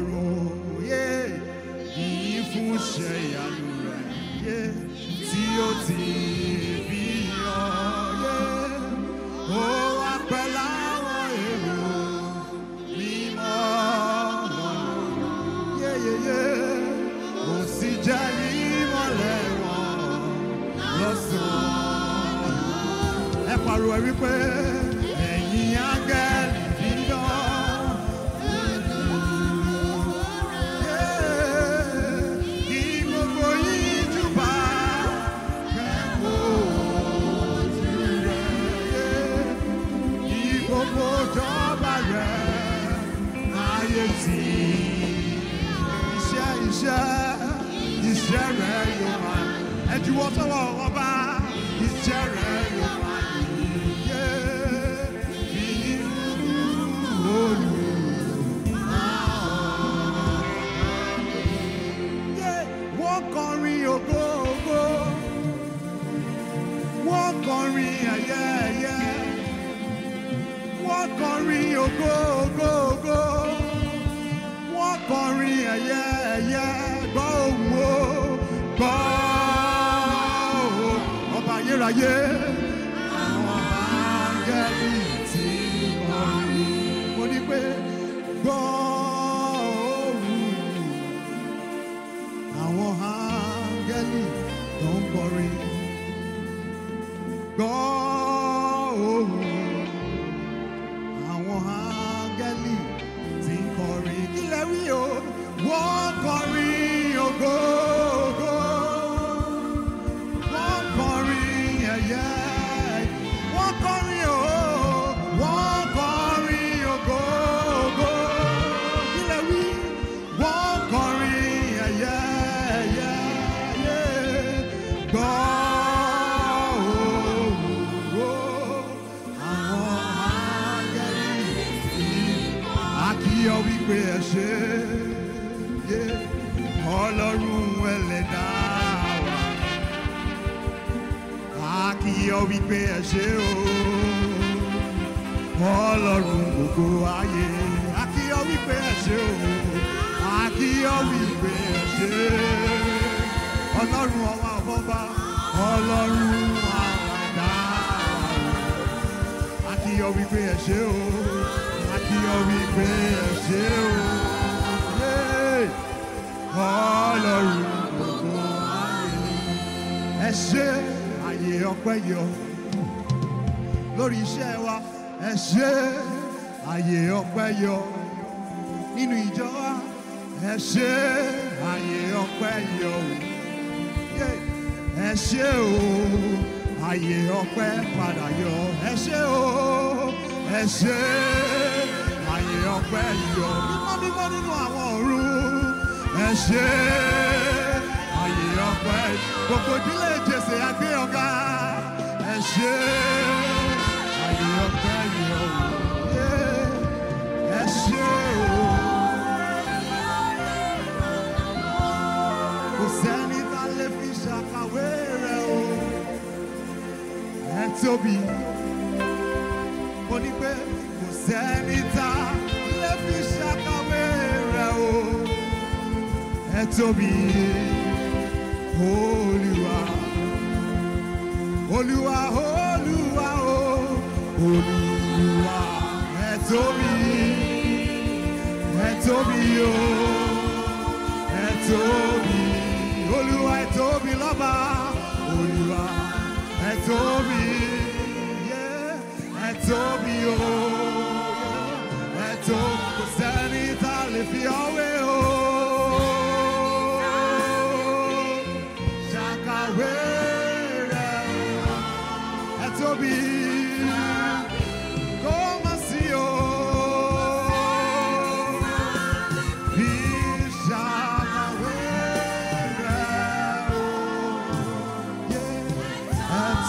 ọ̀rọ̀ yé yìí fún ṣe ìyanu rẹ̀ yé tí ó ti fi hàn yé ó wá pẹ́ láwọn èrò mímọ́ ọ̀rọ̀ yéyéyé kò sí jẹ́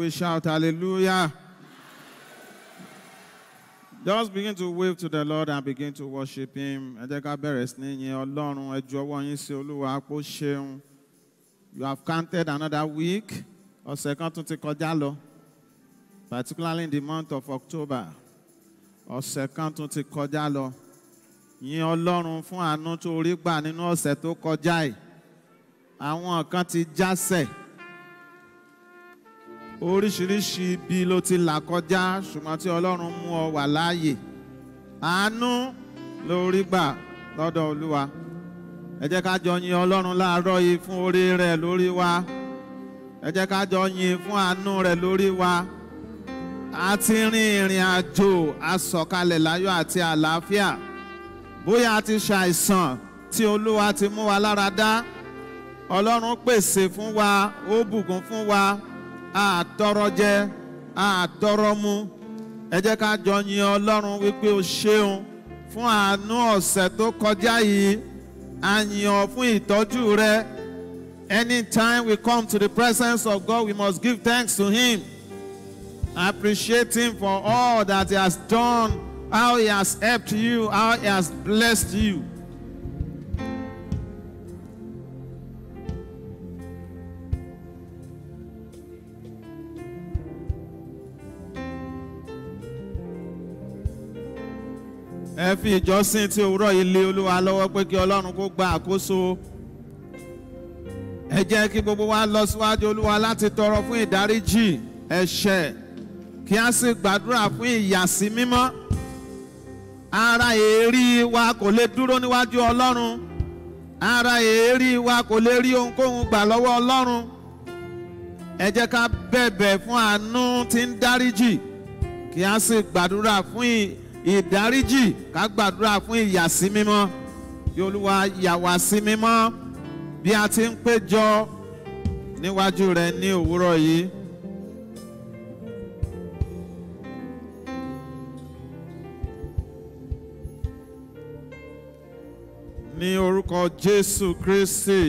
we shout hallelujah. Just begin to wave to the Lord and begin to worship Him. You have counted another week. Ọ̀sẹ̀ kan tún ti Particularly in the month of October. Ọ̀sẹ̀ kan tún ti Yin Ọlọ́run fún àánú tó rí gbà nínú ọ̀sẹ̀ tó kọjá yìí. Àwọn kan ti jásẹ̀ oríṣiríṣi ibi ló ti là kọjá ṣùgbọ́n tí ọlọ́run mú ọ wà láàyè àánú ló rí gbà lọ́dọ̀ olúwa ẹ jẹ́ ká jọ yin ọlọ́run láàárọ̀ yìí fún orí rẹ̀ lórí wa ẹ jẹ́ ká jọ yin fún àánú rẹ̀ lórí wa a ti rin ìrìn àjò asọ̀kalẹ̀ láyọ̀ àti àlàáfíà bóyá a ti ṣàìsàn tí olúwa ti mú wa lára dá ọlọ́run pèsè fún wa ó bùkún fún wa. a tọrọ jẹ a mu ẹ jẹ́ ká jọ yin ọlọ́run wípé o ṣeun fún àánú ọ̀sẹ̀ tó kọjá yìí a yin ọ fún ìtọ́jú rẹ anytime we come to the presence of God we must give thanks to him appreciate him for all that he has done how he has helped you how he has blessed you. ẹ fi ìjọsìn tí òwúrọ̀ yìí lé olúwa lọ́wọ́ pé kí ọlọ́run kó gba àkóso ẹ jẹ́ kí gbogbo wa lọ síwájú olúwa láti tọrọ fún ìdáríjì ẹ̀ṣẹ̀ kí a sì gbàdúrà fún ìyàsí mímọ́ ara èérí wa kò lè dúró níwájú ọlọ́run ara èérí wa kò lè rí ohunkóhun gbà lọ́wọ́ ọlọ́run ẹ jẹ́ ká bẹ̀bẹ̀ fún àánú tí ń dáríjì kí a sì gbàdúrà fún ìyàsí ìdáríjì ká gbàdúrà fún ìyàsí mímọ́ bí olúwa yà wá sí mímọ́ bí a ti ń péjọ níwájú rẹ ní òwúrọ̀ yìí. ní orúkọ Jésù Kristi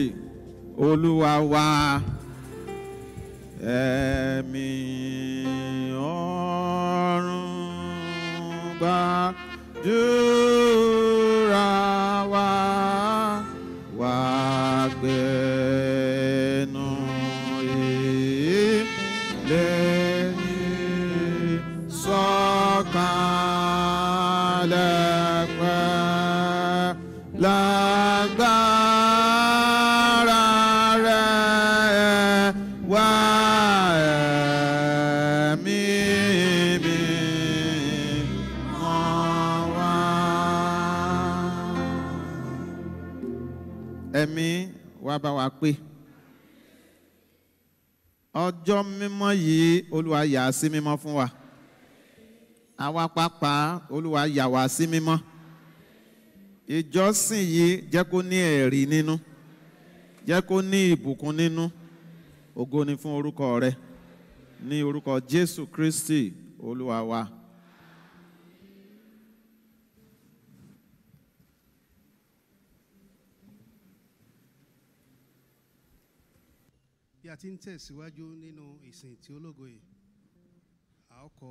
olúwa wa ẹ̀mí ọ̀run. gbàdúrà wa wá wá bá wa pé ọjọ́ mímọ́ yìí olúwa yà á sí mímọ́ fún wa àwa pàápàá olúwa yà wá sí mímọ́ ìjọsìn yìí jẹ́ kó ní ẹ̀rí nínú jẹ́ kó ní ìbùkún nínú ògo ni fún orúkọ rẹ ní orúkọ Jésù Kristi olúwa wa. Wa. a ti ń tẹ̀síwájú nínú ìsìn tí ológo yìí àọkọ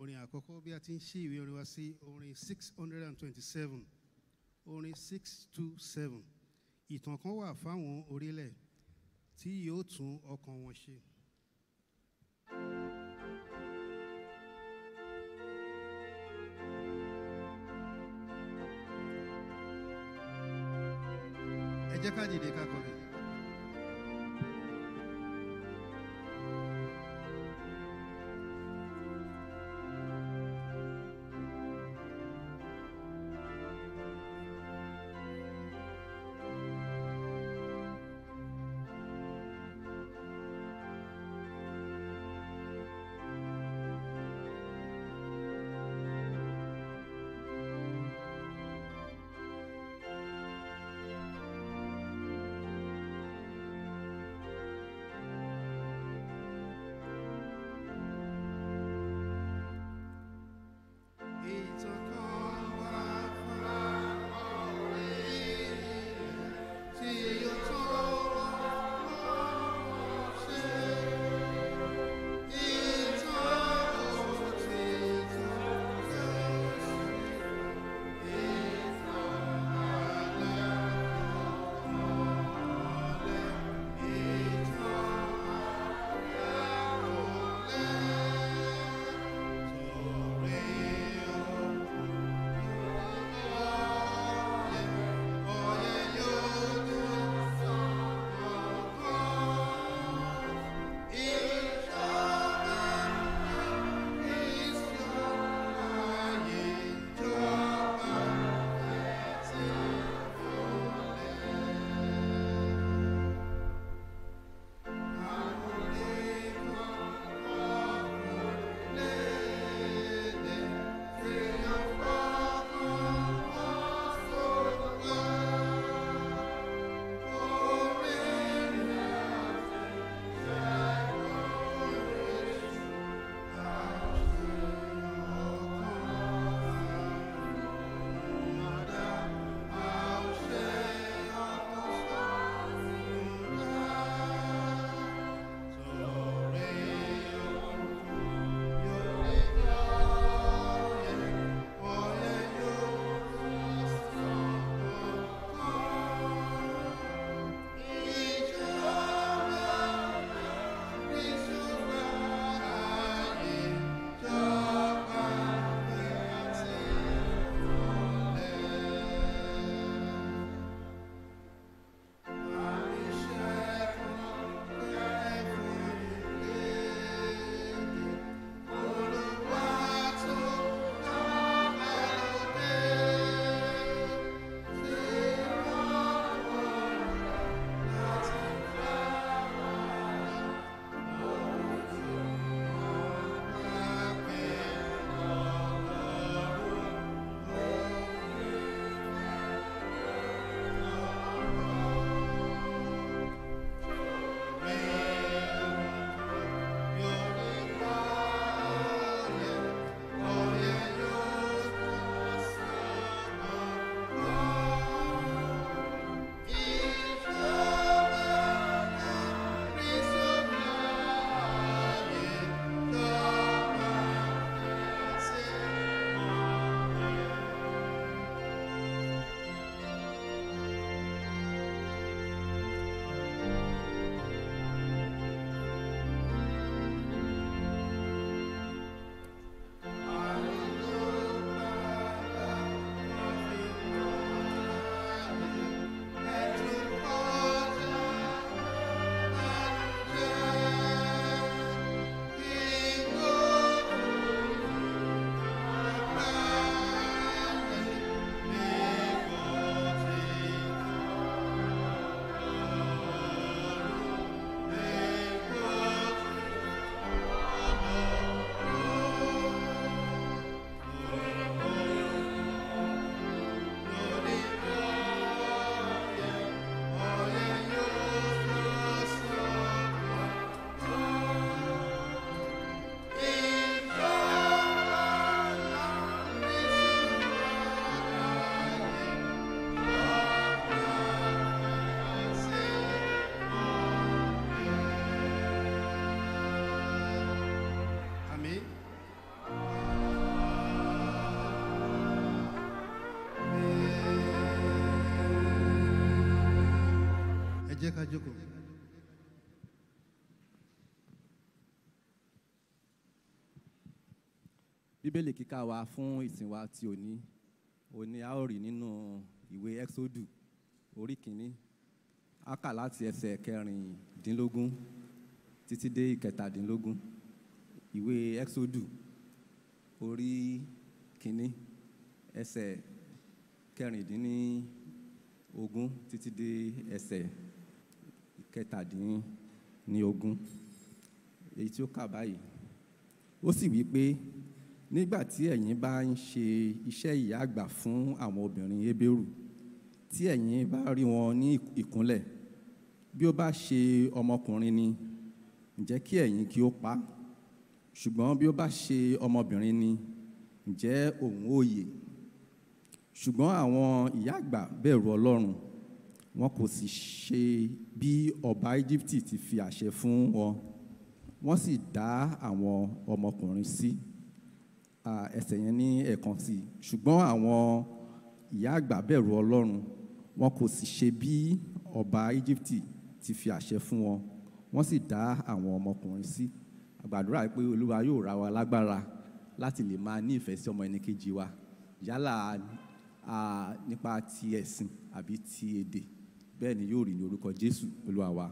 orin àkọ́kọ́ bí a ti ń ṣí ìwé orin wa sí orin six hundred and twenty-seven orin six two seven ìtàn kan wà fáwọn orílẹ̀ tí yóò tún ọkàn wọn ṣe. ẹ jẹ́ ká dìde ká kọrin. jẹ́ ká jókòó. bíbélì kíkà wa fún ìsìn wa ti òní òní a ó rí nínú ìwé exodu orí kìíní a kà láti ẹsẹ̀ kẹrìndínlógún títí dé ìkẹtàdínlógún ìwé exodu orí kìíní ẹsẹ̀ kẹrìndínlógún títí dé ẹsẹ̀ kẹtàdínní ogún èyí tí ó kà báyìí ó sì wí pé nígbà tí ẹ̀yin bá ń ṣe iṣẹ́ ìyá àgbà fún àwọn obìnrin Hébérù tí ẹ̀yin bá rí wọn ní ìkúnlẹ̀ bí ó bá ṣe ọmọkùnrin ni ǹjẹ́ kí ẹ̀yin kí ó pa á ṣùgbọ́n bí ó bá ṣe ọmọbìnrin ni ǹjẹ́ òun ó yè ṣùgbọ́n àwọn ìyá àgbà bẹ̀rù Ọlọ́run wọn kò sì ṣe bí ọba Íjíbítì ti fi àṣẹ fún wọn wọ́n sì dá àwọn ọmọkùnrin sí ẹsẹ̀ yẹn ní ẹ̀kan sí ṣùgbọ́n àwọn ìyá àgbà bẹ̀rù Ọlọ́run wọn kò sì ṣe bí ọba Íjíbítì ti fi àṣẹ fún wọn wọ́n sì dá àwọn ọmọkùnrin sí àgbàdúrà pé Olúwa yóò ra wa lágbára láti lè máa ní ìfẹ́ ọmọ ẹni kejì wa yálà nípa ti ẹ̀sìn àbí ti èdè bẹ́ẹ̀ ni yóò rí ní orúkọ Jésù Olúwa wa.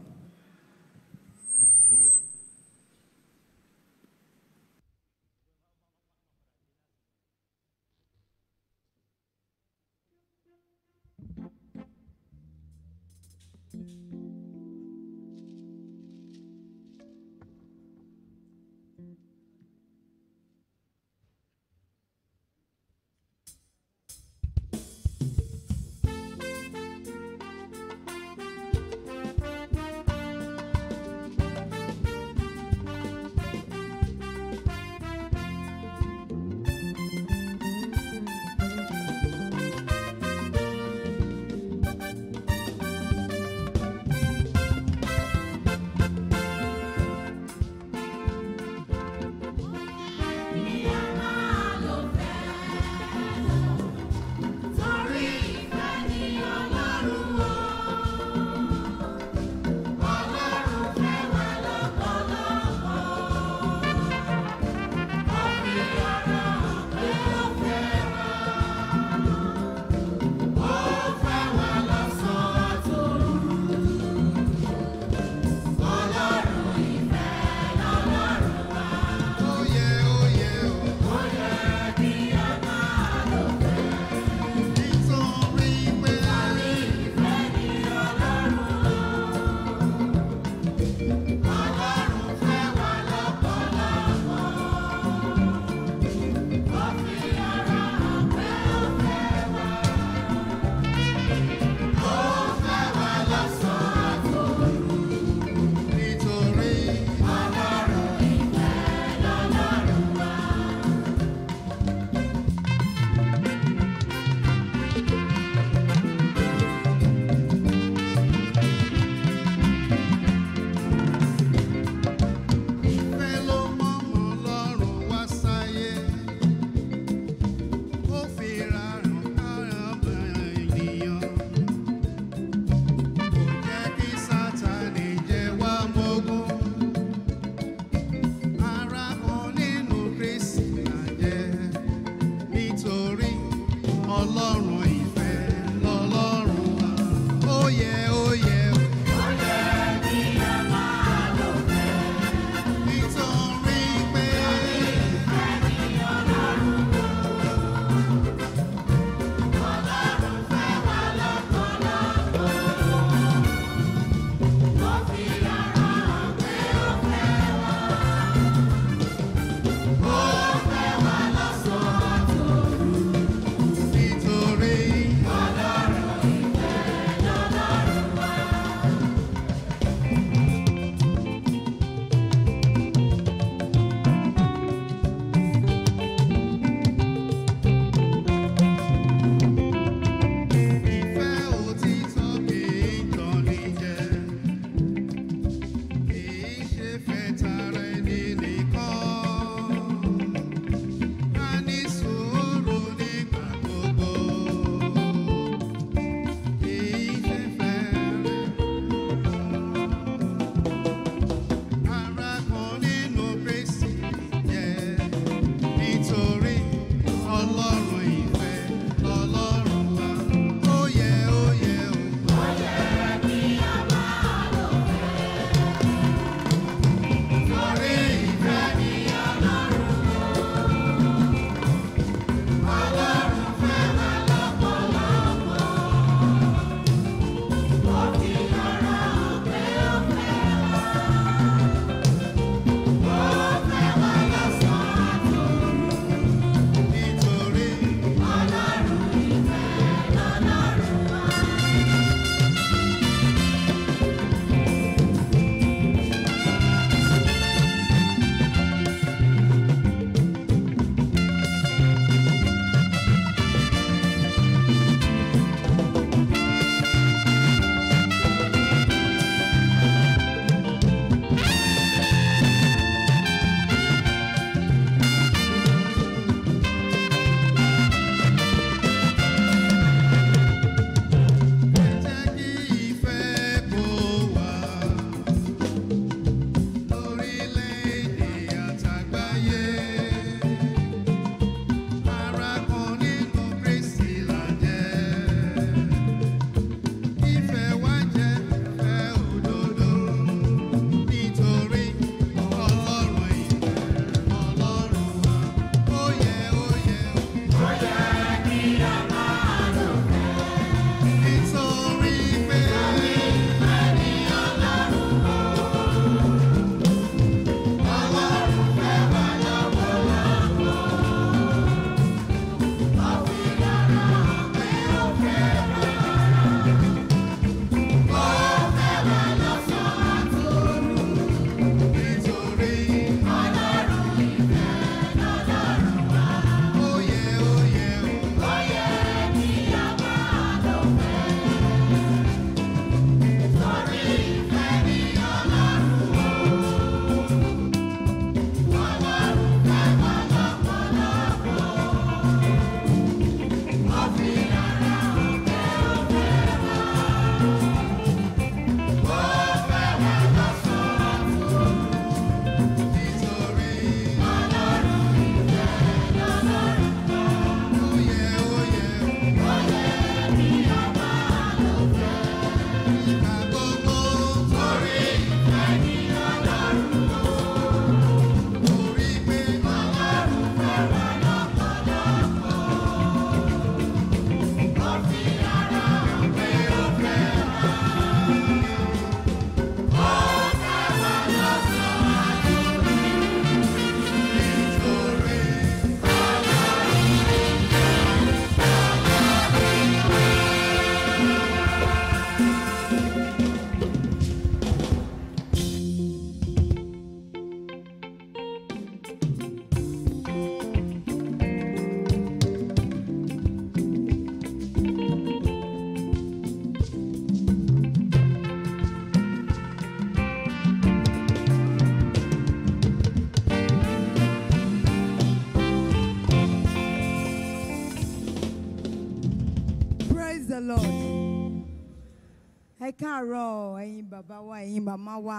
káàárọ̀ ẹ̀yin bàbá wa ẹ̀yin màmá wa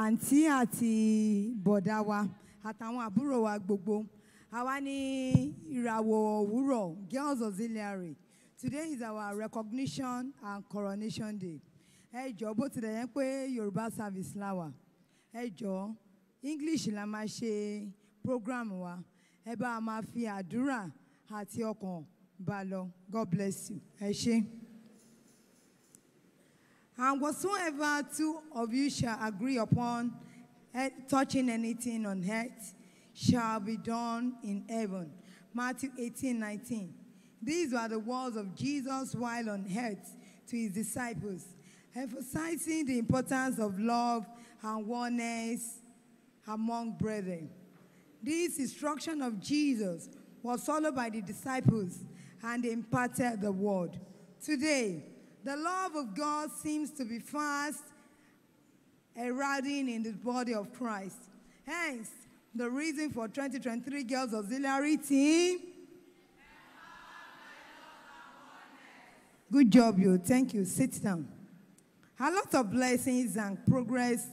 àǹtí àti bọ̀dá wa àtàwọn àbúrò wa gbogbo àwa ní ìràwọ̀ òwúrọ̀ girls auxiliary today is our recognition and coronation day ẹ jọ̀ọ́ bó tilẹ̀ yẹn pé yorùbá service la wà ẹ jọ̀ọ́ english la máa ṣe program wa ẹ bá a máa fi àdúrà àti ọkàn bá lọ god bless you ẹ ṣé. And whatsoever two of you shall agree upon eh, touching anything on earth shall be done in heaven. Matthew 18 19. These were the words of Jesus while on earth to his disciples, emphasizing the importance of love and oneness among brethren. This instruction of Jesus was followed by the disciples and imparted the word. Today, the love of God seems to be fast eroding in the body of Christ. Hence, the reason for 2023 Girls Auxiliary Team. Good job, you. Thank you. Sit down. A lot of blessings and progress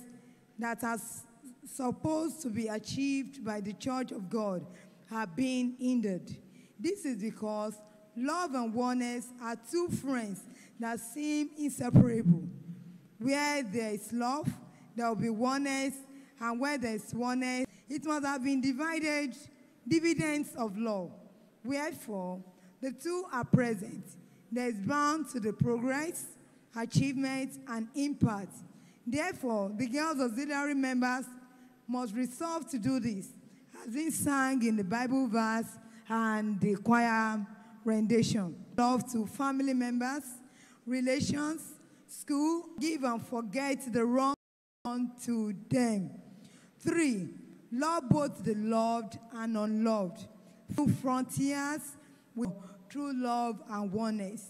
that are supposed to be achieved by the Church of God have been hindered. This is because love and oneness are two friends that seem inseparable. Where there is love, there will be oneness, and where there is oneness, it must have been divided dividends of love. Wherefore, the two are present. There is bound to the progress, achievement, and impact. Therefore, the girls' auxiliary members must resolve to do this, as it sang in the Bible verse and the choir rendition. Love to family members, relations, school, give and forget the wrong unto them. Three, love both the loved and unloved. Through frontiers with true love and oneness.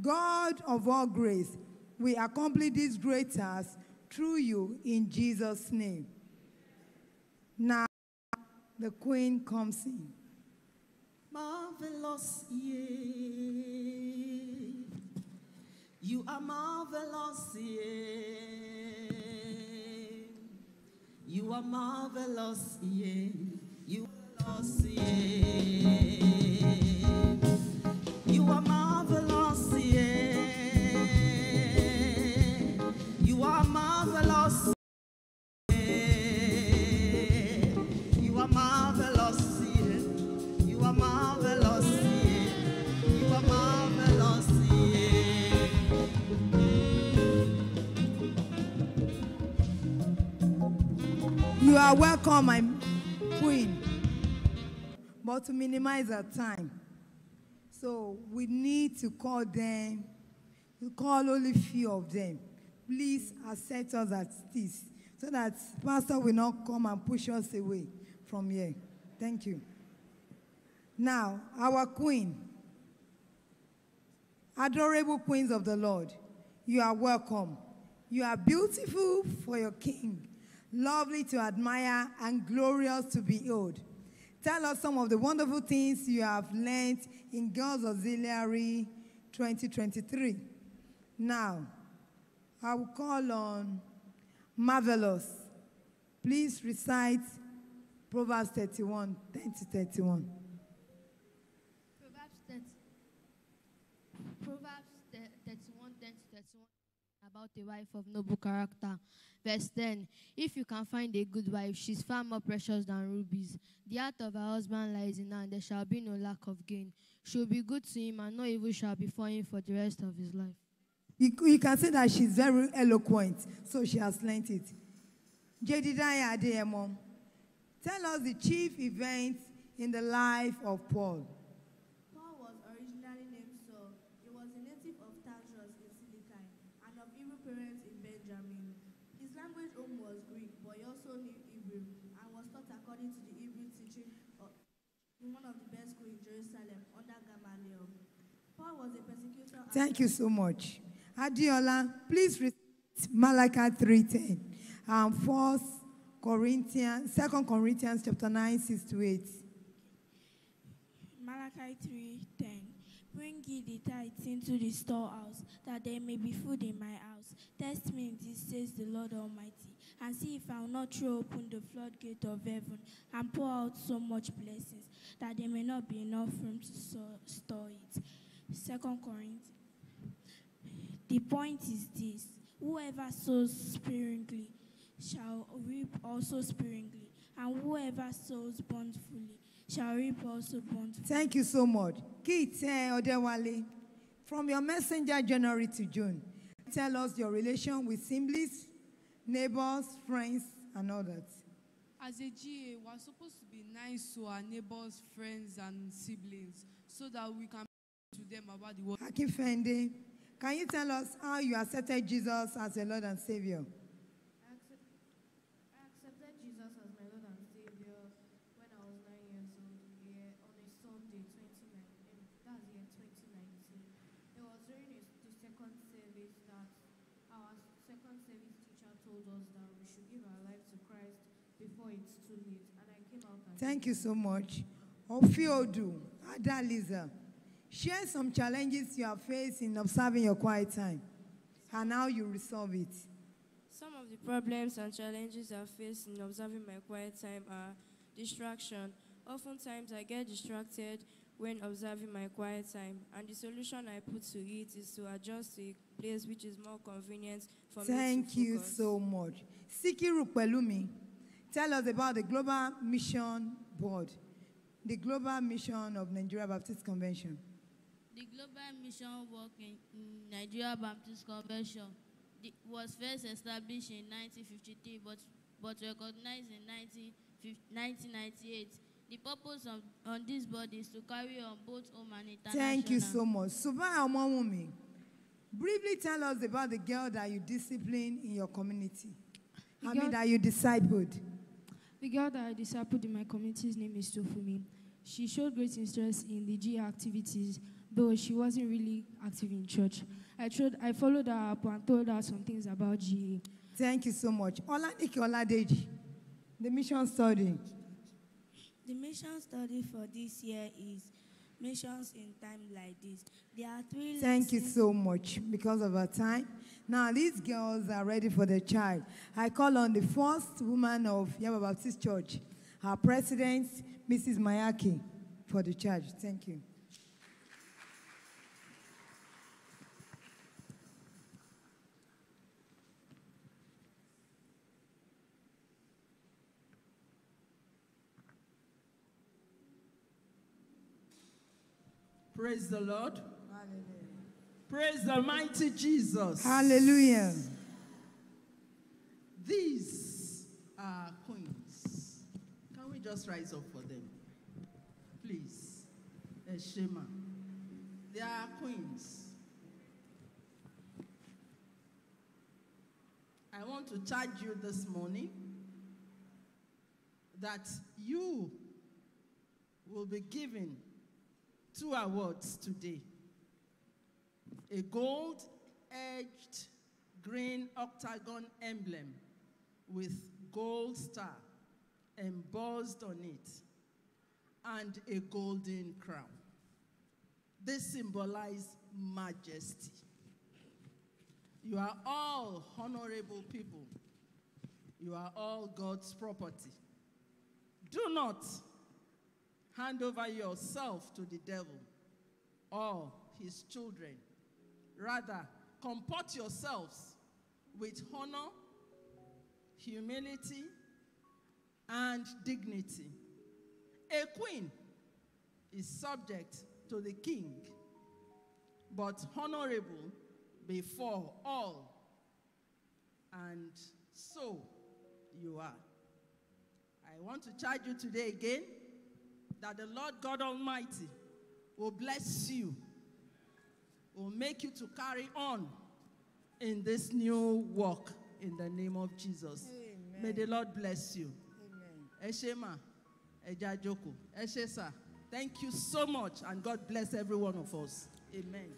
God of all grace, we accomplish this great task through you in Jesus' name. Now the Queen comes in. Marvelous, yeah. You are marvelous, yeah. You are marvelous, yeah. You are marvelous, yeah. You are marvelous, yeah. You are marvelous. welcome my queen, but to minimize our time. So we need to call them, to call only few of them. Please accept us at this, so that pastor will not come and push us away from here. Thank you. Now, our queen, adorable queens of the Lord, you are welcome. You are beautiful for your king lovely to admire, and glorious to behold. Tell us some of the wonderful things you have learned in Girls Auxiliary 2023. Now, I will call on Marvelous. Please recite Proverbs 31, 10 to 31. Proverbs 30, Proverbs 31, 10 to 31 about the wife of noble character. Verse 10 If you can find a good wife, she's far more precious than rubies. The heart of her husband lies in her, and there shall be no lack of gain. She'll be good to him, and no evil shall befall him for the rest of his life. You, you can say that she's very eloquent, so she has learnt it. Jedidiah mom, tell us the chief events in the life of Paul. one of the best schools in Jerusalem under Gamaliel. Paul was a persecutor. Thank you so much. Adiola, please read Malachi 3.10 and 1 Corinthians, 2 Corinthians chapter 9, 6 to 8. Malachi 3.10 Bring ye the tithes into the storehouse, that there may be food in my house. Test me in this, says the Lord Almighty and see if I will not throw open the floodgate of heaven and pour out so much blessings that there may not be enough room to so store it. Second Corinthians. The point is this whoever sows sparingly shall reap also sparingly, and whoever sows bountifully shall reap also bountifully. Thank you so much. from your messenger January to June, tell us your relation with Simbliss neighbors, friends, and all that. As a GA, we're supposed to be nice to our neighbors, friends, and siblings so that we can to them about the world. Fendi, can you tell us how you accepted Jesus as your Lord and Savior? Thank you so much. Ofiodu, Adaliza, share some challenges you have faced in observing your quiet time and how you resolve it. Some of the problems and challenges I face in observing my quiet time are distraction. Oftentimes, I get distracted when observing my quiet time, and the solution I put to it is to adjust to a place which is more convenient for Thank me Thank you so much. Sikiru Pelumi tell us about the Global Mission Board, the global mission of Nigeria Baptist Convention. The global mission work in Nigeria Baptist Convention was first established in 1953 but, but recognized in 1998. The purpose of, on this body is to carry on both home and international. Thank you so much. Subha Omawumi, briefly tell us about the girl that you discipline in your community. How I mean, that you discipled. The girl that I discipled in my community's name is Tofumi. She showed great interest in the GA activities, though she wasn't really active in church. I, tried, I followed her up and told her some things about GA. Thank you so much. ola Oladeji, the mission study. The mission study for this year is missions in time like this. There are three. Thank you so much because of our time. Now these girls are ready for the child. I call on the first woman of Yaba Baptist Church, our president, Mrs. Mayaki, for the charge. Thank you. Praise the Lord. Hallelujah. Praise the mighty Jesus. Hallelujah. These are coins. Can we just rise up for them? Please. Shema. They are coins. I want to charge you this morning that you will be given two awards today a gold edged green octagon emblem with gold star embossed on it and a golden crown. They symbolize majesty. You are all honorable people. You are all God's property. Do not Hand over yourself to the devil or his children. Rather, comport yourselves with honor, humility, and dignity. A queen is subject to the king, but honorable before all. And so you are. I want to charge you today again that the Lord God Almighty will bless you, will make you to carry on in this new work in the name of Jesus. Amen. May the Lord bless you. Amen. Thank you so much, and God bless every one of us. Amen.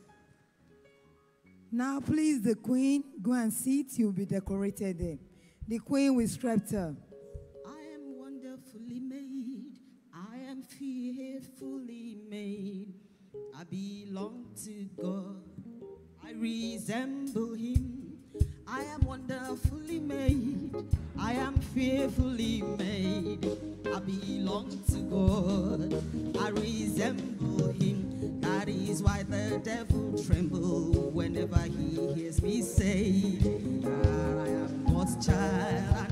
Now, please, the Queen, go and sit. You'll be decorated there. The Queen with her. made. I belong to God. I resemble Him. I am wonderfully made. I am fearfully made. I belong to God. I resemble Him. That is why the devil trembles whenever he hears me say, I am God's child.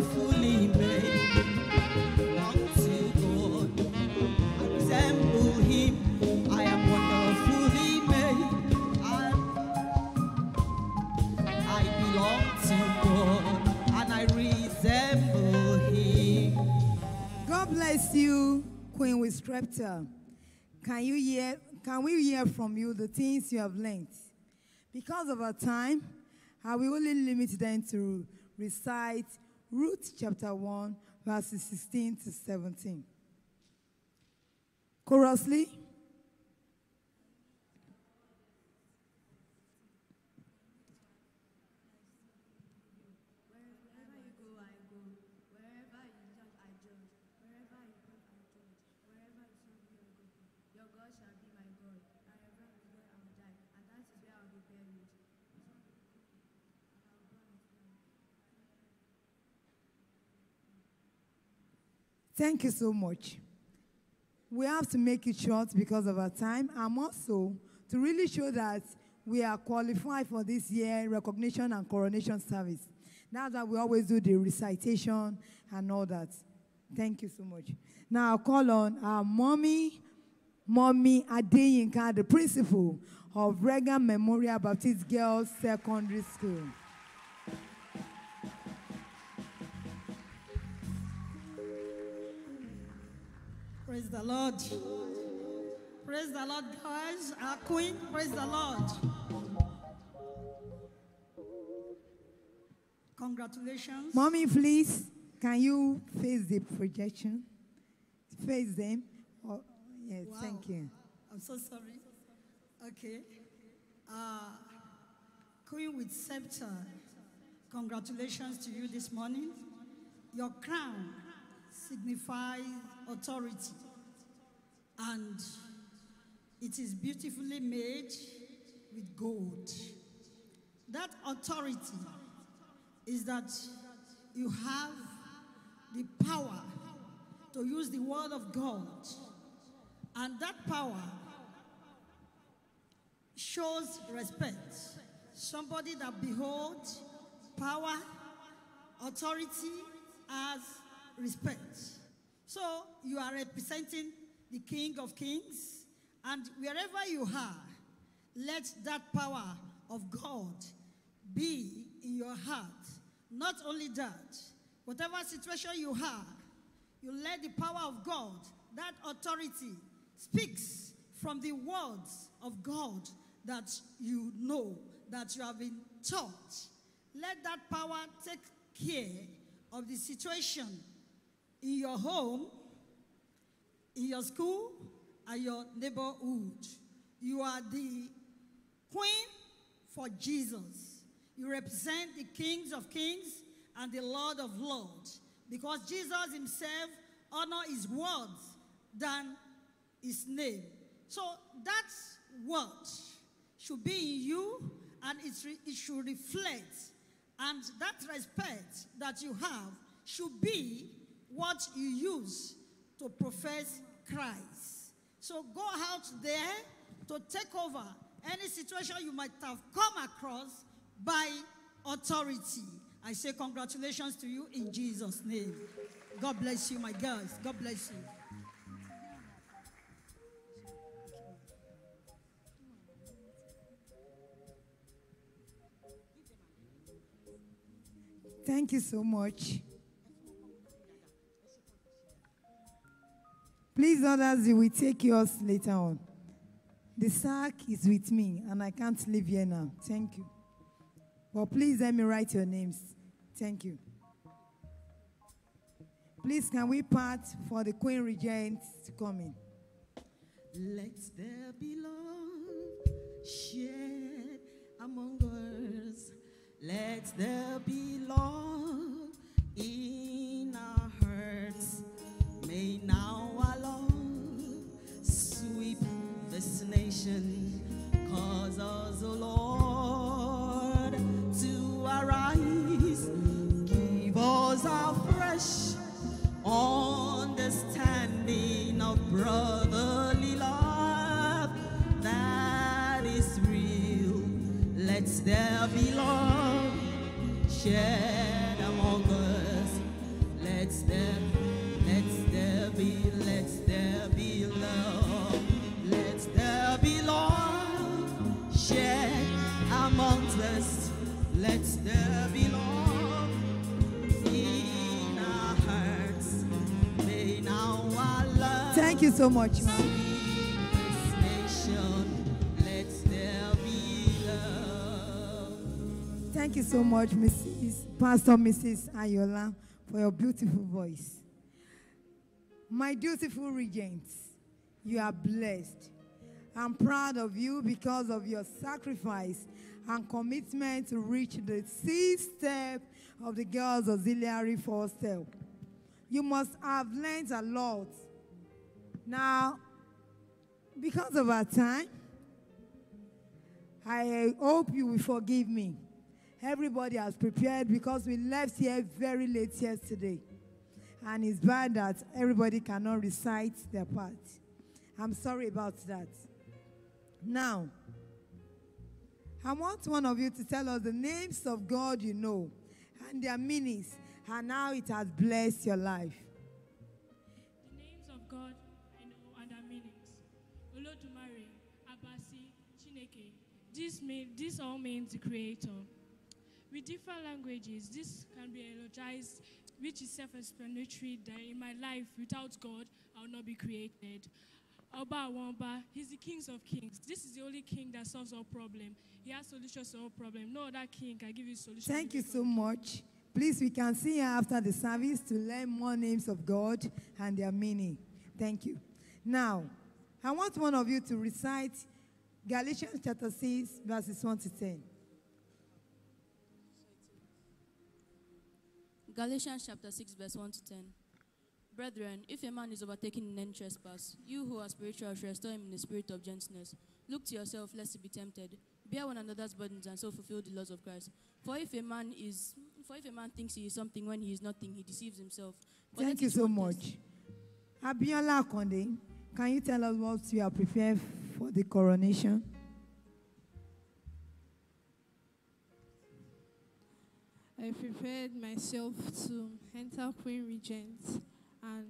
made God resemble him. I am wonderfully made. i belong to God and I resemble him. God bless you, Queen with Can you hear can we hear from you the things you have learned? Because of our time, I will only limit them to recite Ruth chapter 1, verses 16 to 17. Chorusly. Thank you so much. We have to make it short because of our time and also to really show that we are qualified for this year recognition and coronation service. Now that we always do the recitation and all that. Thank you so much. Now I'll call on our mommy, mommy Adeyinka, the principal of Reagan Memorial Baptist Girls Secondary School. Praise the Lord. Praise the Lord, guys. Our Queen, praise the Lord. Congratulations. Mommy, please, can you face the projection? Face them. Oh, yes, wow. thank you. I'm so sorry. Okay. Uh, Queen with scepter, congratulations to you this morning. Your crown signifies authority. And it is beautifully made with gold. That authority is that you have the power to use the word of God. And that power shows respect. Somebody that beholds power, authority as respect. So you are representing the King of Kings, and wherever you are, let that power of God be in your heart. Not only that, whatever situation you have, you let the power of God, that authority, speaks from the words of God that you know, that you have been taught. Let that power take care of the situation in your home, in your school, and your neighborhood. You are the queen for Jesus. You represent the kings of kings and the Lord of lords. Because Jesus himself honor his words than his name. So that word should be in you and it, it should reflect. And that respect that you have should be what you use to profess Christ. So go out there to take over any situation you might have come across by authority. I say congratulations to you in Jesus' name. God bless you, my girls. God bless you. Thank you so much. Please, others, you will take yours later on. The sack is with me, and I can't leave here now. Thank you. But please let me write your names. Thank you. Please, can we part for the Queen Regent to come in? Let there be love shared among us. Let there be love in now our love sweep this nation. Cause us, O Lord, to arise. Give us a fresh understanding of brotherly love that is real. Let there be love shared among us. Let there Thank you so much, ma'am. Thank you so much, Mrs. Pastor Mrs. Ayola, for your beautiful voice. My dutiful regents, you are blessed. I'm proud of you because of your sacrifice and commitment to reach the sixth step of the Girls Auxiliary Force Help! You must have learned a lot now, because of our time, I hope you will forgive me. Everybody has prepared because we left here very late yesterday. And it's bad that everybody cannot recite their part. I'm sorry about that. Now, I want one of you to tell us the names of God you know and their meanings and how it has blessed your life. This, this all means the creator. With different languages, this can be elogized, which is self-explanatory that in my life, without God, I will not be created. Oba Wamba, he's the king of kings. This is the only king that solves all problem. He has solutions to all problem. No other king can give you solutions. Thank you so much. Please, we can see after the service to learn more names of God and their meaning. Thank you. Now, I want one of you to recite Galatians chapter 6, verses 1 to 10. Galatians chapter 6, verse 1 to 10. Brethren, if a man is overtaken in any trespass, you who are spiritual should restore him in the spirit of gentleness. Look to yourself, lest you be tempted. Bear one another's burdens and so fulfill the laws of Christ. For if a man is for if a man thinks he is something when he is nothing, he deceives himself. But Thank you so much. Abiola Konde, can you tell us what you are preparing for the coronation. I prepared myself to enter Queen Regent and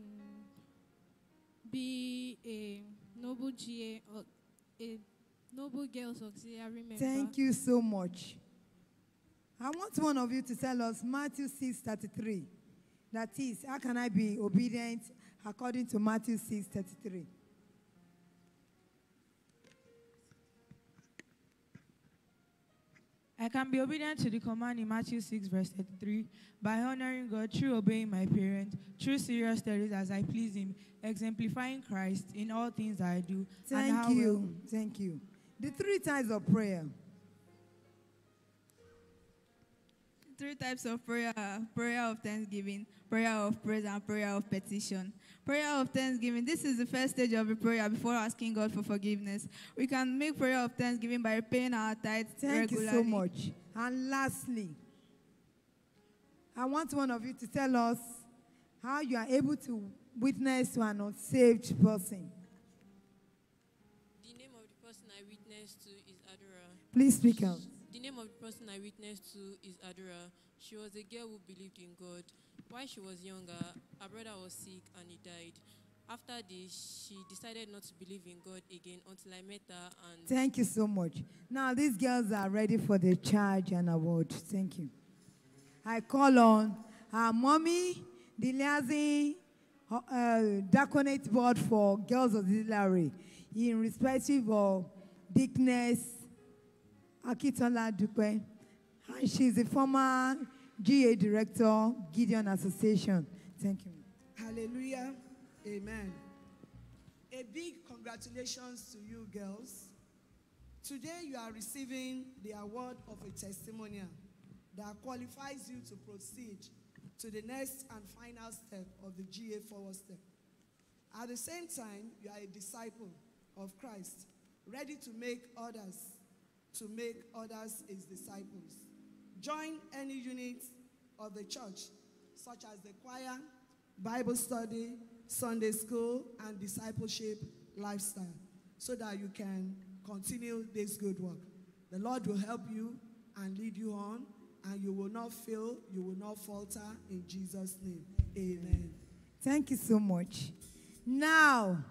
be a noble GA, a noble girls auxiliary member. Thank you so much. I want one of you to tell us Matthew 6 33. That is, how can I be obedient according to Matthew 6 33? I can be obedient to the command in Matthew 6, verse 33, by honoring God through obeying my parents, through serious studies as I please Him, exemplifying Christ in all things I do. Thank you. Thank you. The three types of prayer. Three types of prayer prayer of thanksgiving, prayer of praise, and prayer of petition. Prayer of thanksgiving. This is the first stage of a prayer before asking God for forgiveness. We can make prayer of thanksgiving by paying our tithes Thank regularly. you so much. And lastly, I want one of you to tell us how you are able to witness to an unsaved person. The name of the person I witnessed to is Adora. Please speak out. The name of the person I witnessed to is Adora. She was a girl who believed in God. While she was younger, her brother was sick and he died. After this, she decided not to believe in God again until I met her and Thank you so much. Now these girls are ready for the charge and award. Thank you. I call on our mommy, Dilazi, liaison uh, uh board for girls auxiliary in respective of Dickness Akitola Dupe. And she's a former GA Director, Gideon Association. Thank you. Hallelujah. Amen. A big congratulations to you girls. Today you are receiving the award of a testimonial that qualifies you to proceed to the next and final step of the GA forward step. At the same time, you are a disciple of Christ, ready to make others, to make others his disciples. Join any unit of the church, such as the choir, Bible study, Sunday school, and discipleship lifestyle, so that you can continue this good work. The Lord will help you and lead you on, and you will not fail, you will not falter in Jesus' name. Amen. Thank you so much. Now,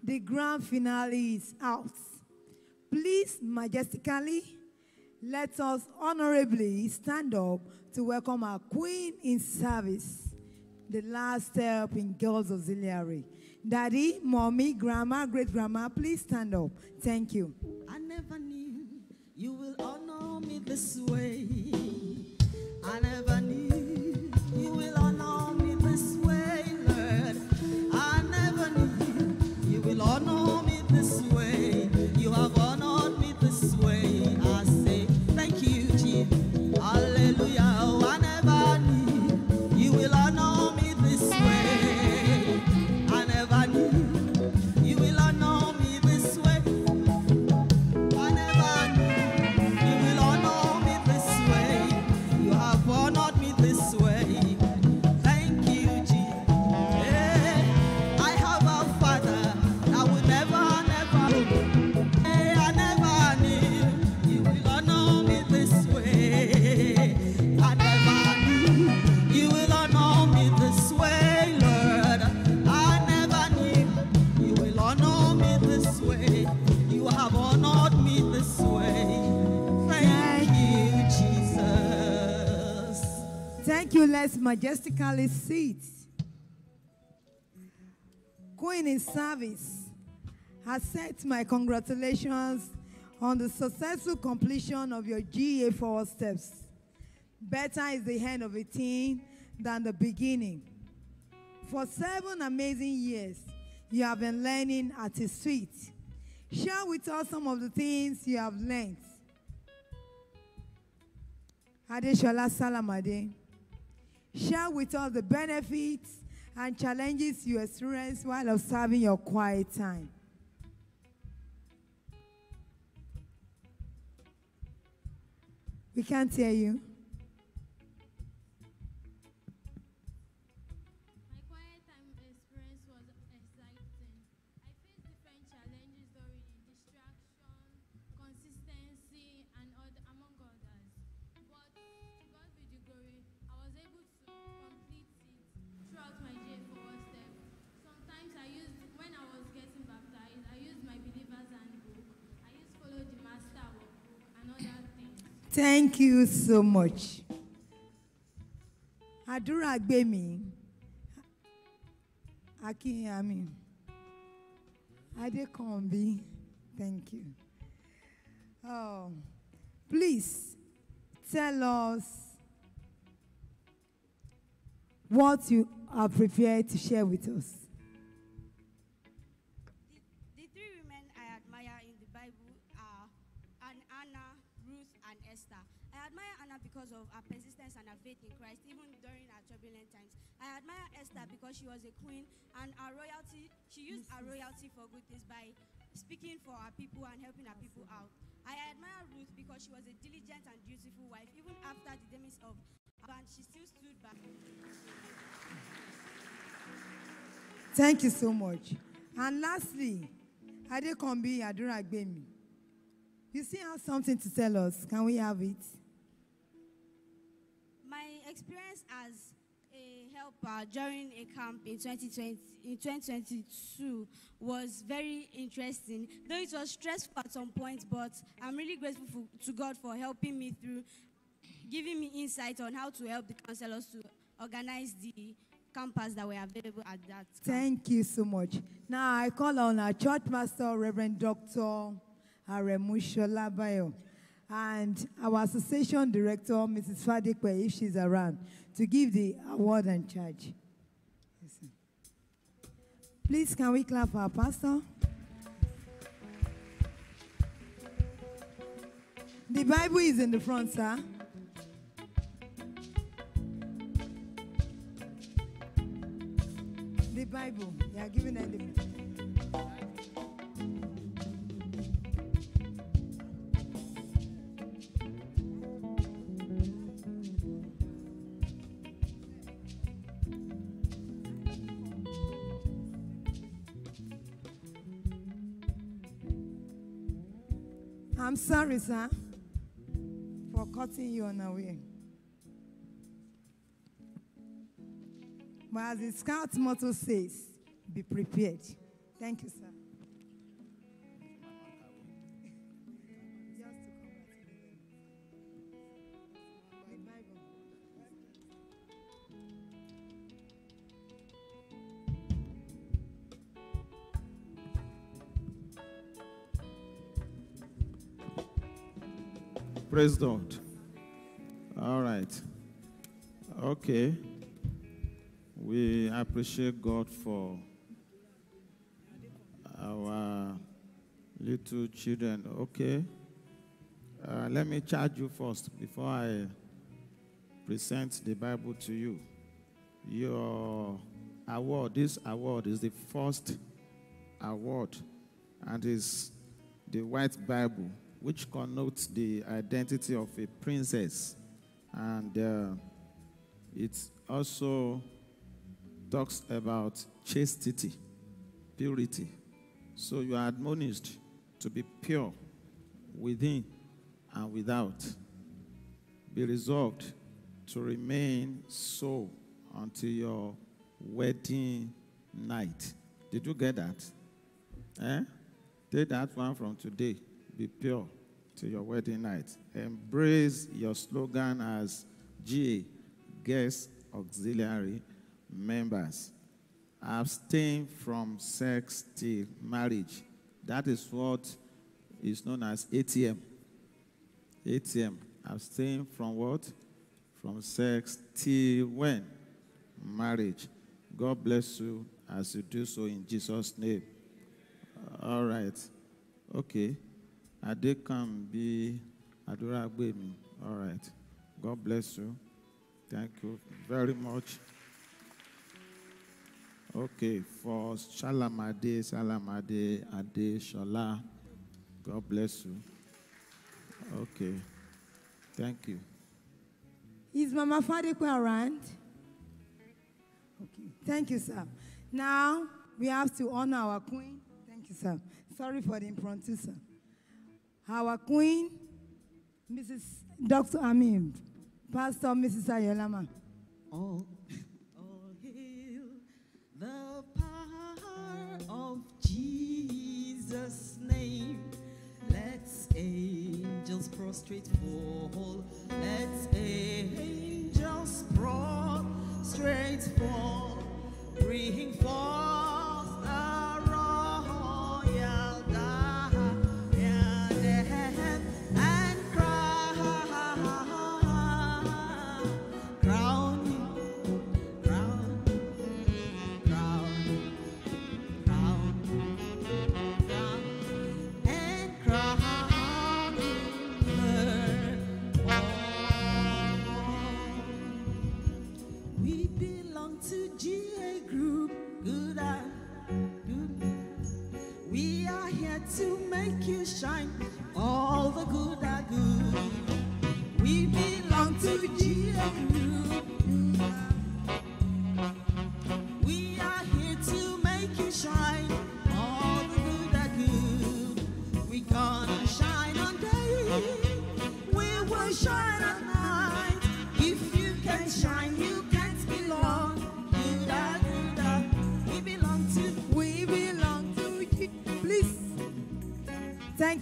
the grand finale is out. Please majestically let us honorably stand up to welcome our queen in service, the last step in Girls Auxiliary. Daddy, mommy, grandma, great grandma, please stand up. Thank you. I never knew you will honor me this way. Thank you. Let's majestically sit. Queen in service has sent my congratulations on the successful completion of your GA four steps. Better is the end of a thing than the beginning. For seven amazing years, you have been learning at the suite. Share with us some of the things you have learned. Adeshola Salamade. Share with us the benefits and challenges you experience while observing your quiet time. We can't hear you. Thank you so much. Àdúrà gbé mi. Akínyàmí. Adekombi. Thank you. Oh, please tell us what you are prepared to share with us. her persistence and her faith in Christ, even during her turbulent times. I admire Esther because she was a queen and our royalty, she used her royalty for good things by speaking for her people and helping her people out. I admire Ruth because she was a diligent and dutiful wife. Even after the demise of and she still stood by. Thank you so much. And lastly, Adekombi Aduragbemi. You I have something to tell us. Can we have it? experience as a helper during a camp in 2020 in 2022 was very interesting though it was stressful at some point but i'm really grateful for, to god for helping me through giving me insight on how to help the counselors to organize the campers that were available at that camp. thank you so much now i call on our church master reverend dr aremusho labayo and our association director, Mrs. Fadikwe, if she's around, to give the award and charge. Please, can we clap for our pastor? The Bible is in the front, sir. The Bible, You are giving it. the I'm sorry, sir, for cutting you on way. But as the scout motto says, be prepared. Thank you, sir. Praise God. All right. Okay. We appreciate God for our little children. Okay. Uh, let me charge you first before I present the Bible to you. Your award, this award is the first award and is the White Bible which connotes the identity of a princess. And uh, it also talks about chastity, purity. So you are admonished to be pure within and without. Be resolved to remain so until your wedding night. Did you get that? Eh? Take that one from today be pure to your wedding night. Embrace your slogan as G, guest auxiliary members. Abstain from sex till marriage. That is what is known as ATM. ATM. Abstain from what? From sex till when? Marriage. God bless you as you do so in Jesus' name. All right. Okay. Adekambi Aduragbemi. All right. God bless you. Thank you very much. Okay, for Shalamade, Salamade, Ade, Shola. God bless you. Okay. Thank you. Is Mama Fadeku around? Okay. Thank you, sir. Now we have to honor our queen. Thank you, sir. Sorry for the impromptu, sir. Our queen, Mrs. Dr. Amin, Pastor Mrs. Ayolama. All, all hail the power of Jesus' name. Let's angels prostrate fall. Let's angels prostrate fall. Bring forth shine.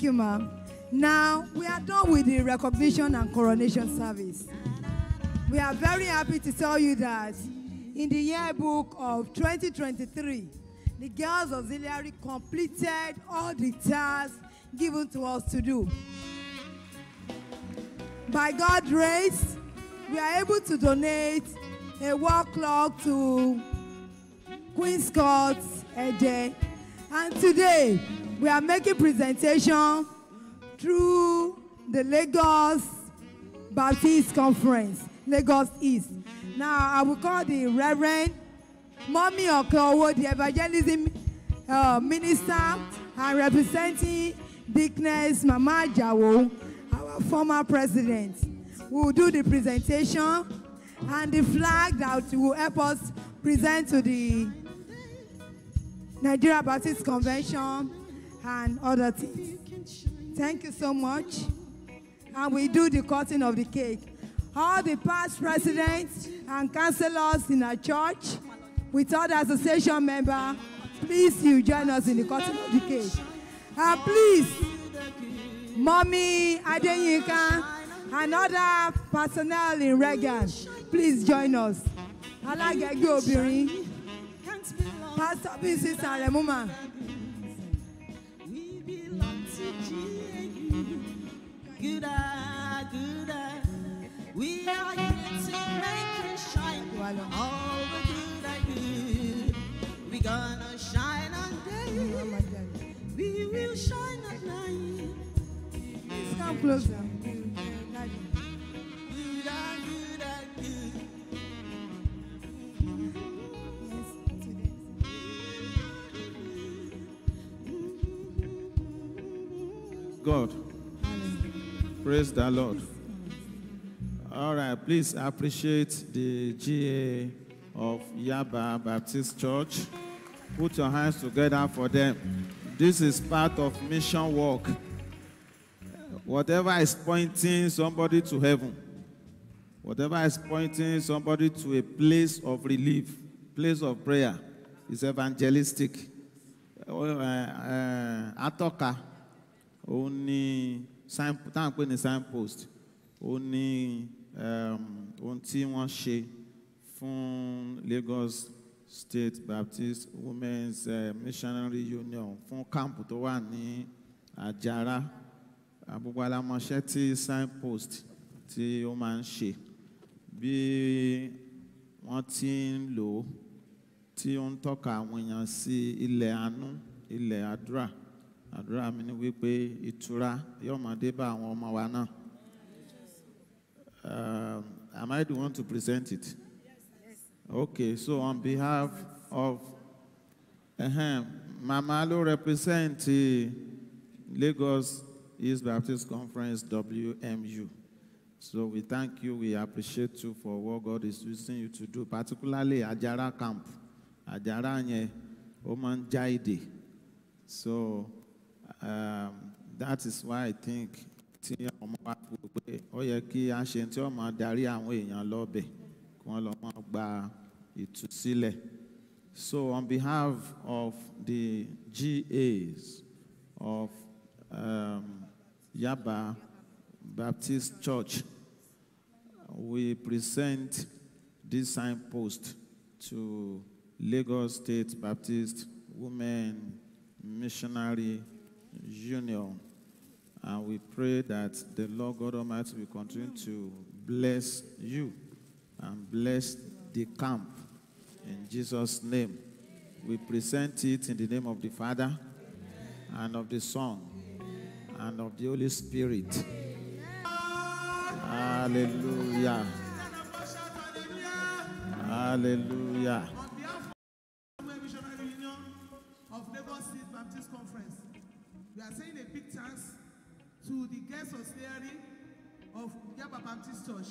you, ma'am. Now, we are done with the recognition and coronation service. We are very happy to tell you that in the yearbook of 2023, the Girls Auxiliary completed all the tasks given to us to do. By God's grace, we are able to donate a work clock to Queen's Court day. And today, We are making presentation through the Lagos Baptist Conference, Lagos East. Now, I will call the Reverend Mommy Okowo, the evangelism uh, minister, and representing Dickness Mama Jawo, our former president. We will do the presentation and the flag that will help us present to the Nigeria Baptist Convention and other things. Thank you so much. And we do the cutting of the cake. All the past presidents and councillors in our church, with other association member, please you join us in the cutting of the cake. And uh, please, Mommy Adeyinka and other personnel in Reagan, please join us. Alagege Obirin, Pastor Mrs. Aremuma. good eye, good eye. We are here to make it shine while all the good I do. We gonna shine on day. We will shine at night. Please come closer. now. God. Praise the Lord. All right, please appreciate the GA of Yaba Baptist Church. Put your hands together for them. This is part of mission work. Whatever is pointing somebody to heaven, whatever is pointing somebody to a place of relief, place of prayer, is evangelistic. Eh, eh, Atoka, only. táwọn pè ní signpost ó ní ehm, ohun tí wọ́n ṣe fún Lagos State Baptist Women's uh, Missionary Union fún káàmpù tó wà ní Àjàrà gbogbo alámọ̀ṣẹ́ tí signpost tí ó máa ń ṣe bí wọ́n ti ń lò ó tí ó ń tọ́ka àwọn èèyàn sí ilẹ̀ àánú ilẹ̀ àdúrà àdúrà mi ni wípé ìtura yóò máa dé bá àwọn ọmọ wa náà. Um, am I the one to present it? Yes. Okay, so on behalf of uh-huh, Mama Lo represent Lagos East Baptist Conference WMU. So we thank you, we appreciate you for what God is using you to do, particularly Ajara camp. Ajara nye, Oman Jaide. So um, that is why I think tí ọmọ wa kú pé ó yẹ kí a ṣe tí ọmọ àwọn èèyàn lọ́bẹ̀ kí wọ́n lọ mọ́ gba ìtúsílẹ̀. So on behalf of the GAs of um, Yaba Baptist Church, we present this signpost to Lagos State Baptist Women Missionary Junior. And we pray that the Lord God Almighty will continue to bless you and bless the camp. In Jesus' name, we present it in the name of the Father and of the Son and of the Holy Spirit. Hallelujah. Hallelujah. the guest auxiliary of Yaba Baptist Church.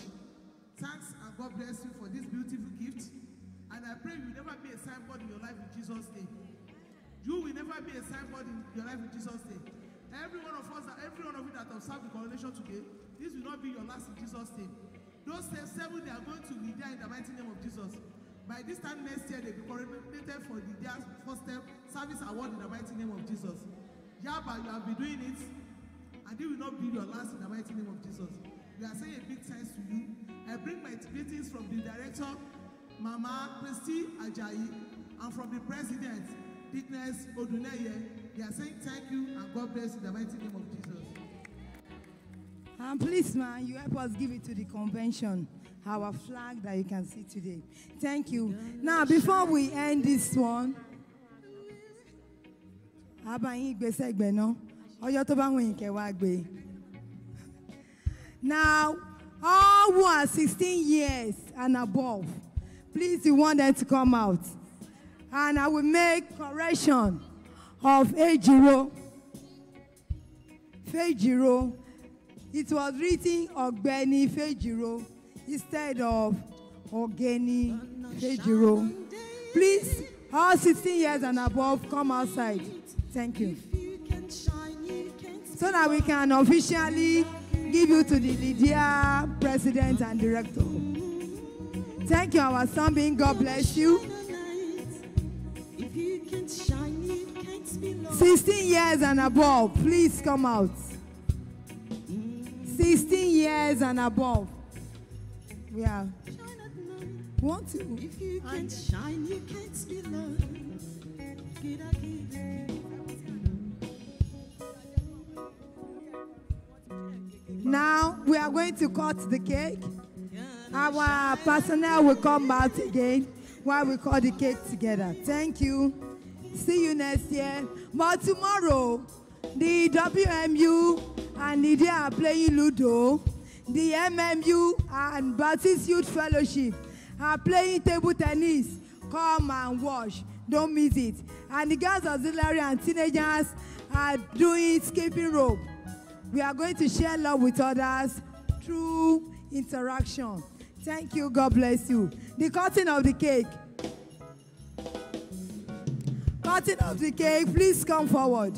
Thanks and God bless you for this beautiful gift. And I pray you will never be a signboard in your life in Jesus' name. You will never be a signboard in your life in Jesus' name. Every one of us, every one of you that have served the coronation today, this will not be your last in Jesus' name. Those seven, they are going to be there in the mighty name of Jesus. By this time next year, they'll be coronated for the first step service award in the mighty name of Jesus. Yeah, but you have been doing it. and it will not be your last in the mighty name of Jesus. We are saying a big thanks to you. I bring my greetings from the director, Mama Christy Ajayi, and from the president, Dickness Oduneye. We are saying thank you and God bless in the mighty name of Jesus. And please, man, you help us give it to the convention, our flag that you can see today. Thank you. Now, before we end this one, Abayin Gbesegbe náà ọjọ́ tó bá wù yín kẹ́ wá gbé. Now, all who are 16 years and above, please, we want them to come out. And I will make correction of Ejiro. Fejiro. It was written Ogbeni Fejiro instead of Ogeni Fejiro. Please, all 16 years and above, come outside. Thank you. so that we can officially give you to the Lydia president and director. Thank you, our son being God bless you. 16 years and above, please come out. 16 years and above. Yeah. Want to? If you can shine, you can't be loved. Now we are going to cut the cake. Our personnel will come out again while we cut the cake together. Thank you. See you next year. But tomorrow, the WMU and Nidia are playing Ludo. The MMU and Baptist Youth Fellowship are playing table tennis. Come and watch. Don't miss it. And the girls auxiliary and teenagers are doing skipping rope. We are going to share love with others through interaction. Thank you. God bless you. The cutting of the cake. Cutting of the cake. Please come forward.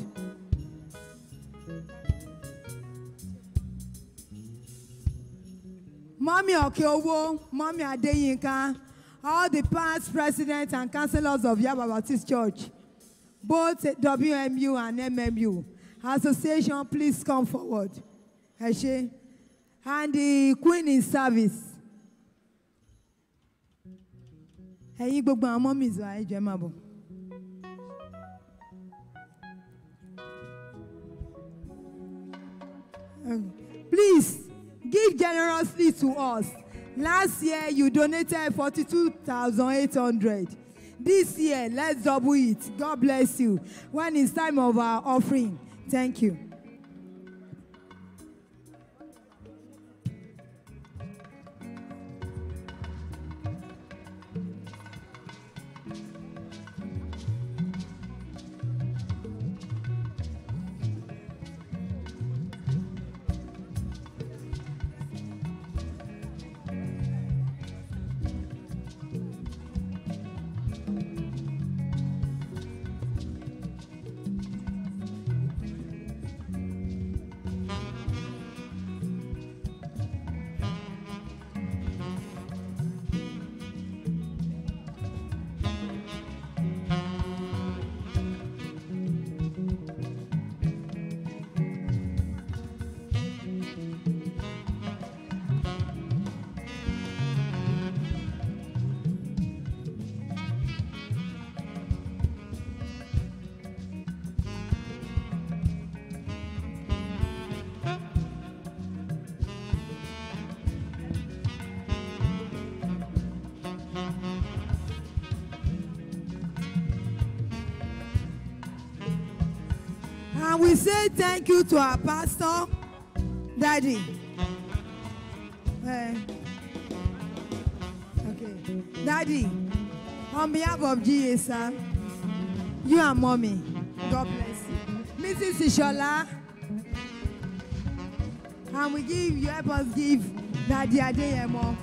Mommy Okeowo, Mommy Adeyinka, all the past presidents and councillors of Yaba Baptist Church, both WMU and MMU. Association, please come forward. Eshe. And the Queen in service. Hey, you àwọn ọmọ mi ìzọ um, Please give generously to us. Last year you donated forty-two thousand eight hundred. This year let's double it. God bless you. When it's time of our offering. Thank you. thank you to our pastor, Daddy. Uh, okay. Daddy, on behalf of GSA, you and mommy, God bless you. Mrs. Ishola, and we give, you help us give Daddy Adeyemo.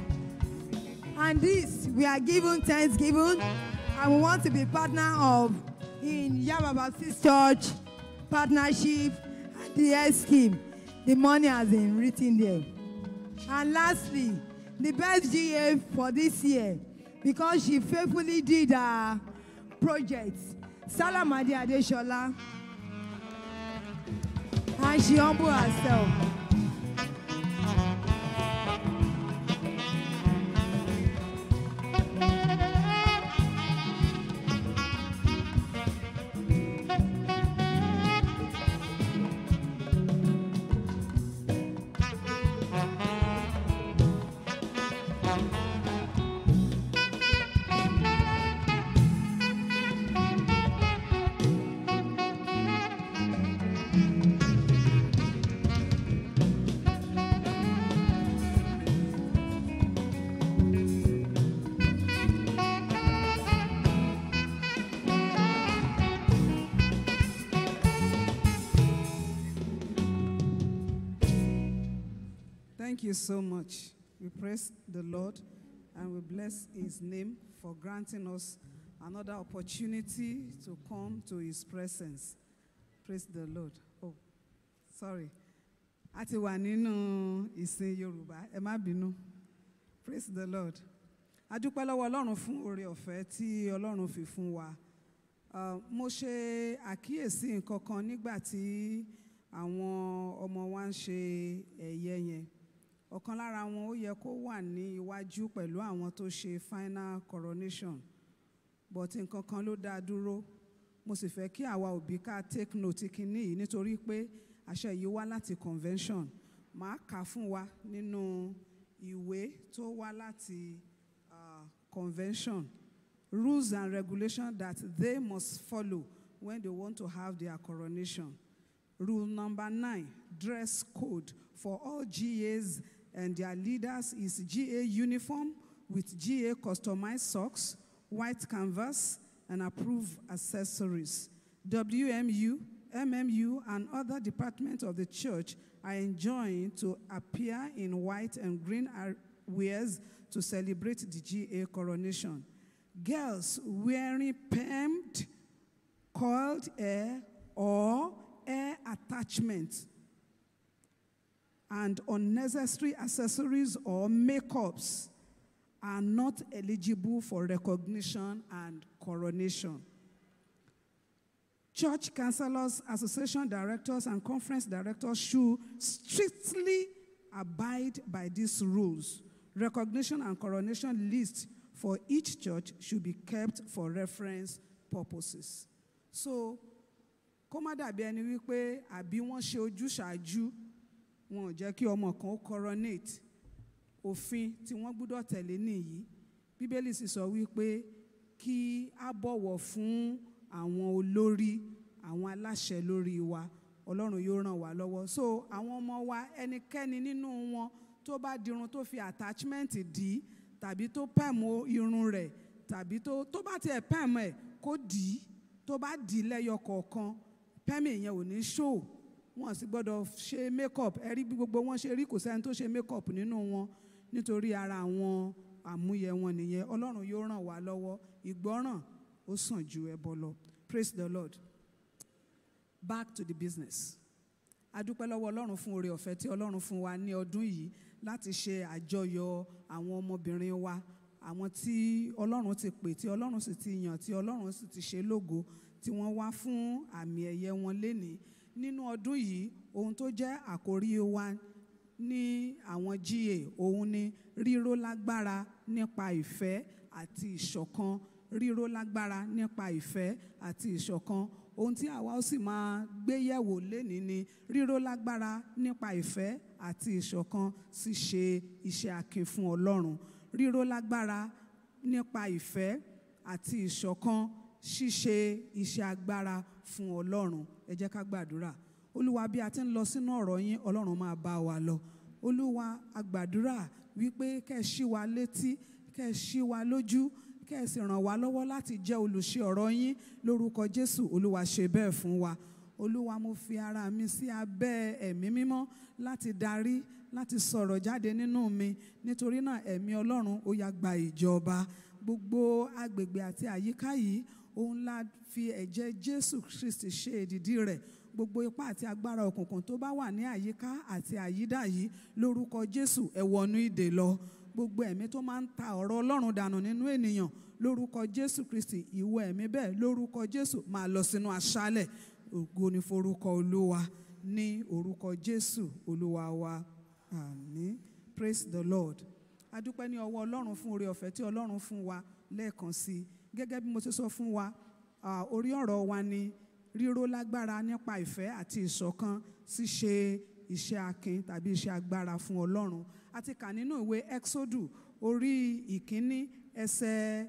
And this, we are given thanksgiving, and we want to be partner of in Yababa Church partnership the health scheme, the money has been written there. And lastly, the best GA for this year, because she faithfully did her project, Salamadi Adeshola, and she humbled herself. you so much. We praise the Lord and we bless his name for granting us another opportunity to come to his presence. Praise the Lord. Oh, sorry. Ati ti isi Yorùbá, ema bínú. Praise the Lord. A dúpẹ́ lọ́wọ́ fún ori ọ̀fẹ́ tí Ọlọ́run fi fún wa. Mo ṣe àkíyèsí nǹkan tí àwọn ọmọ wa ń ọ̀kan lára wọn ó yẹ kó wà ní iwájú pẹ̀lú àwọn tó ṣe final coronation but nǹkan kan ló dá dúró mo sì fẹ́ kí àwa òbí ká take note kínní yìí nítorí pé àṣẹ yìí wá láti convention màá kà fún wa nínú ìwé tó wá láti uh, convention rules and regulations that they must follow when they want to have their coronation. Rule number nine, dress code for all GAs and their leaders is GA uniform with GA customized socks, white canvas, and approved accessories. WMU, MMU, and other departments of the church are enjoined to appear in white and green wears to celebrate the GA coronation. Girls wearing permed, coiled hair, or hair attachments and unnecessary accessories or makeups are not eligible for recognition and coronation. Church counselors, association directors, and conference directors should strictly abide by these rules. Recognition and coronation lists for each church should be kept for reference purposes. So, kó má dàbí àbí wọ́n ṣe wọn ò jẹ́ kí ọmọ kan ó coronate òfin tí wọ́n gbọ́dọ̀ tẹ̀lé nìyí bíbélì sì sọ wípé kí a bọ̀wọ̀ fún àwọn olórí àwọn aláṣẹ lórí wa ọlọ́run yóò ràn wá lọ́wọ́ so àwọn ọmọ wa ẹnikẹ́ni nínú wọn tó bá dirun tó fi attachment dì í tàbí tó pẹ̀mú irun rẹ̀ tàbí tó tó bá tiẹ̀ pẹ̀mú ẹ̀ kó dì í tó bá dì í lẹ́yọ kọ̀ọ̀kan pẹ́mì yẹn ò ní ṣòó wọn sì gbọ́dọ̀ ṣe makeup ẹ rí bí gbogbo wọn ṣe rí kò sẹ́ni tó ṣe makeup nínú wọn nítorí ara àwọn àmúyẹ wọn nìyẹn ọlọ́run yóò ràn wá lọ́wọ́ ìgbọ́ràn ó sàn ju ẹbọ lọ praise the lord back to the business adúpẹ́ lọ́wọ́ ọlọ́run fún oore ọ̀fẹ́ tí ọlọ́run fún wa ní ọdún yìí láti ṣe àjọyọ̀ àwọn ọmọbìnrin wa àwọn tí ọlọ́run ti pè tí ọlọ́run sì ti yàn tí ọlọ́run sì ti ṣe lógo tí wọ́n wá fún àmì ẹ̀yẹ wọn lénìí nínú ọdún yìí ohun tó jẹ́ àkórí wa ní àwọn GA òun ni ríró lágbára nípa ìfẹ́ àti ìṣọ̀kan ríró lágbára nípa ìfẹ́ àti ìṣọ̀kan ohun tí àwa ó sì máa gbé yẹ̀wò lénìí ni ríró lágbára nípa ìfẹ́ àti ìṣọ̀kan sì ṣe iṣẹ́ akin fún Ọlọ́run ríró lágbára nípa ìfẹ́ àti ìṣọ̀kan ṣíṣe iṣẹ́ agbára fún ọlọ́run ẹ jẹ́ ká gbàdúrà olúwa bí a ti ń lọ sínú ọ̀rọ̀ yín ọlọ́run máa bá wa lọ olúwa a gbàdúrà wípé kẹ́ ẹ ṣí wa létí kẹ́ ẹ ṣí wa lójú kẹ́ ẹ sì ràn wá lọ́wọ́ láti jẹ́ olùṣe ọ̀rọ̀ yín lórúkọ jésù olúwa ṣe bẹ́ẹ̀ fún wa olúwa mo fi ara mi sí abẹ́ ẹ̀mí mímọ́ láti darí láti sọ̀rọ̀ jáde nínú mi nítorí náà ẹ̀mí ọlọ́run ó yá gba ìjọba gbogbo agbègbè àti àyíká yìí òun la fi ẹ̀jẹ̀ Jésù Kristi ṣe èdìdí rẹ̀ gbogbo ipá àti agbára òkùnkùn tó bá wà ní àyíká àti àyídà yìí lórúkọ Jésù ẹ wọnú ìdè lọ gbogbo ẹ̀mí tó máa ń ta ọ̀rọ̀ Ọlọ́run dànù nínú ènìyàn lórúkọ Jésù Kristi ìwọ ẹ̀mí bẹ́ẹ̀ lórúkọ Jésù máa lọ sínú aṣálẹ̀ ògo ni forúkọ Olúwa ní orúkọ Jésù Olúwa wa àmín praise the Lord adúpẹ́ ní ọwọ́ Ọlọ́run fún oore ọ̀fẹ́ tí Ọlọ́run fún wa lẹ́ẹ̀kan sí i gẹ́gẹ́ bí mo ṣe sọ fún wa orí ọ̀rọ̀ wa ni ríró lágbára nípa ìfẹ́ àti ìṣọ̀kan ṣíṣe iṣẹ́ akin tàbí iṣẹ́ agbára fún Ọlọ́run a ti kà nínú ìwé Exodus orí ìkíní ẹsẹ̀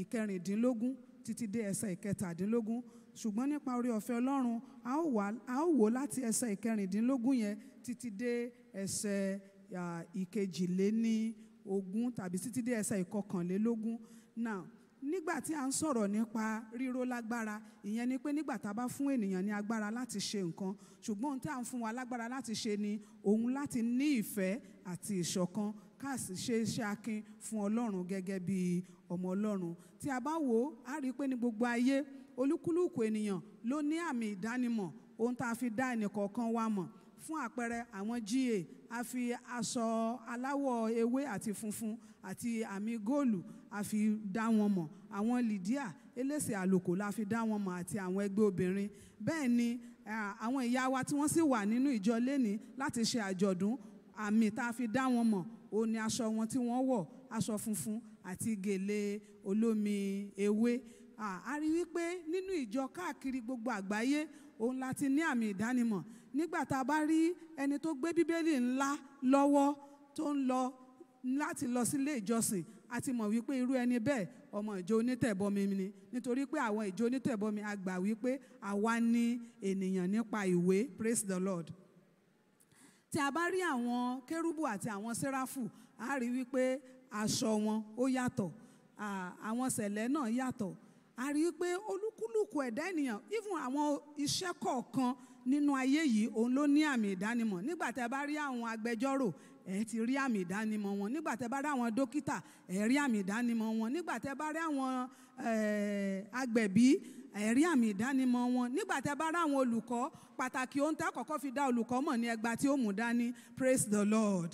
ìkẹrìndínlógún títí dé ẹsẹ̀ ìkẹtàdínlógún ṣùgbọ́n nípa orí ọ̀fẹ́ Ọlọ́run a ó wò láti ẹsẹ̀ ìkẹrìndínlógún yẹn títí dé ẹsẹ̀ ìkejìléní ogún tàbí títí dé ẹsẹ̀ ìkọkànlélógún now nígbà tí a ń sọ̀rọ̀ nípa ríró lágbára ìyẹn ni pé nígbà tá a bá fún ènìyàn ní agbára láti ṣe nǹkan ṣùgbọ́n ohun tí a ń fún wa lágbára láti ṣe ni òun láti ní ìfẹ́ àti ìṣọ̀kan káàsì ṣe iṣẹ́ akin fún ọlọ́run gẹ́gẹ́ bí ọmọ ọlọ́run tí a bá wò ó a rí i pé ní gbogbo ayé olúkúlùkù ènìyàn ló ní àmì ìdánimọ̀ ohun tá a fi dá ẹnìkọ̀ọ̀kan wa mọ̀ fún àpẹẹrẹ àwọn GA a fi aṣọ aláwọ̀ ewé àti funfun àti àmì góòlù a fi dá wọn mọ̀ àwọn Lydia elése àlòkò la fi dá wọn mọ̀ àti àwọn ẹgbẹ́ obìnrin bẹ́ẹ̀ ni àwọn ìyá wa tí wọ́n sì wà nínú ìjọ lẹ́ni láti ṣe àjọ̀dún àmì tá a fi dá wọn mọ̀ òun ni aṣọ wọn tí wọ́n wọ̀ aṣọ funfun àti gèlè olómi ewé a rí wípé nínú ìjọ káàkiri gbogbo àgbáyé òun láti ní àmì ìdánimọ̀ nígbà tá a bá rí ẹni tó gbé bíbélì ńlá lọ́wọ́ tó ń lọ láti lọ sílé ìjọsìn a ti mọ̀ wípé irú ẹni bẹ́ẹ̀ ọmọ ìjọ onítẹ̀bọmi ni nítorí pé àwọn ìjọ onítẹ̀bọmi a gbà wípé àwa ni ènìyàn nípa ìwé praise the lord tí a bá rí àwọn kérúbù àti àwọn séráfù a rí wípé aṣọ wọn ó yàtọ̀ àwọn sẹ̀lẹ̀ náà yàtọ̀ a rí wípé olúkúlùkù ẹ̀dá ènìyàn even àwọn iṣẹ́ kọ̀ọ̀kan nínú ayé yìí òun ló ní àmì ìdánimọ̀ nígbà tẹ́ bá rí àwọn agbẹjọ́rò ẹ ti rí àmì ìdánimọ̀ wọn nígbà tẹ́ bá rí àwọn dókítà ẹ rí àmì ìdánimọ̀ wọn nígbà tẹ́ bá rí àwọn agbẹ̀bí ẹ rí àmì ìdánimọ̀ wọn nígbà tẹ́ bá rí àwọn olùkọ́ pàtàkì ohun tẹ́ kọ́kọ́ fi dá olùkọ́ mọ̀ ní ẹgbàá tí ó mú dání praise the Lord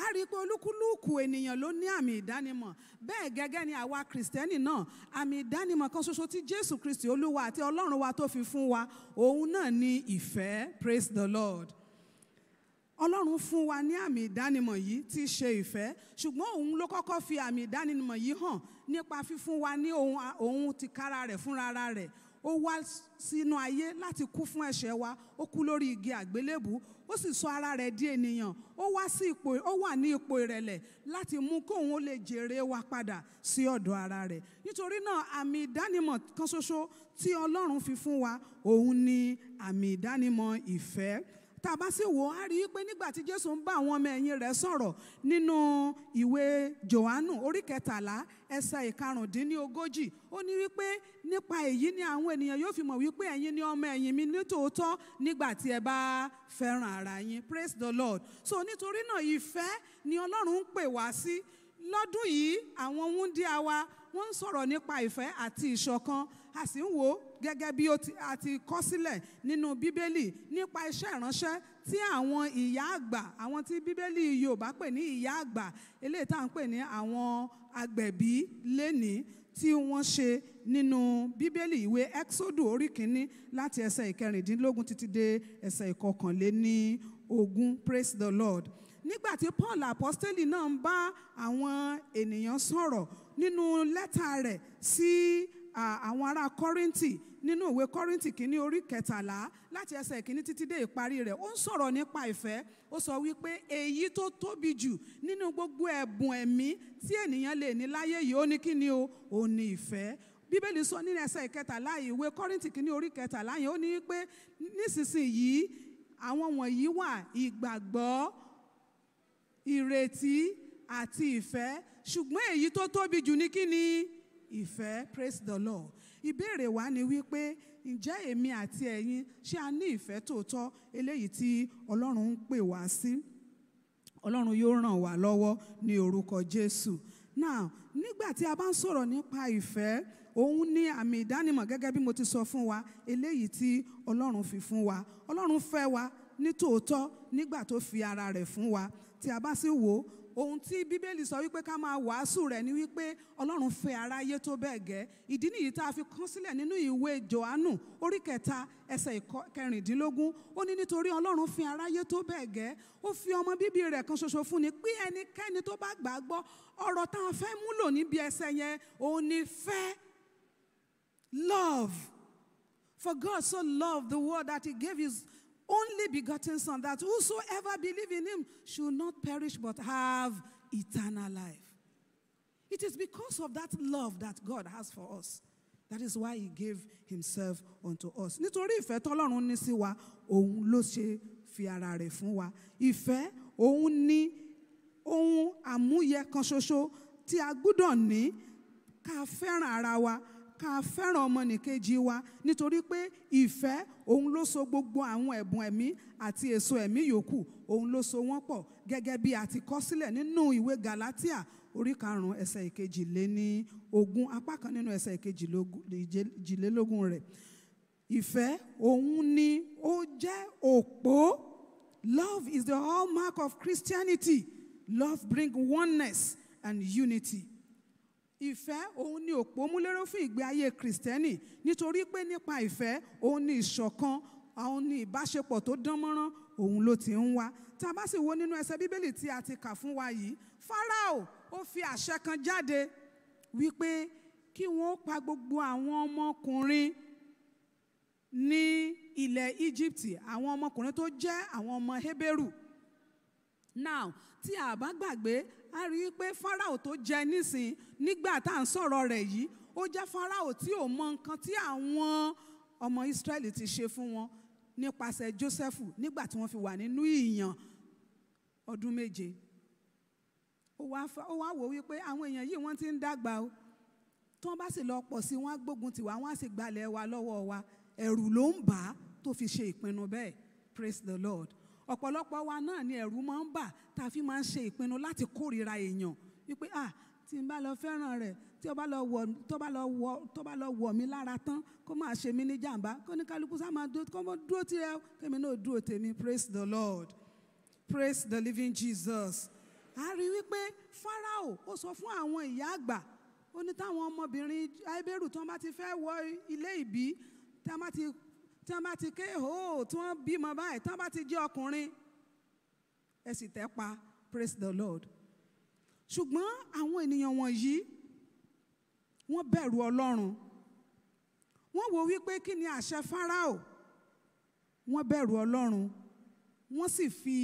a rí i pé olúkúlùkù ènìyàn ló ní àmì ìdánimọ̀ bẹ́ẹ̀ gẹ́gẹ́ ni àwa kìrìsìtẹ́nì náà àmì ìdánimọ̀ kan ṣoṣo tí jésù kristi olúwa àti ọlọ́run wa tó fi fún wa òun náà ni ìfẹ́ praise the lord ọlọ́run fún wa ní àmì ìdánimọ̀ yìí tí í ṣe ìfẹ́ ṣùgbọ́n òun ló kọ́kọ́ fi àmì ìdánimọ̀ yìí hàn nípa fífún wa ní òun tìkára rẹ̀ fúnra rẹ̀ ó wá sínú ayé láti kú fún ẹ̀ṣẹ̀ wa ó kú lórí igi àgbélébù ó sì sọ ara rẹ̀ di ènìyàn ó wá sí ipò ó wà ní ipò ìrẹ̀lẹ̀ láti mú kóun ó lè jèrè wa padà sí ọ̀dọ̀ ara rẹ̀ nítorí náà àmì ìdánimọ̀ kan ṣoṣo tí Ọlọ́run fi fún wa òun ni àmì ìdánimọ̀ ìfẹ́ tá a bá sì wò á rí i pé nígbà tí jésù ń bá àwọn ọmọ ẹ̀yìn rẹ̀ sọ̀rọ̀ nínú ìwé johannu orí kẹtàlá ẹsẹ̀ ìkarùndínlógójì ó ní wípé nípa èyí ni àwọn ènìyàn yóò fi mọ̀ wípé ẹ̀yin ni ọmọ ẹ̀yìn mi nítòótọ́ nígbà tí ẹ bá fẹ́ràn ara yín praise the lord so nítorí náà ìfẹ́ ni ọlọ́run ń pè wá sí lọ́dún yìí àwọn wúndíá wa wọ́n ń sọ̀rọ̀ nípa ìfẹ́ àti ìṣọ̀kan a sì ń wò ó gẹ́gẹ́ bí ó ti kọ sílẹ̀ nínú bíbélì nípa iṣẹ́ ìránṣẹ́ tí àwọn ìyá àgbà àwọn tí bíbélì Yorùbá pè ní ìyá àgbà eléyìí tá à ń pè ní àwọn agbẹ̀bí lénìí tí wọ́n ṣe nínú bíbélì ìwé Exodus orí kínní láti ẹsẹ̀ ìkẹrìndínlógún títí dé ẹsẹ̀ ìkọkànléní ogún praise the Lord nígbà tí Paul apostoli náà ń bá àwọn ènìyàn sọ̀rọ̀ nínú lẹ́tà rẹ̀ sí. Si àwọn ará kọ́rìntì nínú ìwé kọ́rìntì kìíní orí kẹtàlá láti ẹsẹ̀ kìíní títí dé ìparí rẹ̀ ó ń sọ̀rọ̀ nípa ìfẹ́ ó sọ wípé èyí tó tóbi jù nínú gbogbo ẹ̀bùn ẹ̀mí tí ènìyàn lè ní láyé yìí ó ní kíni o ó ní ìfẹ́ bíbélì sọ nínú ẹsẹ̀ ìkẹtàlá ìwé kọ́rìntì kìíní orí kẹtàlá yẹn ó ní pé nísinsìnyí àwọn wọ̀nyí wà ìgbàgbọ́ ìrètí àti ìfẹ́ ṣùgbọ́n èyí tó tóbi jù ní kíni ìfẹ́ praise the lord ìbéèrè wa ni wípé ǹjẹ́ èmi àti ẹ̀yin ṣé a ní ìfẹ́ tòótọ́ eléyìí tí ọlọ́run ń pè wá sí ọlọ́run yóò ràn wá lọ́wọ́ ní orúkọ jésù now nígbà tí a bá ń sọ̀rọ̀ nípa ìfẹ́ òun ní àmì ìdánimọ̀ gẹ́gẹ́ bí mo ti sọ fún wa eléyìí tí ọlọ́run fi fún wa ọlọ́run fẹ́ wa ní tòótọ́ nígbà tó fi ara rẹ̀ fún wa tí a bá sì wò ohun tí bíbélì sọ wípé ká máa wàásù rẹ̀ ni wípé ọlọ́run fẹ́ aráyé tó bẹ́ẹ̀ gẹ́ ìdí nìyí tá a fi kán sílẹ̀ nínú ìwé johannu orí kẹta ẹsẹ̀ kẹrìndínlógún ó ní nítorí ọlọ́run fẹ́ aráyé tó bẹ́ẹ̀ gẹ́ ó fi ọmọ bíbí rẹ̀ kan ṣoṣo fún ni pé ẹnikẹ́ni tó bá gbàgbọ́ ọ̀rọ̀ tá a fẹ́ múlò níbi ẹsẹ̀ yẹn òun ni fẹ́ love for God so loved the world that he gave his only begotten Son, that whosoever believe in him should not perish but have eternal life. It is because of that love that God has for us. That is why he gave himself unto us. Nítorí ìfẹ́ tọ́lọ́run ní sí wa, òun ló ṣe fi ara rẹ̀ fún wa. Ìfẹ́ òun ní ohun àmúyẹ kan ṣoṣo tí a gbúdọ̀ ní ká fẹ́ràn ara wa ká fẹ́ràn ọmọnìkejì wa nítorí pé ìfẹ́ òun ló so gbogbo àwọn ẹ̀bùn ẹ̀mí àti èso ẹ̀mí yòókù òun ló so wọ́n pọ̀ gẹ́gẹ́ bí a ti sílẹ̀ nínú ìwé Galatia orí karùn-ún ẹsẹ̀ ìkejì lé ní ogún apá kan nínú ẹsẹ̀ ìkejìlélógún rẹ̀ ìfẹ́ òun ni ó jẹ́ òpó love is the hallmark of Christianity love bring oneness and unity ìfẹ́ òun ni òpó múléró fún ìgbé ayé kìrìsìtẹ́nì nítorí pé nípa ìfẹ́ òun ni ìṣọ̀kan òun ni ìbáṣepọ̀ tó dán mọ́rán òun ló ti ń wá tá a bá sì wo nínú ẹsẹ̀ bíbélì tí a ti kà fún wa yìí Fáráò ó fi àṣẹ kan jáde wípé kí wọ́n pa gbogbo àwọn ọmọkùnrin ní ilẹ̀ Íjíbítì àwọn ọmọkùnrin tó jẹ́ àwọn ọmọ Hébérù now tí a bá gbàgbé a rí i pé Fáráò tó jẹ nísìn nígbà tá à ń sọ̀rọ̀ rẹ̀ yìí ó jẹ́ Fáráò tí ò mọ nǹkan tí àwọn ọmọ Ísírẹ́lì ti ṣe fún wọn nípasẹ̀ Jósẹ́fù nígbà tí wọ́n fi wà nínú ìyàn ọdún méje ó wá wò wípé àwọn èèyàn yìí wọ́n ti ń dàgbà o tí wọ́n bá sì lọ pọ̀ sí wọ́n á gbógun tiwa wọ́n á sì gbalẹ̀ wa lọ́wọ́ wa ẹ̀rù ló ń bà á tó fi ṣe ìpinnu bẹ́ẹ̀ praise the Lord ọ̀pọ̀lọpọ̀ wa náà ni ẹ̀rù máa ń bà tá a fi máa ń ṣe ìpinnu láti kórìíra èèyàn wípé ah tí n bá lọ fẹ́ràn rẹ̀ tí ó bá lọ wọ̀ tó bá lọ wọ̀ tó bá lọ wọ̀ mí lára tán kó máa ṣe mí ní jàǹbá kó ní kálukú sá máa dúró tirẹ̀ kémi náà dúró tèmi praise the Lord praise the living Jesus a rí wípé Fáráò ó sọ fún àwọn ìyá àgbà ó ní táwọn ọmọbìnrin ábẹ́rù tí bá ti fẹ́ wọ ilé ìbí tí wọ́n bá ti tí wọ́n bá ti ké hó tí wọ́n bímọ báyìí tí wọ́n bá ti jẹ́ ọkùnrin ẹ sì tẹ́ pa praise the Lord ṣùgbọ́n àwọn ènìyàn wọ̀nyí wọ́n bẹ̀rù Ọlọ́run wọ́n wò wípé kí ni àṣẹ Fáráò wọ́n bẹ̀rù Ọlọ́run wọ́n sì fi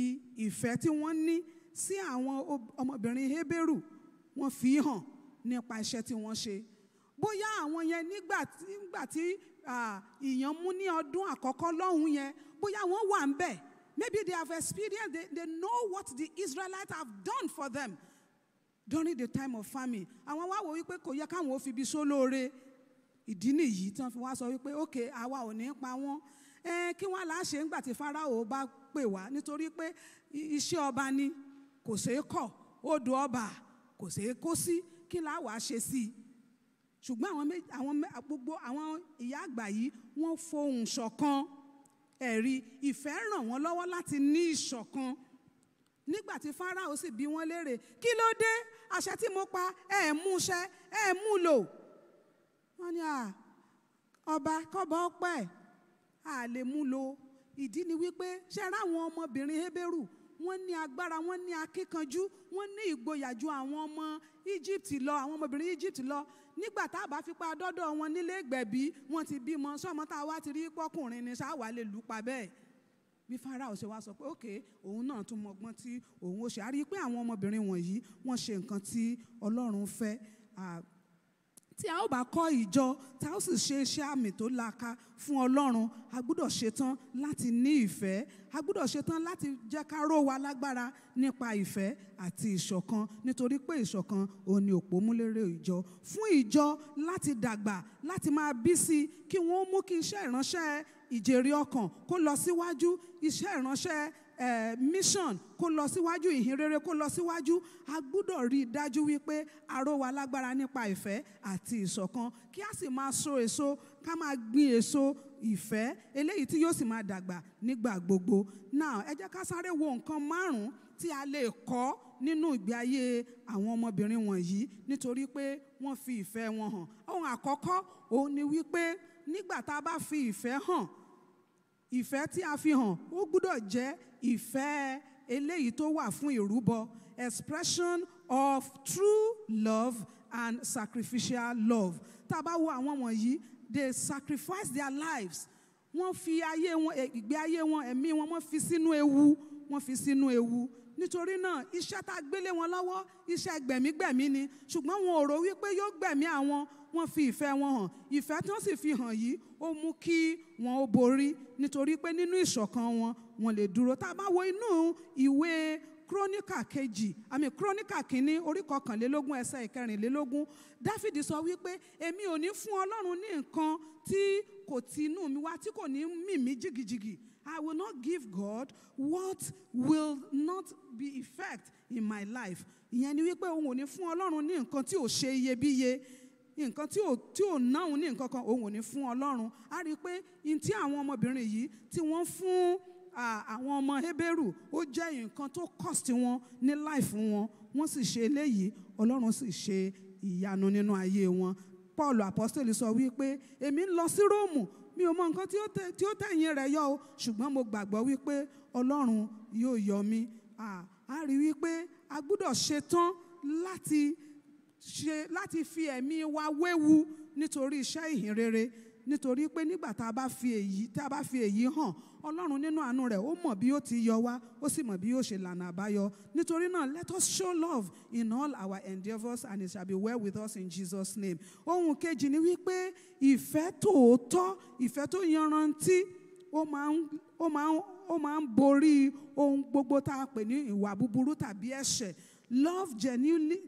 ìfẹ́ tí wọ́n ní sí àwọn ọmọbìnrin Hébérù wọ́n fi hàn nípa iṣẹ́ tí wọ́n ṣe bóyá àwọn yẹn nígbà tí ìyànmú ní ọdún àkọ́kọ́ lọ́hùn yẹn bóyá wọ́n wà ń bẹ̀ maybe they have experienced they, they know what the Israelites have done for them during the time of famine àwọn wá wò wípé kò yẹ káwọn ò fi ibi só lóore ìdí nìyí tí wọ́n fi wá sọ wípé ok àwa ò ní pa wọ́n kí wọ́n là á ṣe ńgbà tí Fáráò bá pè wá nítorí pé iṣẹ́ ọba ni kò ṣeé kọ̀ odò ọba kò ṣeé kó sí kí là á wàá ṣe sí i ṣùgbọ́n àwọn méjì àwọn gbogbo àwọn ìyá àgbà yìí wọ́n fohùn ṣọ̀kan ẹ̀rí ìfẹ́ ràn wọ́n lọ́wọ́ láti ní ìṣọ̀kan nígbà tí Fáráò sì bí wọ́n léèrè kí ló dé àṣẹ tí mo pa ẹ ẹ mú ṣẹ ẹ ẹ mú lò wọ́n ní ọba kọ́bọ̀ ọpẹ́ a lè mú lò ìdí ni wípé ṣe ráwọn ọmọbìnrin Hébérù wọ́n ní agbára wọ́n ní akíkanjú wọ́n ní ìgboyà ju àwọn ọmọ Egypt lọ àwọn ọmọbìnrin Egypt lọ nígbà tá a bá fi dọ́dọ̀ wọn nílé ìgbẹ̀bí wọn ti bímọ sọmọ tá a wá ti rí pọ́kùnrin ni ṣáà lè lù pa bẹ́ẹ̀ bí Fáráò ṣe wá sọ pé òkè òun náà tún mọ ọgbọ́n tí òun ó ṣe a rí i pé àwọn ọmọbìnrin wọ̀nyí wọ́n ṣe nǹkan tí Ọlọ́run fẹ́ tí a ó bá kọ́ ìjọ tá a ó sì ṣe iṣẹ́ àmì tó laka fún ọlọ́run a gbúdọ̀ ṣetán láti ní ìfẹ́ a gbúdọ̀ ṣetán láti jẹ́ ká ró wa lágbára nípa ìfẹ́ àti ìṣọ̀kan nítorí pé ìṣọ̀kan òun ni òpómúlérè ìjọ fún ìjọ láti dàgbà láti máa bí sí kí wọ́n mú kí iṣẹ́ ìránṣẹ́ ìjèrè ọkàn kó lọ síwájú iṣẹ́ ìránṣẹ́ Eh, mission kó lọ síwájú ìhìn rere kó lọ síwájú a gbúdọ̀ rí i dájú wípé aró wa lágbára nípa ìfẹ́ àti ìṣọ̀kan kí a sì máa so èso ká máa gbin èso ìfẹ́ eléyìí tí yóò sì máa dàgbà nígbà gbogbo now ẹ jẹ́ ká sáré wo nǹkan márùn-ún tí a lè kọ́ nínú ìgbé ayé àwọn ọmọbìnrin wọ̀nyí nítorí pé wọ́n fi ìfẹ́ wọn hàn ohun àkọ́kọ́ òun ni wípé nígbà tá a bá fi ìfẹ́ hàn ìfẹ́ tí a fi hàn ó gbúdọ̀ jẹ́ ìfẹ́ eléyìí tó wà fún ìrúbọ expression of true love and sacrificial love tá a bá wo àwọn wọ̀nyí they sacrifice their lives wọ́n fi ayé wọn ìgbé ayé wọn ẹ̀mí wọn wọ́n fi sínú ewu wọ́n fi sínú ewu nítorí náà iṣẹ́ tá a gbélé wọn lọ́wọ́ iṣẹ́ gbẹ̀mígbẹ̀mí ni ṣùgbọ́n wọn ò rò wípé yóò gbẹ̀mí àwọn wọ́n fi ìfẹ́ wọn hàn ìfẹ́ tí wọ́n sì fi hàn yìí ó mú kí wọn ó borí nítorí pé nínú ìṣọ̀kan wọn wọn lè dúró tá a bá wo inú ìwé kírónìkà kejì àmì kírónìkà kínní orí kọkànlélógún ìkẹrìnlélógún dáfídì sọ wípé èmi ò ní fún ọlọ́run ní nǹkan tí kò tinú mi wá tí kò ní mì mí jìgìjìgì I will not give God what will not be effect in my life. Ìyẹn ni wípé òun ò ní fún Ọlọ́run ní nǹkan tí ò ṣe iyebíye nǹkan tí ò tí ò náhùn ní nǹkan kan òun ò ní fún ọlọ́run a rí i pé n tí àwọn ọmọbìnrin yìí tí wọ́n fún àwọn ọmọ Hébérù ó jẹ́ nǹkan tó cost wọn ní life wọn wọ́n sì ṣe eléyìí ọlọ́run sì ṣe ìyanu nínú ayé wọn Paul apostoli sọ wípé èmi ń lọ sí Róòmù mi ò mọ nǹkan tí ó tẹ̀yìn rẹ̀ yọ o ṣùgbọ́n mo gbàgbọ́ wípé ọlọ́run yóò yọ mí a rí wípé a gbúdọ̀ ṣetán láti ṣe láti fi ẹ̀mí wa wéwu nítorí iṣẹ́ ìhìnrere nítorí pé nígbà tá a bá fi èyí hàn ọlọ́run nínú àánú rẹ̀ ó mọ̀ bí ó ti yọ wá ó sì mọ̀ bí ó ṣe lànà àbáyọ nítorí náà let us show love in all our endeavours and it shall be well with us in Jesus name ohun kejì ni wípé ìfẹ́ tòótọ́ ìfẹ́ tó yanrantí ó máa ń borí ohun gbogbo tá a pè ní ìwà búburú tàbí ẹ̀ṣẹ̀ love genuinely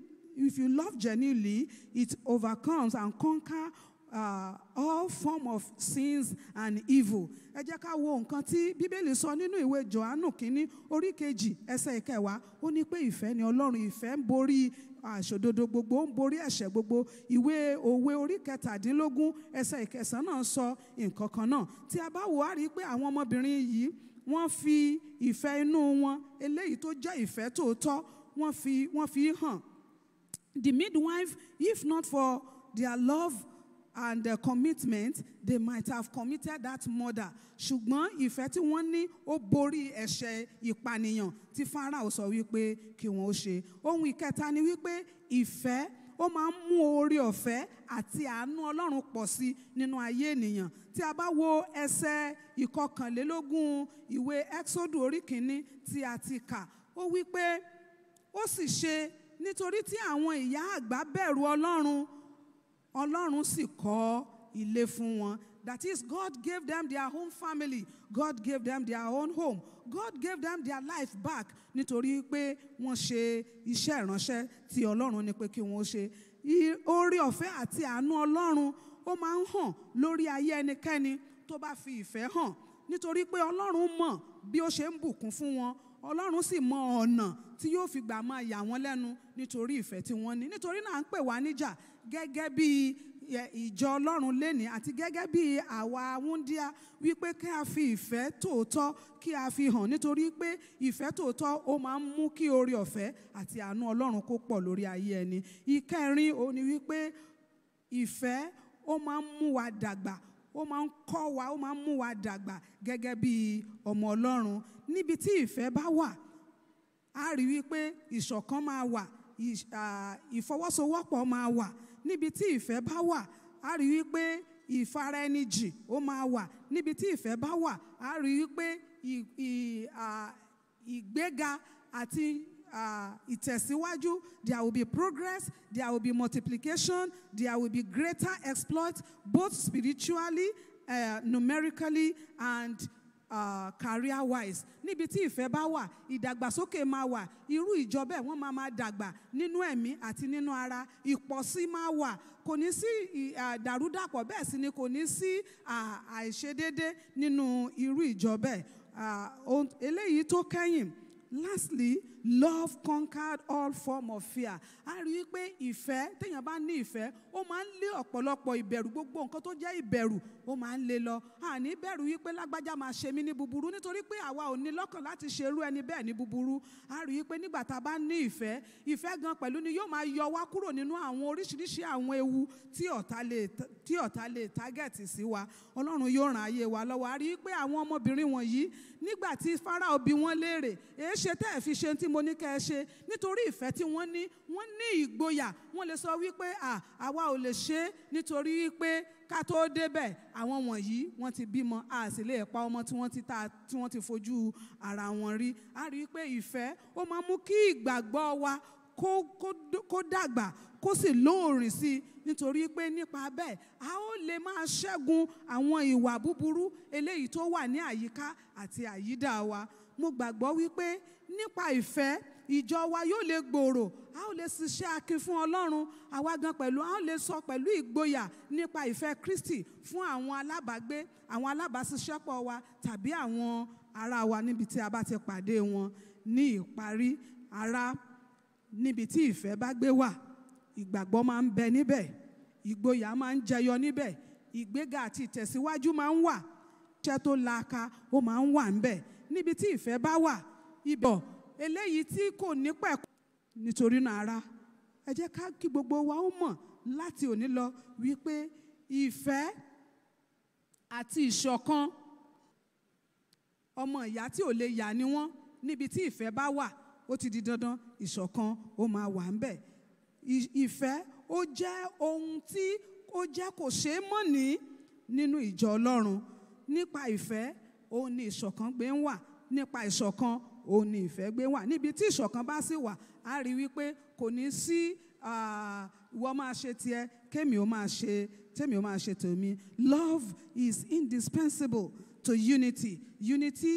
if you love genuinely, it overcomes and conquer uh, all form of sins and evil. ẹ jẹ́ ká wo nǹkan tí bíbélì sọ nínú ìwé johannu kínní orí kejì ẹsẹ̀ ìkẹwàá ó ní pé ìfẹ́ ni ọlọ́run ìfẹ́ ń borí àṣòdodo gbogbo ó ń borí ẹ̀ṣẹ̀ gbogbo ìwé òwe orí kẹtàdínlógún ẹsẹ̀ ìkẹsàn náà sọ nǹkan kan náà tí a bá wò á rí i pé àwọn ọmọbìnrin yìí wọ́n fi ìfẹ́ inú wọn eléyìí tó jẹ́ ìfẹ́ tòótọ́ wọ́n fi wọ́n fi hàn the midwife, if not for their love and their uh, commitment, they might have committed that murder. ṣùgbọ́n ìfẹ́ tí wọ́n ní ó borí ẹ̀ṣẹ̀ ìpànìyàn tí Pharaoh sọ wípé kí wọ́n ó ṣe. ohun ìkẹta ni wípé ìfẹ́ ó máa ń mú oore ọ̀fẹ́ àti àánú Ọlọ́run pọ̀ sí nínú ayé ènìyàn tí a bá wo ẹsẹ̀ ìkọkànlélógún ìwé Exodus orí kìíní tí a ti kà ó wípé ó sì ṣe nítorí tí àwọn ìyá àgbà bẹ̀rù ọlọ́run ọlọ́run sì kọ́ ilé fún wọn That is, God gave them their home family. God gave them their own home. God gave them their life back. Nítorí pé wọ́n ṣe iṣẹ́ ìránṣẹ́ tí Ọlọ́run ní pé kí wọ́n ṣe. Oore ọ̀fẹ́ àti àánú Ọlọ́run ó máa ń hàn lórí ayé ẹnikẹ́ni tó bá fi ìfẹ́ hàn. Nítorí pé Ọlọ́run mọ̀ bí ó ṣe ń bùkún fún wọn ọlọ́run sì mọ ọ̀nà tí yóò fi gbà máa yà wọ́n lẹ́nu nítorí ìfẹ́ tí wọ́n ní nítorí náà à ń pè wá níjà gẹ́gẹ́ bí ìjọ ọlọ́run lénìí àti gẹ́gẹ́ bí àwa wúndíá wípé kí a fi ìfẹ́ tòótọ́ kí a fi hàn nítorí pé ìfẹ́ tòótọ́ ó máa ń mú kí oore ọ̀fẹ́ àti àánú ọlọ́run kó pọ̀ lórí ayé ẹni ìkẹrin ó wípé ìfẹ́ ó máa ń mú wa dàgbà ó máa ń kọ́ wa ó máa ń mú wa dàgbà gẹ́gẹ́ bí ọmọ ọlọ́run níbi tí ìfẹ́ bá wà á rí wípé ìṣọ̀kan máa wà ìfọwọ́sowọ́pọ̀ máa wà níbi tí ìfẹ́ bá wà á rí wípé ìfara ẹni jì ó máa wà níbi tí ìfẹ́ bá wà á rí wípé ìgbéga àti uh, ìtẹ̀síwájú there will be progress there will be multiplication there will be greater exploit both spiritually uh, numerically and uh, career wise níbi tí ìfẹ́ bá wà ìdàgbàsókè máa wà irú ìjọ bẹ́ẹ̀ wọ́n máa máa dàgbà nínú ẹ̀mí àti nínú ara ìpọ̀sí máa wà kò ní sí ìdàrúdàpọ̀ bẹ́ẹ̀ sì ni kò ní sí àìṣedédé nínú irú ìjọ bẹ́ẹ̀ eléyìí tó kẹ́yìn lastly love conquered all form of fear a rí i pé ìfẹ́ téèyàn bá ní ìfẹ́ ó máa ń lé ọ̀pọ̀lọpọ̀ ìbẹ̀rù gbogbo nǹkan tó jẹ́ ìbẹ̀rù ó máa ń lé lọ àní bẹ̀rù wípé lágbájá máa ṣe mí ní búburú nítorí pé àwa ò ní lọ́kàn láti ṣe irú ẹni bẹ́ẹ̀ ní búburú a rí i pé nígbà tá a bá ní ìfẹ́ ìfẹ́ gan pẹ̀lú ni yóò máa yọ wá kúrò nínú àwọn oríṣiríṣi àwọn ewu tí ọ̀tá lè tágẹ̀tì sí wa ọlọ́run yóò ràn ayé wa lọ́wọ́ a rí i pé àwọn ọmọbìnrin wọ̀nyí nígbà tí Fáráò bi wọ́n léèrè èé ṣe tẹ́ fi ṣe tí mo mo ní kẹ́ ẹ ṣe nítorí ìfẹ́ tí wọ́n ní wọ́n ní ìgboyà wọ́n lè sọ wípé àwa ò lè ṣe é nítorí pé ká tó débẹ̀ àwọn wọ̀nyí wọ́n ti bímọ a sì lè pa ọmọ tí wọ́n ti ta tí wọ́n ti fojú ara wọn rí a rí i pé ìfẹ́ ó máa mú kí ìgbàgbọ́ wa kó dàgbà kó sì lóòrìn sí i nítorí pé nípa bẹ́ẹ̀ a ó lè máa ṣẹ́gun àwọn ìwà búburú eléyìí tó wà ní àyíká àti àyídà wa mo gbàgbọ́ wípé nípa ìfẹ́ ìjọ wa yóò lè gbòòrò a ó lè ṣiṣẹ́ akin fún ọlọ́run àwa gan pẹ̀lú a ó lè sọ pẹ̀lú ìgboyà nípa ìfẹ́ kristi fún àwọn alábàágbé àwọn alábàáṣiṣẹ́pọ̀ wa tàbí àwọn ará wa níbi tí a bá ti pàdé wọn ní ìparí ará níbi tí ìfẹ́ bá gbé wà ìgbàgbọ́ máa ń bẹ níbẹ̀ ìgboyà máa ń jẹyọ níbẹ̀ ìgbéga àti ìtẹ̀síwájú máa ń wà iṣẹ́ tó laaka ó máa ń wà níbẹ̀ níbi tí ìfẹ́ bá wà ibẹ̀ eléyìí tí kò ní pẹ̀kọ́ nítorí náà ara ẹ jẹ́ ká kí gbogbo wa ó mọ̀ láti òní lọ wípé ìfẹ́ àti ìṣọ̀kan ọmọ ìyá tí ò lè yà ni wọ́n níbi tí ìfẹ́ bá wà ó ti di dandan ìṣọ̀kan ó máa wà ń bẹ̀ ìfẹ́ ó jẹ́ ohun tí ó jẹ́ kò ṣeé mọ̀ ní nínú ìjọ Ọlọ́run nípa ìfẹ́ òun ni ìṣọ̀kan gbé ń wà nípa ìṣọ̀kan òun ni ìfẹ́ gbé ń wà níbi tí ìṣọ̀kan bá sì wà á rí wípé kò ní sí ìwọ máa ṣe tiẹ̀ kémi ó máa ṣe tèmi ó máa ṣe tèmi love is indispensable to unity unity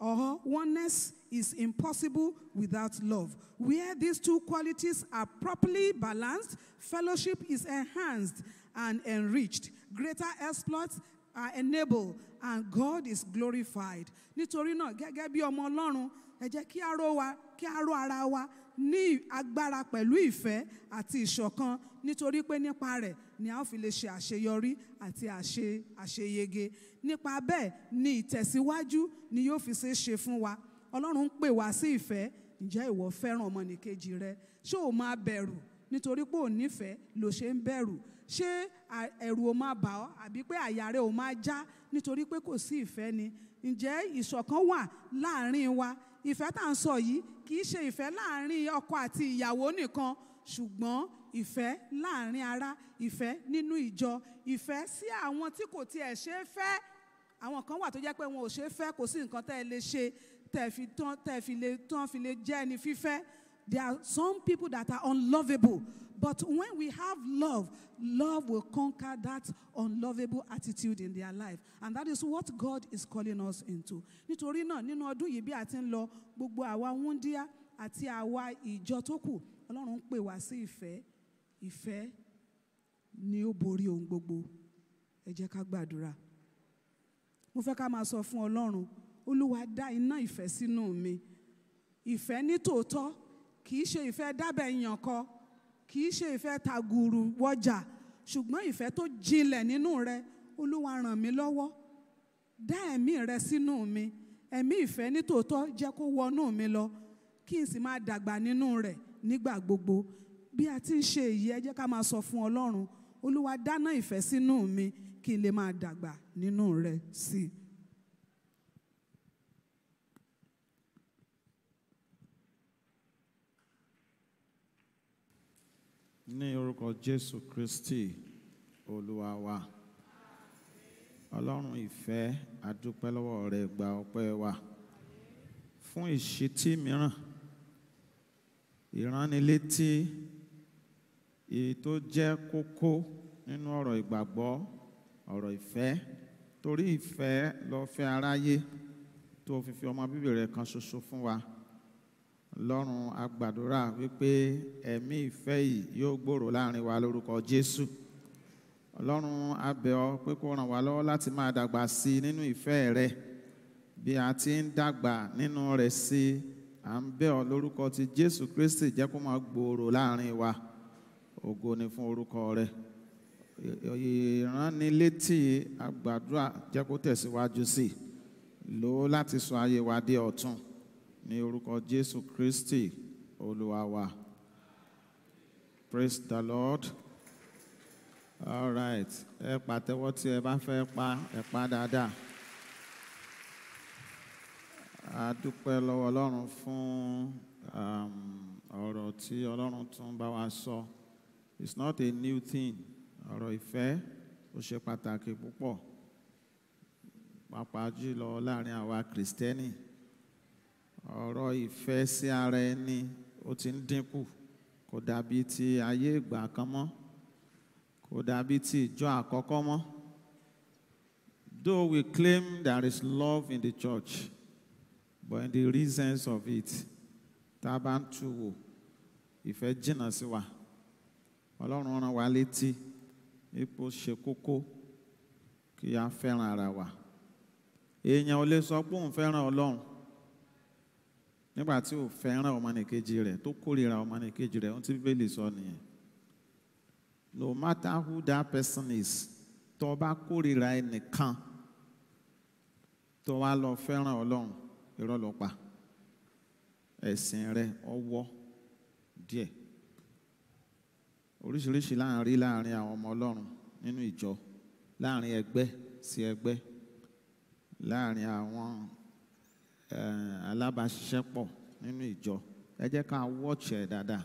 or oneness is impossible without love. Where these two qualities are properly balanced, fellowship is enhanced and enriched. Greater exploits are enabled and God is glorified. Nítorí náà gẹ́gẹ́ bí ọmọ Ọlọ́run ẹ jẹ́ kí a ró wa kí a ró ara wa ní agbára pẹ̀lú ìfẹ́ àti ìṣọ̀kan nítorí pé nípa rẹ̀ ni a ó fi lè ṣe àṣeyọrí àti àṣe àṣeyege. Nípa bẹ́ẹ̀ ni ìtẹ̀síwájú ni yóò fi ṣe é ṣe fún wa. Ọlọ́run ń pè wá sí ìfẹ́ ǹjẹ́ ìwọ fẹ́ràn ọmọnìkejì rẹ ṣé o máa bẹ̀rù nítorí pé ò nífẹ̀ẹ́ ló ṣe ń bẹ̀rù ṣé ẹ̀rù ò máa bà ọ́ àbí pé àyà rẹ ò máa já nítorí pé kò sí ìfẹ́ ni ǹjẹ́ ìṣọ̀kan wà láàrin wa ìfẹ́ tá à ń sọ yìí kì í ṣe ìfẹ́ láàrin ọkọ àti ìyàwó nìkan ṣùgbọ́n ìfẹ́ láàrin ara ìfẹ́ nínú ìjọ ìfẹ́ sí àwọn tí kò tiẹ̀ ṣe é fẹ́ àwọn kan wà tó jẹ́ pé wọn ò ṣe é fẹ́ kò sí nǹkan tẹ́ ẹ lè ṣe tẹ́ ẹ fi lè tán fi lè jẹ́ ẹni fífẹ́ there are some people that are unlovable But when we have love, love will conquer that unlovable attitude in their life. And that is what God is calling us into. Nítorí náà nínú ọdún yìí bí a ti ń lọ gbogbo àwa wúndíá àti àwa ìjọ tó kù Ọlọ́run ń pè wá sí ìfẹ́. Ìfẹ́ ni ó borí ohun gbogbo. Ẹ jẹ́ ká gbàdúrà. Mo fẹ́ ká máa sọ fún Ọlọ́run, Olúwa dá iná ìfẹ́ sínú mi. Ìfẹ́ ní tòótọ́ kì í ṣe ìfẹ́ dábẹ̀ yàn kọ́ kì í ṣe ìfẹ́ tàgùrù wọjà ṣùgbọ́n ìfẹ́ tó jinlẹ̀ nínú rẹ olúwa ràn mí lọ́wọ́ dá ẹ̀mí rẹ sínú mi ẹ̀mí ìfẹ́ nítòótọ́ jẹ́ kó wọnú mi lọ kí n sì máa dàgbà nínú rẹ̀ nígbà gbogbo bí a ti ń ṣe èyí ẹ jẹ́ ká máa sọ fún ọlọ́run olúwa dáná ìfẹ́ sínú mi kí n lè máa dàgbà nínú rẹ sí i. ní orúkọ Jésù Kristi Olúwa wa Ọlọ́run ìfẹ́ adúpẹ́ lọ́wọ́ rẹ gba ọpẹ́ wa fún ìṣítí mìíràn ìránnilétí èyí tó jẹ́ kókó nínú ọ̀rọ̀ ìgbàgbọ́ ọ̀rọ̀ ìfẹ́ torí ìfẹ́ ló fẹ́ aráyé tó fi fi ọmọ bíbí rẹ̀ kan ṣoṣo fún wa lọ́rùn agbàdúrà wípé ẹ̀mí ìfẹ́ yìí yóò gbòòrò láàrin wa lórúkọ Jésù ọlọ́run abẹ́ ọ pé kó ràn wá lọ́wọ́ láti máa dàgbà sí i nínú ìfẹ́ rẹ bí a ti ń dàgbà nínú rẹ sí i à ń bẹ̀ ọ lórúkọ ti Jésù Kristi jẹ́ kó máa gbòòrò láàrin wa ògo ni fún orúkọ rẹ ìránnilétí agbàdúrà jẹ́ kó tẹ̀síwájú sí i lò ó láti sọ ayé wa dé ọ̀tun ní orúkọ Jésù Kristi Olúwa praise the Lord all right ẹ pàtẹ́wọ́ tí ẹ bá fẹ́ pa ẹ pa dáadáa a dúpẹ́ lọ́wọ́ Ọlọ́run fún um, ọ̀rọ̀ tí Ọlọ́run tún bá wa sọ it's not a new thing ọ̀rọ̀ ìfẹ́ ó ṣe pàtàkì púpọ̀ pàápàá jùlọ láàrin àwa Kristẹni ọ̀rọ̀ ìfẹ́ sí ara ẹni ó ti ń dínkù kò dàbí ti ayé ìgbà kan mọ́ kò dàbí ti ìjọ àkọ́kọ́ mọ́. Though we claim there is love in the church, but in the reasons of it, tá a bá ń tu wò, ìfẹ́ jìnnà sí wa. Ọlọ́run rán wa létí, ipò ṣe kókó kí a fẹ́ràn ara wa. Èèyàn ò lè sọ pé òun fẹ́ràn Ọlọ́run nígbà tí ò fẹ́ràn ọmọnìkejì rẹ̀ tó kórìíra ọmọnìkejì rẹ̀ ó ti bíbélì sọ nìyẹn no matter who that person is tó o bá kórìíra ẹnìkan tó o wá lọ fẹ́ràn ọlọ́run irọ́ ló pa ẹ̀sìn rẹ ọwọ́ díẹ̀ oríṣiríṣi láàrin láàrin àwọn ọmọ ọlọ́run nínú ìjọ láàrin ẹgbẹ́ sí ẹgbẹ́ láàrin àwọn Eh, alábàáṣiṣẹ́pọ̀ nínú ìjọ ẹ jẹ́ ká wọ́ọ̀chì ẹ̀ dáadáa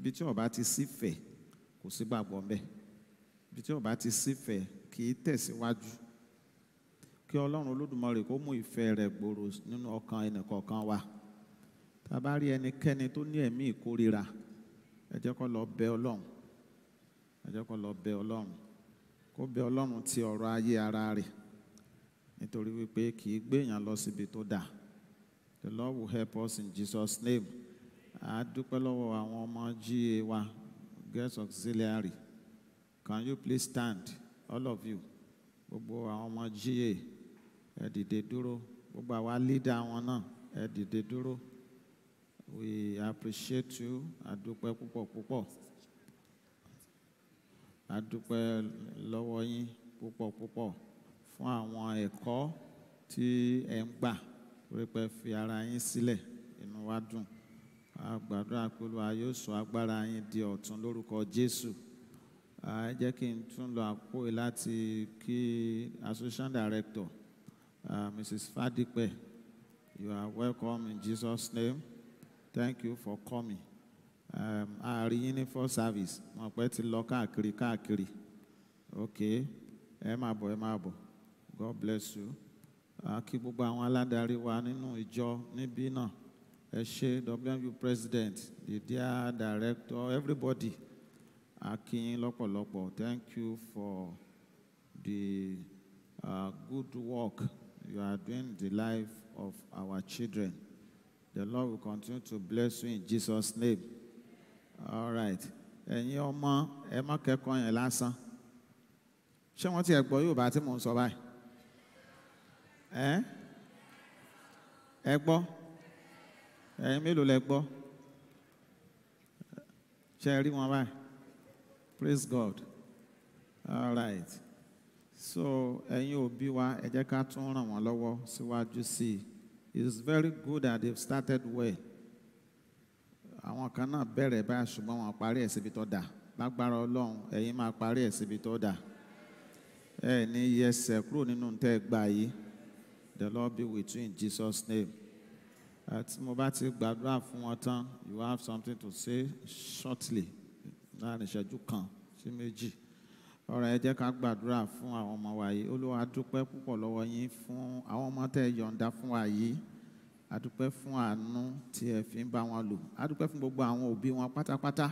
bí tí ó bá ti sífẹ̀ẹ́ kò sí gbàgbọ́ ńbẹ̀ bí tí ó bá ti sífẹ̀ẹ́ kì í tẹ̀síwájú kí ọlọ́run olódùmarè kó mú ìfẹ́ rẹ̀ gbòòrò nínú ọkàn ẹnìkọ̀ọ̀kan wa tá a bá rí ẹnikẹ́ni tó ní ẹ̀mí ìkórira ẹ jẹ́ kó lọ bẹ ọlọ́run ẹ jẹ́ kó lọ bẹ ọlọ́run kó bẹ ọlọ́run ti ọ̀rọ̀ ayé ara rẹ̀ nítorí wípé kì í gbéyàn lọ síbi tó dáa The Lord will help us in Jesus' name. A dúpẹ́ lọ́wọ́ àwọn ọmọ GA wa, guest Auxiliary. Can you please stand, all of you? Gbogbo àwọn ọmọ GA, ẹ dìde dúró. Gbogbo àwa leader wọn náà, ẹ dìde dúró. We appreciate you. A dúpẹ́ púpọ̀ púpọ̀. A dúpẹ́ lọ́wọ́ yín púpọ̀ púpọ̀ fún àwọn ẹ̀kọ́ tí ẹ ń gbà wípé fi ara yín sílẹ̀ inú wa dùn a gbàdúrà pé Olúwa yóò sọ agbára yín di ọ̀tun lórúkọ Jésù ẹ jẹ́ kí n tún lọ àpòyè láti kí associate director uh, Mrs. Fadipe you are welcome in Jesus' name thank you for coming um, a rí yín ní for service wọn pẹ́ ti lọ káàkiri káàkiri okay ẹ máa bọ̀ ẹ máa bọ̀ God bless you. kí gbogbo àwọn aládarí wa nínú ìjọ níbí náà ẹ ṣe WMU president the dear director everybody a kí yín lọ́pọ̀lọpọ̀ thank you for the uh, good work you are doing the life of our children the Lord will continue to bless you in Jesus name all right ẹ̀yin ọmọ ẹ má kẹ́kọ̀ọ́ yẹn lásán ṣé wọ́n ti ẹ̀ gbọ́ Yorùbá tí mò ń sọ báyìí. ẹ ẹ gbọ́ ẹ̀yin mélòó lẹ gbọ́ ṣe rí wọn báyìí praise God all right so ẹ̀yin òbí wa ẹ jẹ́ ká tún ràn wọ́n lọ́wọ́ síwájú sí i it's very good that they've started well àwọn kan náà bẹ̀rẹ̀ báyìí ṣùgbọ́n wọn parí ẹ̀ síbi tó dà lágbára Ọlọ́run ẹ̀yin máa parí ẹ̀ síbi tó dà ẹ̀ ní yẹsẹ̀ kúrò nínú tẹ́ gbà yìí. The Lord be with you in Jesus' name. Ati mo bá ti gbàdúrà fún wọn tán, you have something to say shortly láàrin ìṣẹ́jú kan sí méjì. Ọ̀rọ̀ ẹ jẹ́ ká gbàdúrà fún àwọn ọmọ wa yìí. Olúwa dúpẹ́ púpọ̀ lọ́wọ́ yín fún àwọn ọmọ tẹ́ yọ̀ǹda fún wa yìí. A dúpẹ́ fún àánú tí ẹ fi ń bá wọn lò. A dúpẹ́ fún gbogbo àwọn òbí wọn pátápátá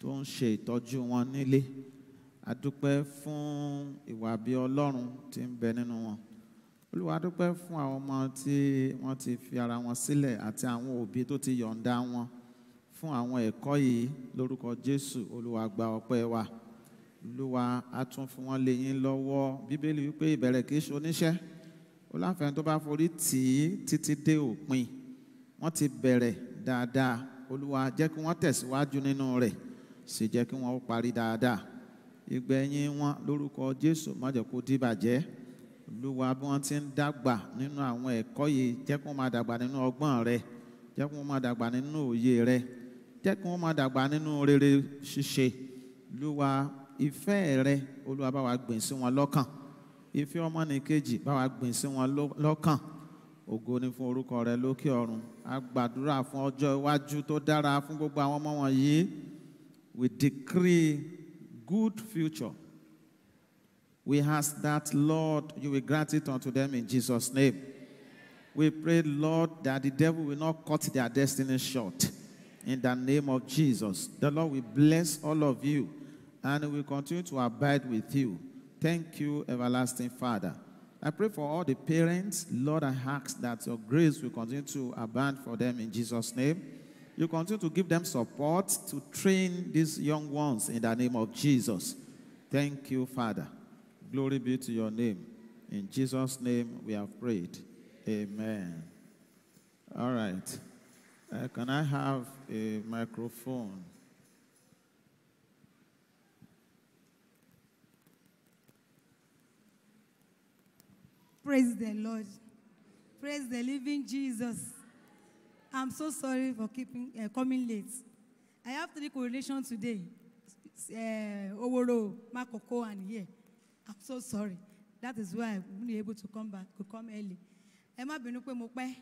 tó ń ṣe ìtọ́jú wọn nílé. A fún ìwà bí Ọlọ́run tí ń bẹ nínú wọn olúwa dúpẹ́ fún àwọn ọmọ tí wọ́n ti fi ara wọn sílẹ̀ àti àwọn òbí tó ti yọ̀ǹda wọn fún àwọn ẹ̀kọ́ yìí lórúkọ jésù olúwa gba ọpẹ́ wa olúwa á tún fún wọn lé yín lọ́wọ́ bíbélì wípé ìbẹ̀rẹ̀ kìí ṣe oníṣẹ́ ó tó bá forí tì í títí dé òpin wọ́n ti bẹ̀rẹ̀ dáadáa olúwa jẹ́ kí wọ́n tẹ̀síwájú nínú rẹ̀ sì jẹ́ kí wọ́n parí dáadáa ìgbẹ̀yìn wọn lórúkọ jésù má jẹ́ kó olúwa bí wọ́n ti ń dàgbà nínú àwọn ẹ̀kọ́ yìí jẹ́ kí wọ́n máa dàgbà nínú ọgbọ́n rẹ jẹ́ kí wọ́n máa dàgbà nínú òye rẹ jẹ́ kí wọ́n máa dàgbà nínú rere ṣíṣe olúwa ìfẹ́ rẹ olúwa bá wa gbìn sí wọn lọ́kàn ìfẹ́ ọmọnìkejì bá wa gbìn sí wọn lọ́kàn ògo ni fún orúkọ rẹ lókè ọ̀run a gbàdúrà fún ọjọ́ iwájú tó dára fún gbogbo àwọn ọmọ wọn yìí we decree good future We ask that, Lord, you will grant it unto them in Jesus' name. We pray, Lord, that the devil will not cut their destiny short. In the name of Jesus, the Lord will bless all of you and will continue to abide with you. Thank you, everlasting Father. I pray for all the parents, Lord, I ask that your grace will continue to abound for them in Jesus' name. You continue to give them support to train these young ones in the name of Jesus. Thank you, Father. Glory be to your name. In Jesus' name we have prayed. Amen. All right. Uh, can I have a microphone? Praise the Lord. Praise the living Jesus. I'm so sorry for keeping uh, coming late. I have three correlations today. Uh, Oworo, Makoko, and here. I'm so sorry. That is why I'm only able to come back, to come early. Ẹ má bínú pé mo pẹ́.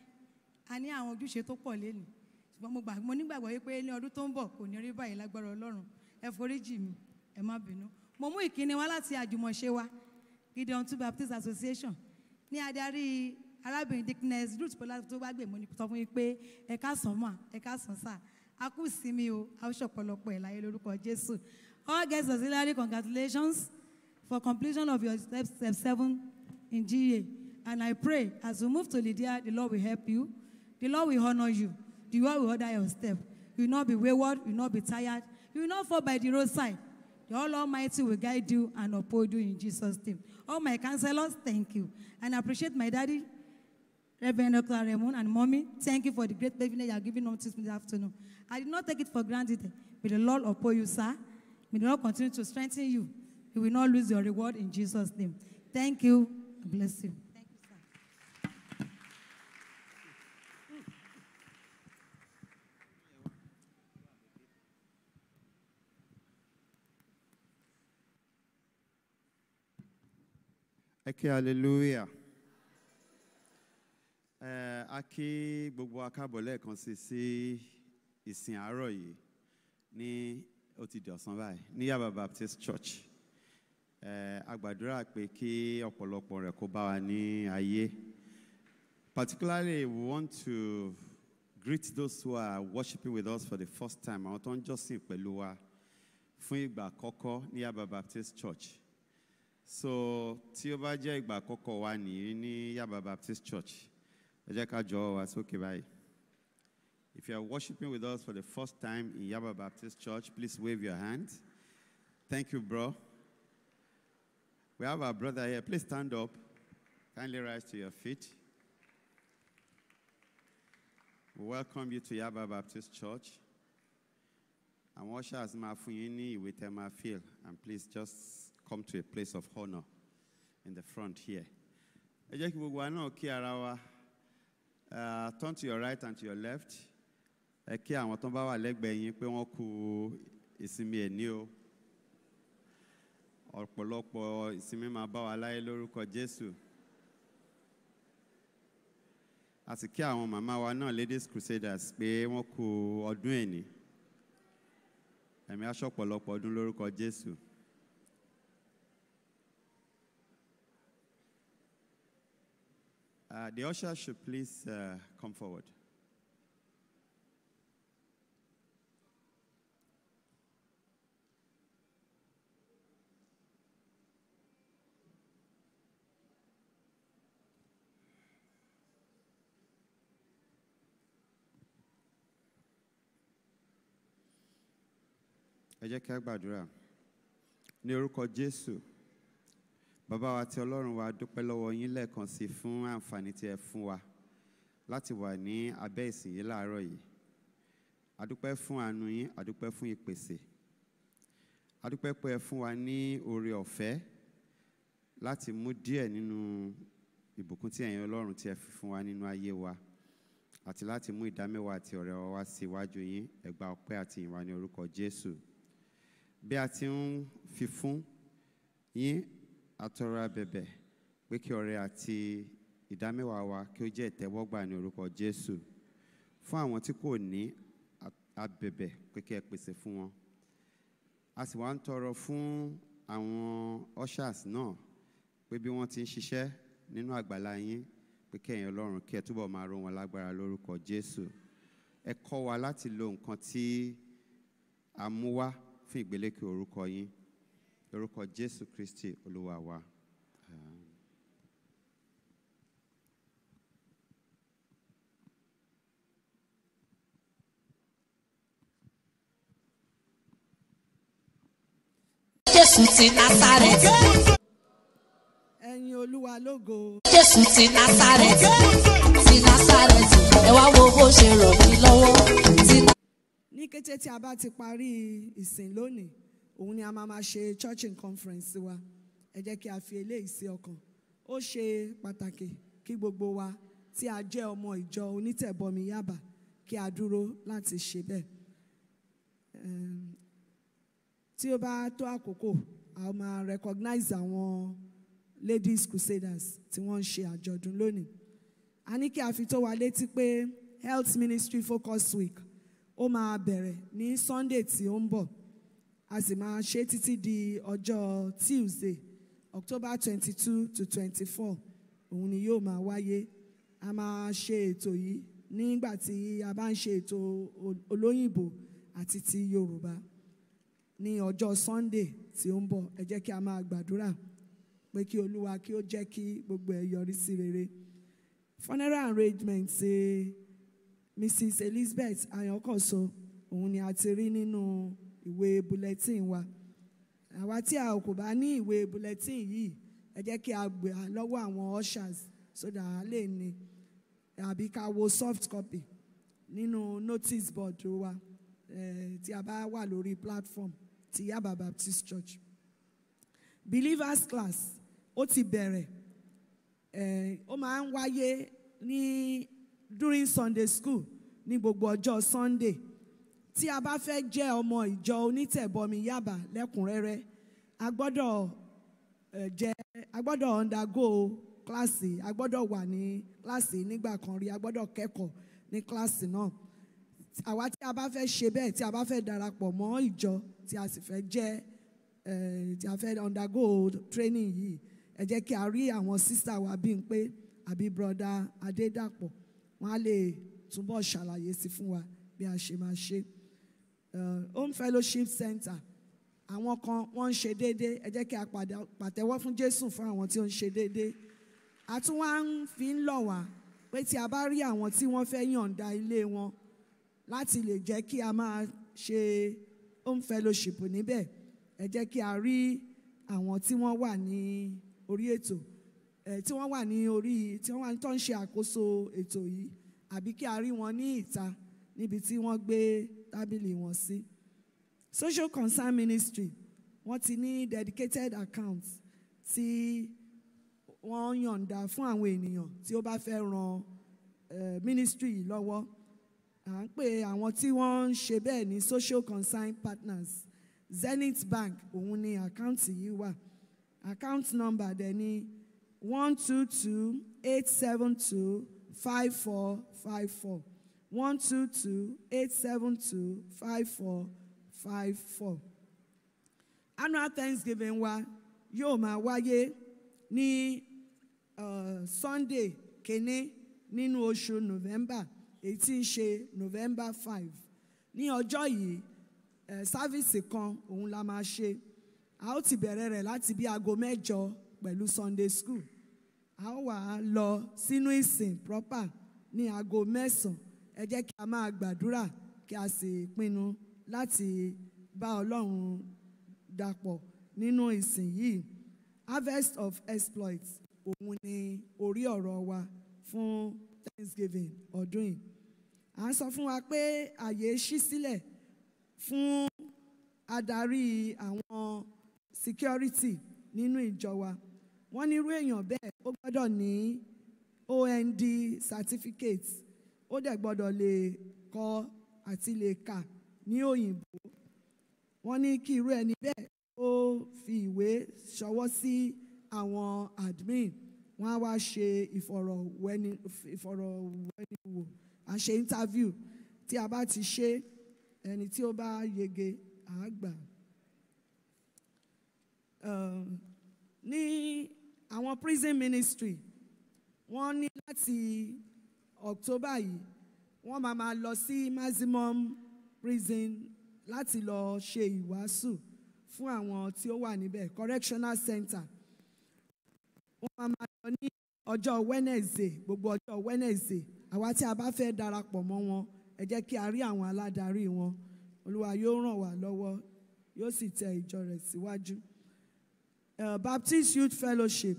A ní àwọn ojúṣe tó pọ̀ lẹ́nu. Ṣùgbọ́n mo gbà mo nígbàgbọ́ wípé ní ọdún tó ń bọ̀ kò ní rí báyìí lágbára Ọlọ́run. Ẹ foríjì mi. Ẹ má bínú. Mo mú ìkíni wá láti àjùmọ̀ṣe wa. Gideon Two Baptist Association. Ní adarí arábìnrin Dickness Ruth Bọ́lá tó bá gbè mo ní sọ fún yín pé ẹ̀ka sàn mà ẹ̀ka sàn sáà a kú sinmi o a ó ṣọ̀pọ̀lọpọ̀ ẹ̀ láyé lórúkọ Jésù all guests auxiliary congratulations for completion of your step, step seven in GA. And I pray as you move to Lydia, the Lord will help you. The Lord will honor you. The Lord will order your step. You will not be wayward. You will not be tired. You will not fall by the roadside. The All Almighty will guide you and uphold you in Jesus' name. All my counselors, thank you. And I appreciate my daddy, Reverend Dr. Raymond, and mommy. Thank you for the great privilege you are giving us this afternoon. I did not take it for granted. May the Lord uphold you, sir. May the Lord continue to strengthen you. You will not lose your reward in Jesus' name. Thank you. Bless you. Thank you, sir. Okay, hallelujah. Uh, a gbogbo akábọ̀ lẹ́ẹ̀kan sí sí ìsìn àárọ̀ yìí ní ó ti dọ̀sán báyìí ní Yaba Baptist Church a gbàdúrà pé kí ọ̀pọ̀lọpọ̀ rẹ̀ kó bá wa ní ayé. Particularly, we want to greet those who are worshiping with us for the first time. Àwọn tó ń jọ́sìn pẹ̀lú wa fún ìgbà àkọ́kọ́ ní Yaba Baptist Church. So tí ó bá jẹ́ ìgbà àkọ́kọ́ wa nìyí ní Yaba Baptist Church, ẹ jẹ́ ká jọ wá sókè báyìí. If you are worshiping with us for the first time in Yaba Baptist Church, please wave your hand. Thank you, bro. We have our brother here. Please stand up. Kindly rise to your feet. We welcome you to Yaba Baptist Church. And wash as Mafuyini with Emma Phil. And please just come to a place of honor in the front here. turn to your right and to your left. Ẹ àwọn tó bá wà yín pé wọ́n kú ẹ̀ ní o. ọ̀pọ̀lọpọ̀ ìsinmi máa bá wa láyé lórúkọ Jésù a sì kí àwọn màmá wa náà Ladies Crusaders pé wọ́n ku ọdún ẹ̀ní ẹ̀mí aṣọ ọ̀pọ̀lọpọ̀ ọdún lórúkọ Jésù. Uh, the usher should please uh, come forward. ẹ jẹ́ kí a gbàdúrà ní orúkọ Jésù bàbá wa ti Ọlọ́run wa dúpẹ́ lọ́wọ́ yín lẹ́ẹ̀kan sí i fún àǹfààní tí ẹ fún wa láti wà ní abẹ́ ìsìn yìí láàárọ̀ yìí adúpẹ́ fún àánú yín adúpẹ́ fún ìpèsè adúpẹ́ pé ẹ fún wa ní oore ọ̀fẹ́ láti mú díẹ̀ nínú ìbùkún tí ẹ̀yin Ọlọ́run tí ẹ fi fún wa nínú ayé wa àti láti mú ìdámẹ́wàá àti ọ̀rẹ́ wa wá síwájú yín ẹ ọpẹ́ àti ìwà ní orúkọ Jésù bí a ti ń fi fún yín àtọrọ abẹ̀bẹ̀ pé kí ọrẹ àti ìdámẹ́wàá wa kí ó jẹ́ ìtẹ́wọ́gbà ní orúkọ Jésù fún àwọn tí kò ní abẹ̀bẹ̀ pé kí ẹ pèsè fún wọn a sì wá ń tọrọ fún àwọn ushers náà pé bí wọ́n ti ń ṣiṣẹ́ nínú àgbàlá yín pé kẹ́yìn Ọlọ́run kí ẹ túbọ̀ máa ró wọn lágbára lórúkọ Jésù ẹ kọ́ wa láti lo nǹkan tí a mú wá fún ìgbélékè orúkọ yín orúkọ Jésù Kristi Olúwa wa. Um, Jésù ti Násárẹ́tì. Ẹyin Olúwa lógo. Jésù ti Násárẹ́tì. Ti Násárẹ́tì. Ẹ wá wo bó ṣe rọ̀ mí lọ́wọ́ ní kété tí a bá ti parí ìsìn lónìí òun ni a máa máa ṣe churching conference wa ẹ jẹ́ kí a fi eléyìí sí ọkàn ó ṣe pàtàkì kí gbogbo wa tí a jẹ́ ọmọ ìjọ onítẹ̀bọmi Yaba kí a dúró láti ṣe bẹ́ẹ̀ ehm, tí ó bá tó àkókò a máa recognize àwọn ladies crusaders tí wọ́n ń ṣe àjọ̀dún lónìí a ní kí a fi tó wa létí pé health ministry focus week ó máa bẹ̀rẹ̀ ní Sunday tí ó ń bọ̀ a sì máa ṣe títí di ọjọ́ Tuesday October twenty two to twenty four òun ni yóò máa wáyé a máa ṣe ètò yìí nígbà tí a bá ń ṣe ètò olóyìnbó àti ti Yorùbá ní ọjọ́ Sunday tí ó ń bọ̀ ẹ jẹ́ kí a máa gbàdúrà pé kí Olúwa kí ó jẹ́ kí gbogbo ẹ̀ yọrí sí rere funeral arrangement ṣe. Eh, mrs elizabeth ayọ̀kọ̀sọ òun ni a ti rí nínú ìwé bulletin wa àwa tí a kò bá ní ìwé bulletin yìí ẹ jẹ́ kí a gbé lọ́wọ́ àwọn ushers so that a lè ní àbí ká wo soft copy nínú notice board wa tí a bá wà lórí platform ti Yaba Baptist Church believers class ó ti bẹ̀rẹ̀ ó máa ń wáyé ní during Sunday school ní gbogbo ọjọ́ Sunday tí a bá fẹ́ jẹ́ ọmọ ìjọ onítẹ̀bọmi Yaba lẹ́kùnrẹ́rẹ́ a gbọ́dọ̀ eh, jẹ́ a gbọ́dọ̀ undergo kíláàsì a gbọ́dọ̀ wà ní kíláàsì nígbà kan rí a gbọ́dọ̀ kẹ́kọ̀ọ́ ní kíláàsì náà àwa tí a bá fẹ́ ṣe bẹ́ẹ̀ tí a bá fẹ́ darapọ̀ mọ́ ìjọ tí a sì fẹ́ jẹ́ eh, tí a fẹ́ undergo training yìí ẹ jẹ́ kí a rí àwọn sísá wa Bímpé àbí brother Adédàpọ̀ wọ́n á lè túbọ̀ ṣàlàyé sí fún wa bí a ṣe máa ṣe. Eh, home fellowship center àwọn kan wọ́n ń ṣe déédéé ẹ jẹ́ kí a pàtẹ́wọ́ fún Jésù fún àwọn tí ó ń ṣe déédéé. a tún wá ń fi ń lọ̀ wá pé tí a bá rí àwọn tí wọ́n fẹ́ yọ̀ǹda ilé wọn láti lè jẹ́ kí a máa ṣe home fellowship níbẹ̀ ẹ jẹ́ kí a rí àwọn tí wọ́n wà ní orí ètò tí wọ́n wà ní orí tí wọ́n wà tó ń ṣe àkóso ètò yìí àbí kí a rí wọn ní ìta níbi tí wọ́n gbé tábìlì wọn sí. Social Concern Ministry wọ́n ti ní dedicated account tí wọ́n yọ̀ǹda fún àwọn ènìyàn tí ó bá fẹ́ ran ministry yìí lọ́wọ́ à ń pè àwọn tí wọ́n ń ṣe bẹ́ẹ̀ ní Social Concern Partners Zenith Bank òun ni àkáǹtì yìí wà account number dẹ̀ ni one two two eight seven two five four five four one two two eight seven two five four five four. annual thanksgiving wa yóò máa wáyé ní uh, sunday kene nínú oṣù november èyí tí ń ṣe november five ní ọjọ́ yìí uh, sáfíìsì kan òun la máa ṣe a ó ti bẹ̀rẹ̀ rẹ̀ láti bí aago mẹ́jọ pẹ̀lú Sunday school a ó wà á lọ sínú ìsìn proper ní aago mẹ́sàn-án ẹ jẹ́ kí a máa gbàdúrà kí a sì pinnu láti bá Ọlọ́run dàpọ̀ nínú ìsìn yìí harvest of exploits òun ni orí ọ̀rọ̀ wa fún Thanksgiving ọdún yìí à ń sọ fún wa pé àyè ṣí sílẹ̀ fún adarí àwọn security nínú ìjọ wa wọ́n nírú èèyàn bẹ́ẹ̀ ó gbọ́dọ̀ ní OND certificate ó dẹ̀ gbọ́dọ̀ lè kọ àti lè kà ní òyìnbó wọ́n ní kí irú ẹni bẹ́ẹ̀ ó fi ìwé ṣọwọ́ sí àwọn admin wọ́n á wá ṣe ìfọ̀rọ̀wẹ́niwò à interview tí a bá ti ṣe ẹni tí ó bá yege àá gbà. ní àwọn prison ministry wọ́n ní láti October yìí wọ́n máa máa lọ sí maximum prison láti lọ ṣe ìwàásù fún àwọn tí ó wà níbẹ̀ correctional center wọ́n máa máa lọ ní ọjọ́ Wednesday gbogbo ọjọ́ Wednesday àwa tí a bá fẹ́ darapọ̀ mọ́ wọn ẹ jẹ́ kí a rí àwọn aládarí wọn olúwa yóò ràn wá lọ́wọ́ yóò sì tẹ ìjọ rẹ̀ síwájú. Si uh, Baptist Youth Fellowship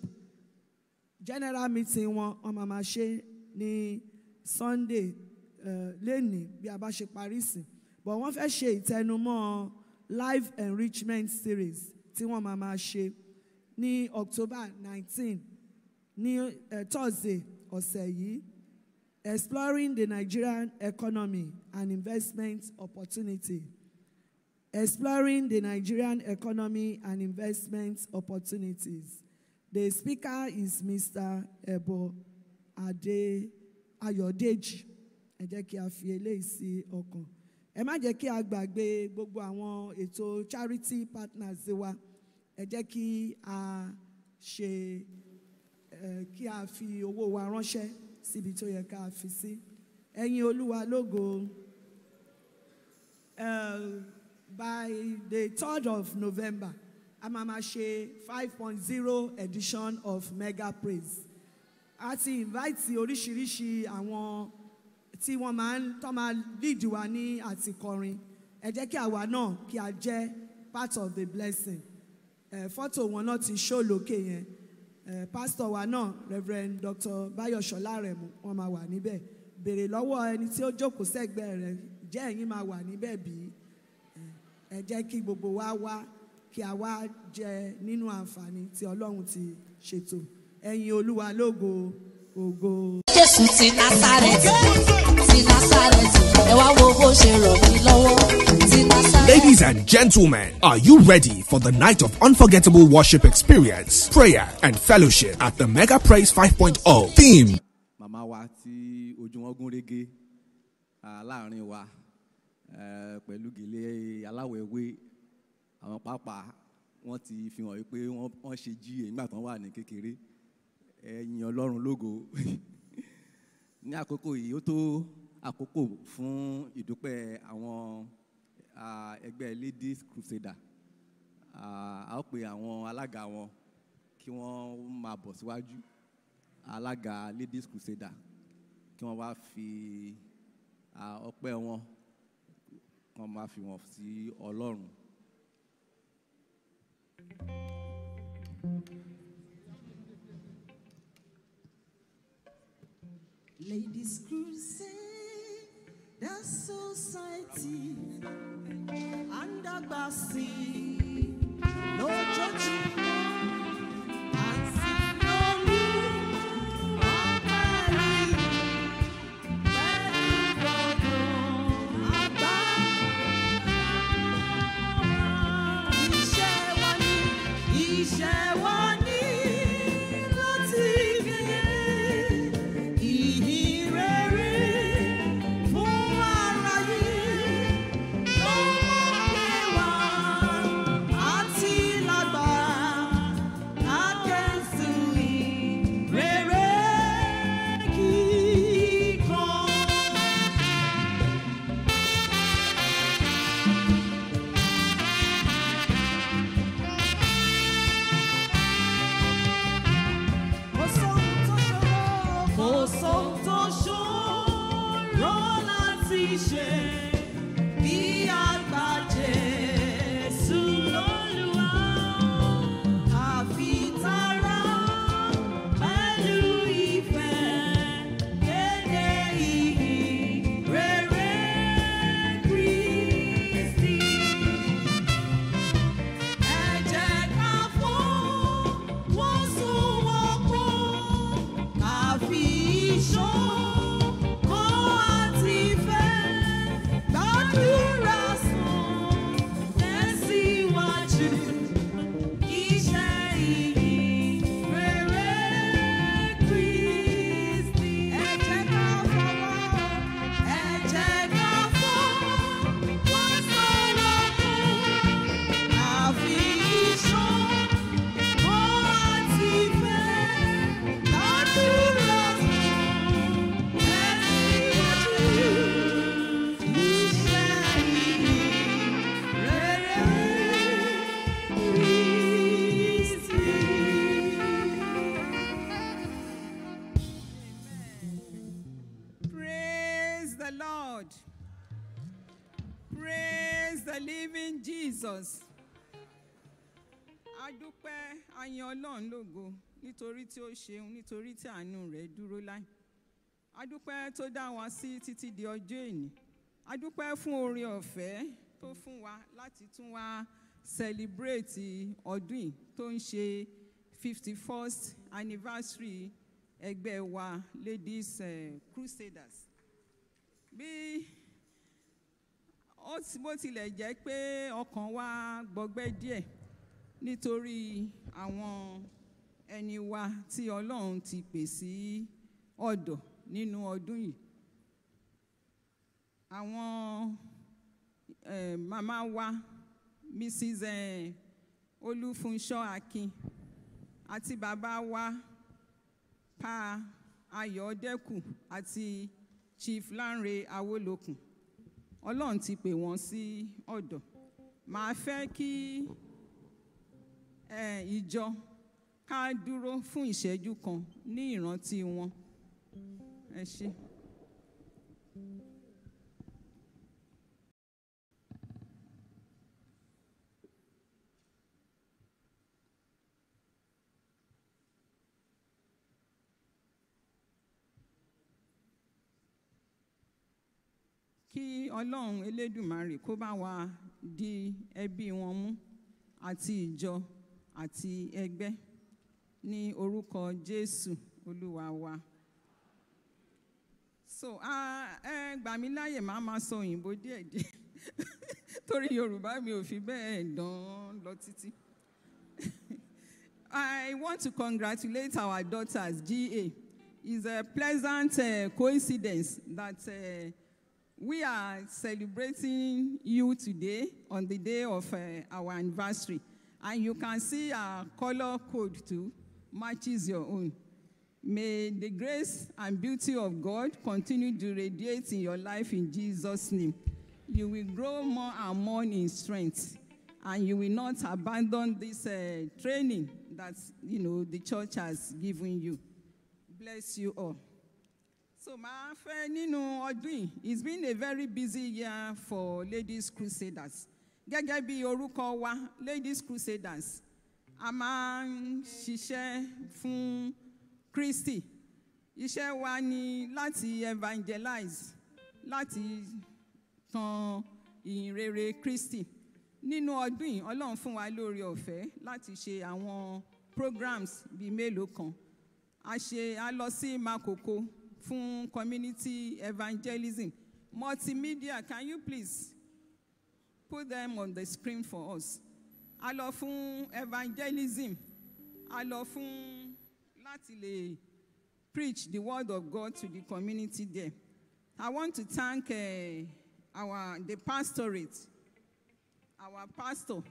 general meeting wọn wọn máa máa ṣe ní Sunday uh, lẹ́nìí bí a bá ṣe parí sí but wọ́n fẹ́ ṣe ìtẹnumọ́ live enrichment series tí wọ́n máa máa ṣe ní October nineteen ní uh, Thursday ọ̀sẹ̀ yìí exploring the Nigerian economy and investment opportunity. Exploring the Nigerian Economy and Investment Opportunities. The speaker is Mr. Ebo Ade Ayodeji. Ẹ jẹ́ kí a fi eléyìí sí ọkàn. Ẹ má jẹ́ kí a gbàgbé gbogbo àwọn ètò charity partners wa. Ẹ jẹ́ kí a ṣe kí a fi owó wa ránṣẹ́ síbi tó yẹ ká fi sí. Ẹyin Olúwa lógo. Uh, by the 3rd of November, Amamashe 5.0 edition of Mega Praise. A ti invite oríṣiríṣi àwọn tí wọ́n máa ń tọ́ máa lead wa ní àtikọrin. Ẹ jẹ́ kí àwa náà kí a jẹ́ part of the blessing. Fọ́tò wọn náà ti ṣó lókè yẹn. Pásítọ̀ wa náà Reverend Dr. Bayoṣọlá Rẹ̀mú wọ́n máa wà níbẹ̀. Béèrè lọ́wọ́ ẹni tí ó jókòó sẹ́gbẹ̀ẹ́ rẹ̀ jẹ́ ẹ̀yin máa wà níbẹ̀ bíi. kí gbogbo wa wá kí a wá jẹ nínú àǹfààní tí ọlọ́run ti ṣètò ẹ̀yin olúwa lógo ògo. jésù ti násàrẹ́tì ti násàrẹ́tì ẹ wá wo bó ṣe rọ̀ mí lọ́wọ́ ti nasareti e wa wo bo se ro mi lowo Ladies and gentlemen, are you ready for the night of unforgettable worship experience, prayer, and fellowship at the Mega Praise 5.0 theme? Màmá régé ah, Eh, pẹ̀lú gèlè aláwọ̀ ewé àwọn pàápàá wọ́n ti fi hàn pé wọ́n ṣe jíye nígbà tí wọ́n wà ní kékeré ẹ̀yìn ọlọ́run lógo ní àkókò yìí ó tó àkókò fún ìdúpẹ́ àwọn ẹgbẹ́ ladies crusader a ó pe àwọn alága wọn kí wọ́n máa bọ̀ síwájú alága ladies crusader kí wọ́n wá fi ọpẹ́ wọn kan máa fi wọ́n sí ọlọ́run. Ladies crusade the society undergbasi no judging. share nítorí tí ó ṣeun nítorí tí àánú rẹ̀ dúró láì adúpẹ́ tó dá wa sí títí di ọjọ́ èní adúpẹ́ fún oore ọ̀fẹ́ tó fún wa láti tún wá sẹlibréètì ọdún tó ń ṣe fifty first anniversary ẹgbẹ́ wa ladies uh, crusaders bí bó tilẹ̀ jẹ́ pé ọkàn wa gbọgbẹ́ díẹ̀ nítorí àwọn ẹni wa tí Ọlọ́run ti pè sí ọ̀dọ̀ nínú ọdún yìí àwọn eh, màmá wa Mrs eh, Olúfunṣọ́ Akin àti bàbá wa Pa Ayọ̀dẹ́kùn àti Chief Lanre Awolokun Ọlọ́run ti pè wọ́n sí ọ̀dọ̀ màá fẹ́ kí ìjọ. Eh, ká dúró fún ìṣẹ́jú kan ní ìrántí wọn ẹ ṣé. kí ọlọ́run elédùmarè kó bá wa di ẹbí wọn mú àti ìjọ àti ẹgbẹ́ ní orúkọ Jésù Olúwa wa so ẹ gbà mí láyè máa máa sọ òyìnbó díẹ̀díẹ̀ torí Yorùbá mi ò fi bẹ́ẹ̀ dán lọ títí. I want to congratulate our daughters, GA. It's a pleasant uh, coincidence that uh, we are celebrating you today on the day of uh, our anniversary. And you can see our color code too. matches your own. May the grace and beauty of God continue to radiate in your life in Jesus' name. You will grow more and more in strength, and you will not abandon this uh, training that you know the church has given you. Bless you all. So, my friend, you know, Audrey, it's been a very busy year for Ladies Crusaders. Gẹ́gẹ́ bí orúkọ wa, Ladies Crusaders. a máa ń ṣiṣẹ́ fún Kristi iṣẹ́ wa ni láti evangelize láti tan ìyìn rere Kristi nínú ọdún yìí Ọlọ́run fún wa lórí ọ̀fẹ́ láti ṣe àwọn programs bíi mélòó kan a ṣe a lọ sí Makoko fún community evangelism multimedia can you please put them on the screen for us a lọ fún evangelism a lọ fún láti lè preach the word of God to the community there. I want to thank uh, our the pastorate, our pastor,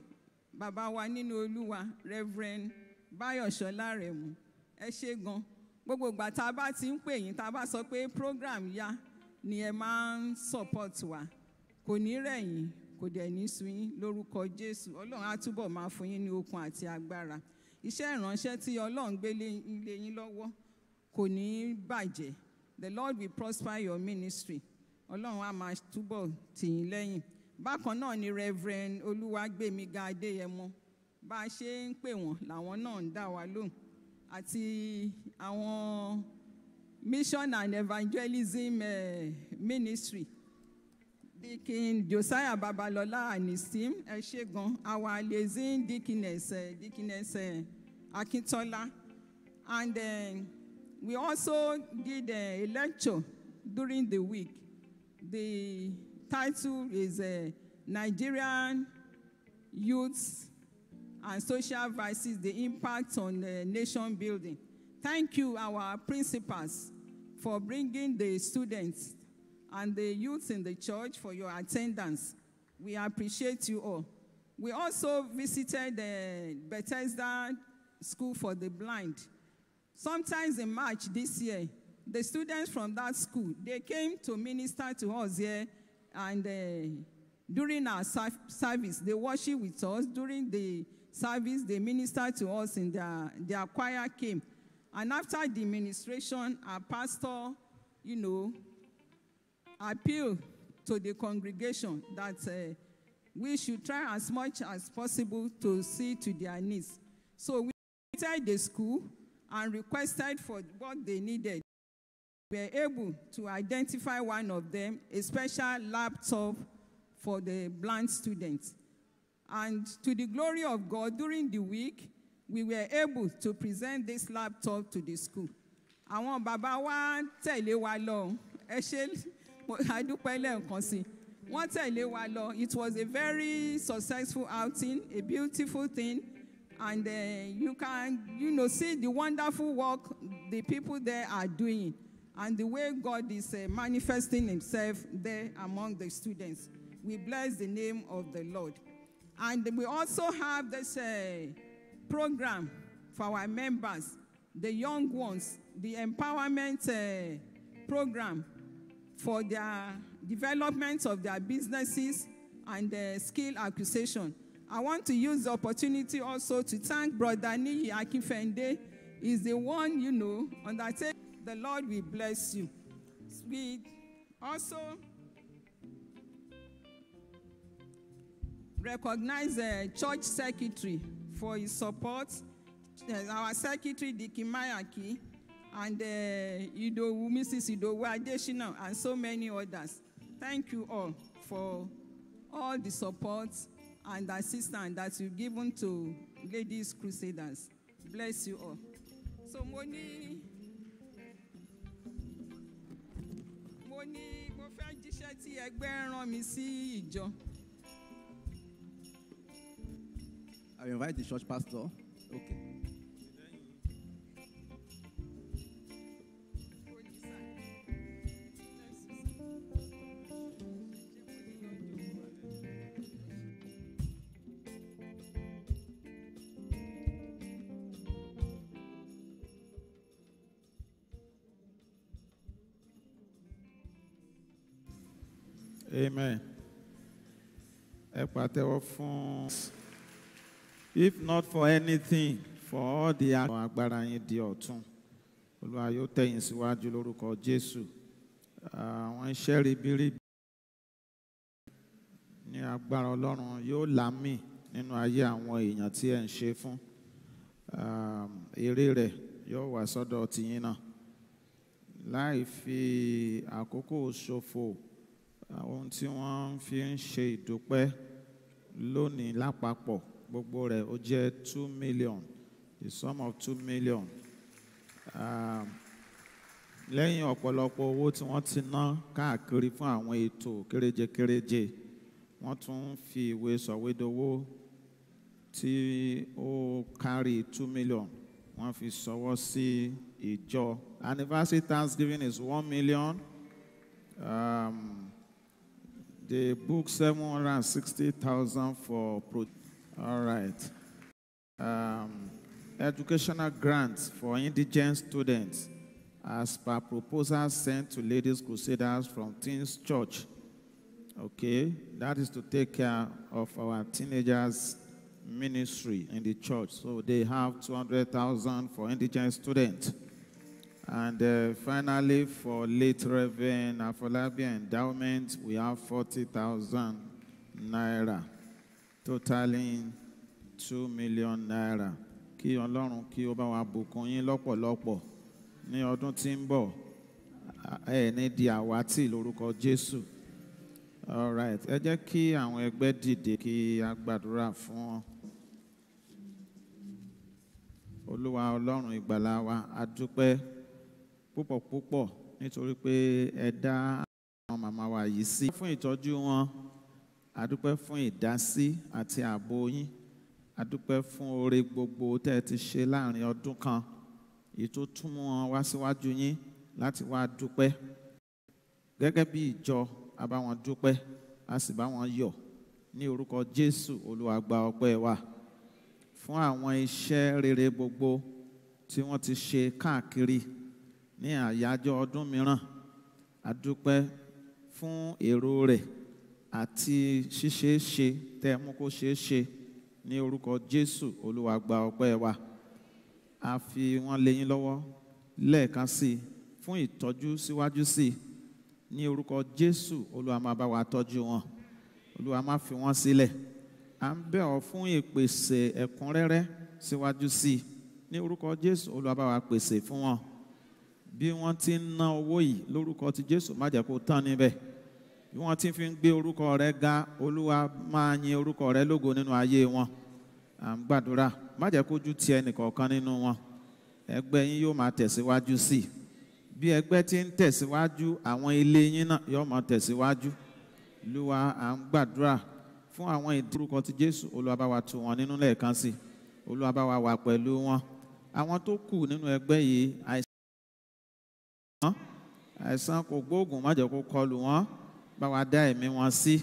Baba wa nínú Olúwa, Reverend Bayoshola Remu. Ẹ ṣé gan. Gbogbo ìgbà tá a bá ti ń pè yín, tá a bá sọ pé program ya ni ẹ máa ń support wa. Kò ní rẹ̀ kò dẹ̀ ní sú yín lórúkọ Jésù Ọlọ́run á túbọ̀ máa fún yín ní okun àti agbára iṣẹ́ ìránṣẹ́ tí Ọlọ́run gbé lé yín lọ́wọ́ kò ní bàjẹ́ the Lord will prosper your ministry Ọlọ́run á máa túbọ̀ tì yín lẹ́yìn bákan náà ni Reverend Olúwàgbémiga Adéyẹmọ bá a ṣe ń pè wọ́n làwọn náà ń dá wa lóhùn àti àwọn mission and evangelism uh, ministry Dikin, Josiah Babalola and his team, Eshegon, our liaison deaconess, uh, Akintola. And uh, we also did uh, a lecture during the week. The title is uh, Nigerian Youths and Social Vices, the Impact on the Nation Building. Thank you, our principals, for bringing the students and the youth in the church for your attendance. We appreciate you all. We also visited the Bethesda School for the Blind. Sometimes in March this year, the students from that school, they came to minister to us here and uh, during our service, they worship with us. During the service, they minister to us in their, their choir came. And after the ministration, our pastor, you know, appeal to the congregation that uh, we should try as much as possible to see to their needs. So we entered the school and requested for what they needed. We were able to identify one of them, a special laptop for the blind students. And to the glory of God, during the week, we were able to present this laptop to the school. Àwọn Baba wa tẹ̀lé wa lọ, ẹ ṣe adúpẹ́ lẹ́ẹ̀kan sí wọ́n tẹ̀lé wa lọ it was a very successful outing a beautiful thing and uh, you can you know see the wonderful work the people there are doing and the way God is uh, manifesting himself there among the students. We bless the name of the Lord. And we also have this uh, program for our members, the young ones, the empowerment uh, program for their development of their businesses and their skill acquisition. I want to use the opportunity also to thank Brother Niyi Akifende. He's the one, you know, undertake. The Lord will bless you. We also recognize the church secretary for his support, our secretary, Diki Mayaki, and uh, Idowu, Mrs. Idowu Adeshina, and so many others. Thank you all for all the support and assistance that you've given to Ladies Crusaders. Bless you all. So, Moni, Moni, mo fẹ́ jíṣẹ́ tí ẹgbẹ́ rán ìjọ. I invite the church pastor. Okay. Amen. If not for anything, for all the agbára yín di ọ̀tun. Olúwa yóò tẹ̀yìn síwájú lórúkọ Jésù. Àwọn iṣẹ́ ribiribi ní agbára Ọlọ́run yóò lámì nínú ayé àwọn èèyàn tí ẹ̀ ń ṣe fún. Èrè um, rẹ̀ yóò wá sọ́dọ̀ tìyín náà. Láì fi àkókò ṣòfò àwọn tí wọ́n fi ń ṣe ìdúpẹ́ lónìí lápapọ̀ gbogbo rẹ̀ ó jẹ́ two million the sum of two million ah, lẹ́yìn ọ̀pọ̀lọpọ̀ owó tí wọ́n ti ná káàkiri fún àwọn ètò kéréje-kéréje wọ́n tún fi ìwé sọ̀wédowó tí ó kárí two million wọ́n fi sọwọ́ sí ìjọ anniversary thanksgiving is one million. Um, They booked 760,000 for pro. All right. Um, educational grants for indigent students as per proposal sent to Ladies Crusaders from Teens Church. Okay, that is to take care of our teenagers ministry in the church. So they have 200,000 for indigent students. And uh, finally, for late Reverend Afolabi endowment, we have 40,000 naira, totaling 2 million naira. Kí Ọlọ́run kí ó bá wa bùkún yín lọ́pọ̀lọpọ̀ ní ọdún tí ń bọ̀. Ẹ ní di àwátì lórúkọ Jésù. All right, ẹ jẹ́ kí àwọn ẹgbẹ́ dìde kí a gbàdúrà fún wọn olúwa ọlọ́run ìgbàlà wa a dúpẹ́ púpọ̀ púpọ̀ nítorí pé ẹ dá àwọn màmá wa yìí sí. fún ìtọ́jú wọn àdúpẹ́ fún ìdásí àti ààbò yín àdúpẹ́ fún oore gbogbo tẹ́ ẹ ti ṣe láàrin ọdún kan èyí tó tún mú wọn wá síwájú yín láti wá dúpẹ́ gẹ́gẹ́ bí ìjọ a bá wọn dúpẹ́ a sì bá wọn yọ̀ ní orúkọ Jésù Olúwa ọpẹ́ wa fún àwọn iṣẹ́ rere gbogbo tí wọ́n ti ṣe káàkiri ní àyájọ́ ọdún mìíràn a dúpẹ́ fún èrò rẹ̀ àti ṣíṣeéṣe tẹ́ mú kó ṣeé ṣe ní orúkọ Jésù Olúwa gba ọpẹ́ wa a fi wọ́n lé yín lọ́wọ́ lẹ́ẹ̀kan sí i fún ìtọ́jú síwájú sí i ní orúkọ Jésù Olúwa máa bá wa tọ́jú wọn Olúwa máa fi wọ́n sílẹ̀ à ń bẹ̀ ọ́ fún ìpèsè ẹ̀kúnrẹ́rẹ́ síwájú sí i ní orúkọ Jésù Olúwa bá wa pèsè fún wọn bí wọ́n ti ń ná owó yìí lórúkọ ti jésù má jẹ́ kó tán níbẹ̀ bí wọ́n ti fi ń gbé orúkọ rẹ ga olúwa máa yin orúkọ rẹ lógo nínú ayé wọn à ń gbàdúrà má jẹ́ kójú ti ẹnìkọ̀ọ̀kan nínú wọn ẹgbẹ́ yín yóò máa tẹ̀síwájú sí i bí ẹgbẹ́ ti ń tẹ̀síwájú àwọn ilé yín náà yóò máa tẹ̀síwájú olúwa à ń gbàdúrà fún àwọn ìdúrúkọ ti jésù olúwa bá wa tù wọn nínú lẹ́ẹ̀kan sí olúwa bá wa wà pẹ̀lú wọn àwọn tó kù nínú ẹgbẹ́ yìí àìsàn kò gbóògùn má jẹ́ kó kọlù wọ́n bá wa dá ẹ̀mí wọn sí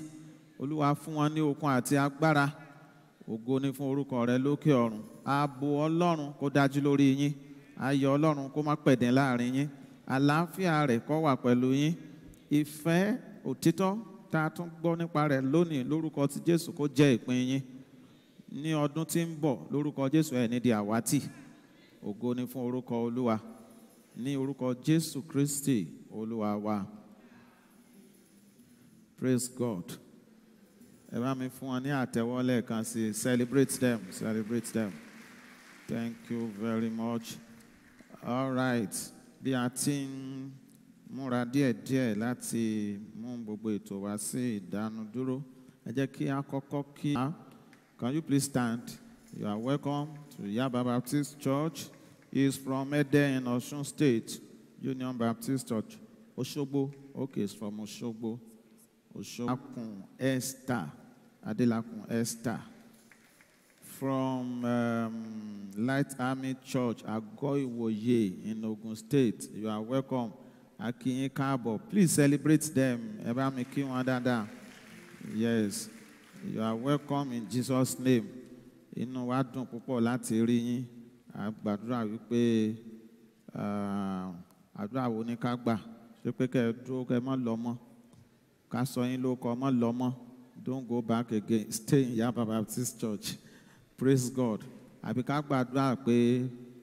olúwa fún wọn ní okun àti agbára ògo ni fún orúkọ rẹ lókè ọ̀run ààbò ọlọ́run kó dájú lórí yín ayọ̀ ọlọ́run kó má pẹ̀dín láàrin yín àlàáfíà rẹ̀ kó wà pẹ̀lú yín ìfẹ́ òtítọ́ tá a tún gbọ́ nípa rẹ̀ lónìí lórúkọ ti jésù kó jẹ́ ìpín yín ní ọdún tí ń bọ̀ lórúkọ jésù ẹ̀ ní àwátì ògo ni fún orúkọ olúwa. ní orúkọ Jésù Kristi Olúwa praise God Eba bá mi fún wọn ní àtẹ́wọ́ celebrate them celebrate them thank you very much all right bí a ti ń múra díẹ̀díẹ̀ láti mú gbogbo ètò sí ìdánudúró kí kọ́kọ́ kí can you please stand you are welcome to Yaba Baptist Church is from Ede in Osun State, Union Baptist Church. Oshobo. Okay, it's from Oshobo. Oshogbo. Esther. Adelakun Esther. From um, Light Army Church, Agoiwoye in Ogun State. You are welcome. Akinye Kabo. Please celebrate them. Ebami wadada. Yes. You are welcome in Jesus' name. Inú wa dùn púpọ̀ láti rí yín. à gbàdúrà wípé àdúrà wo ni ká gbà ṣé pé kẹ́ ẹ dúró kẹ́ ẹ má lọ mọ́ ká sọ yín ló kọ́ má lọ mọ́ don't go back again stay in Yaba Baptist Church praise God àbí ká gbàdúrà pé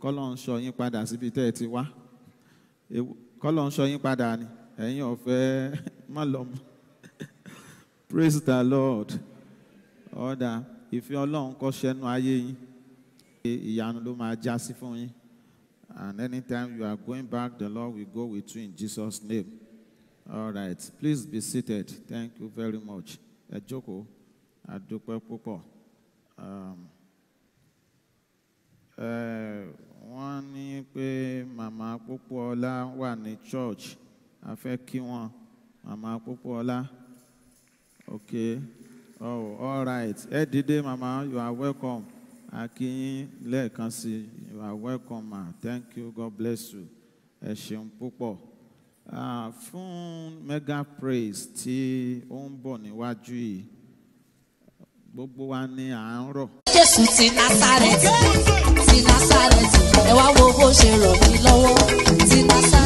kọ́lọ̀ ń sọ yín padà síbi tẹ́ ẹ ti wá kọ́lọ̀ ń sọ yín padà ni ẹ̀yin ọ̀fẹ́ má lọ mọ́ praise the Lord ọ̀dà ìfẹ́ Ọlọ́run kó ṣẹnu ayé yín. ìyanu ló máa já and anytime you are going back the Lord will go with you in Jesus name all right please be seated thank you very much ẹ jókòó àdúpẹ́ púpọ̀ um, wọ́n pé màmá Pópóọlá wà ní church a fẹ́ kí wọn màmá Pópóọlá okay oh all right dìde màmá you are welcome. Akin lẹ́ẹ̀kan sí you are welcome ma thank you God bless you ẹ ṣeun púpọ̀ ah, fún mega praise tí ó ń bọ̀ níwájú yìí gbogbo wa ni à ń rọ̀. jésù ti násàrẹ́tì ti násàrẹ́tì ẹ wá wo bó ṣe rọ̀ mí lọ́wọ́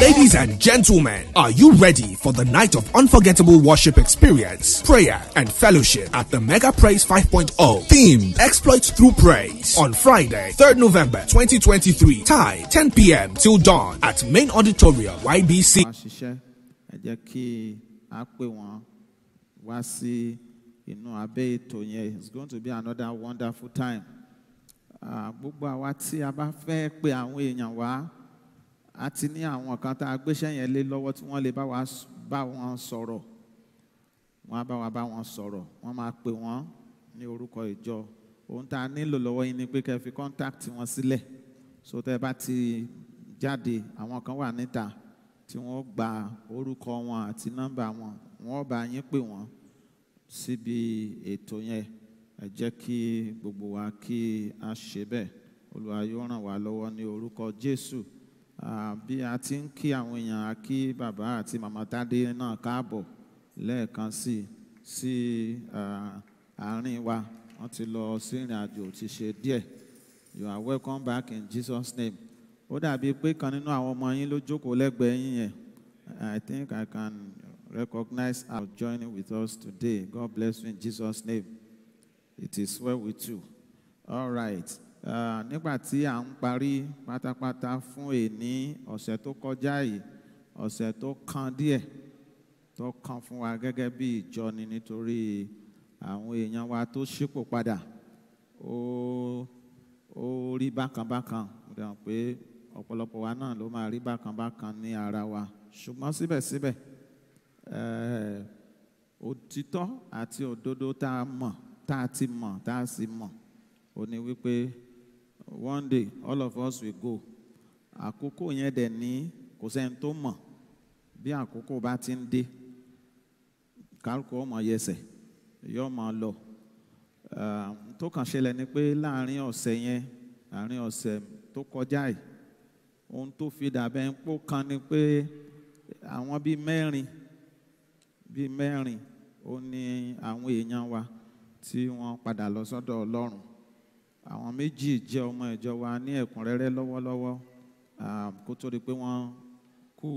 Ladies and gentlemen, are you ready for the night of unforgettable worship experience, prayer, and fellowship at the Mega Praise 5.0 theme Exploits Through Praise on Friday, 3rd November 2023, time 10 p.m. till dawn at Main Auditorium YBC. inú abẹ́ ètò yẹn it's going to be another wonderful time gbogbo àwa tí a bá fẹ́ pe àwọn èèyàn wá a ti ní àwọn kan tá a gbéṣẹ́ yẹn lé lọ́wọ́ tí wọ́n lè bá wọn sọ̀rọ̀ wọ́n á bá wa bá wọn sọ̀rọ̀ wọ́n máa pe wọ́n ní orúkọ ìjọ ohun tá a nílò lọ́wọ́ yín ni pé kẹ́ fi contact wọn sílẹ̀ so tẹ́ bá ti jáde àwọn kan wà níta tí wọ́n gba orúkọ wọn àti nọ́mbà wọn wọ́n bá yín pè wọ́n síbi ètò yẹn ẹ jẹ́ kí gbogbo wa kí a ṣe bẹ́ẹ̀ olúwa yóò ràn wá lọ́wọ́ ní orúkọ jésù bí a ti ń kí àwọn èèyàn a kí bàbá àti màmá tádé náà káàbọ̀ lẹ́ẹ̀kan sí sí àárín wa wọ́n ti lọ sí ìrìn àjò ti ṣe díẹ̀ you are welcome back in jesus name ó dàbí pé kan nínú àwọn ọmọ yín ló jókòó lẹ́gbẹ̀ẹ́ yín yẹn i think i can recognize our joining with us today. God bless you in Jesus' name. It is well with you. All right. Uh, nígbà tí à ń parí pátápátá fún èní ọ̀sẹ̀ tó kọjá yìí, ọ̀sẹ̀ tó kan díẹ̀ tó kan fún wa gẹ́gẹ́ bí ìjọni nítorí àwọn èèyàn wa tó ṣípò padà. Ó ó rí bákan Mo dẹ̀ hàn pé ọ̀pọ̀lọpọ̀ wa náà ló máa rí bákan ní ara wa. Ṣùgbọ́n síbẹ̀síbẹ̀. Eh, òtítọ́ àti òdodo tá a mọ̀ tá a ti mọ̀ tá a sì mọ̀ ó ní wípé one day all of us will go àkókò yẹn dẹ̀ ní kò sẹ́ni tó mọ̀ bí àkókò bá ti ń dé kálukú ọmọ yẹsẹ̀ yóò máa lọ eh, tó kàn ṣẹlẹ̀ ni pé láàrin ọ̀sẹ̀ yẹn láàrin ọ̀sẹ̀ tó kọjá yìí ohun tó fi dàbẹ̀ ń pò kan ni pé àwọn bíi mẹ́rin bíi mẹ́rin ó ní àwọn èèyàn wa tí wọ́n padà lọ sọ́dọ̀ Ọlọ́run àwọn méjì jẹ́ ọmọ ìjọ wa ní ẹ̀kúnrẹ́rẹ́ lọ́wọ́lọ́wọ́ kó tó di pé wọ́n kú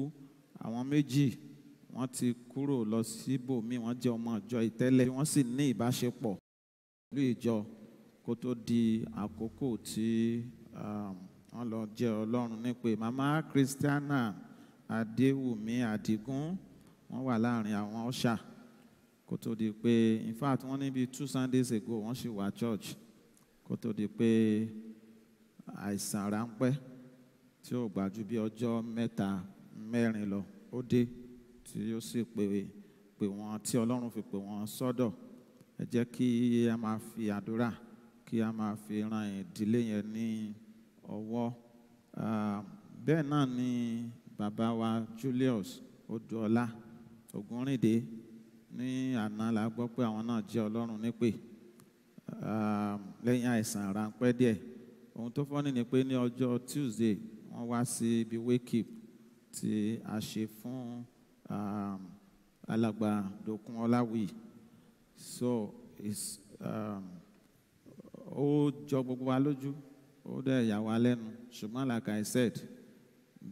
àwọn méjì wọ́n ti kúrò lọ síbòmíì wọ́n jẹ́ ọmọ ìjọ ìtẹ́lẹ̀ wọ́n sì ní ìbáṣepọ̀ pẹ̀lú ìjọ kó tó di àkókò tí wọ́n lọ jẹ́ Ọlọ́run nípè màmá Christiana Adéwùmí Àdìgún wọ́n wà láàrin àwọn ọ̀ṣà kó tó di pé in fact wọ́n ní two Sundays ago wọ́n sì wá church kó tó di pé àìsàn ráńpẹ́ tí ó gbájú bí ọjọ́ mẹ́ta mẹ́rin lọ ó dé tí ó sì pè pè wọ́n tí Ọlọ́run fi pè wọ́n sọ́dọ̀ ẹ jẹ́ kí a máa fi àdúrà kí a máa fi ran ìdílé yẹn ní ọwọ́ ah, bẹ́ẹ̀ náà ni bàbá wa Julius Odúọlá. Ògúnrìndé ní àná la gbọ́ pé àwọn náà jẹ́ ọlọ́run nípè lẹ́yìn àìsàn ráńpẹ́ díẹ̀ ohun tó fọ́nì ni pé ní ọjọ́ Tuesday wọ́n wá sí ibi wake up tí a ṣe fún alàgbà Dòkun Ọláwìyí so it's ó jọ gbogbo wa lójú ó dẹ̀ yà wá lẹ́nu ṣùgbọ́n like I said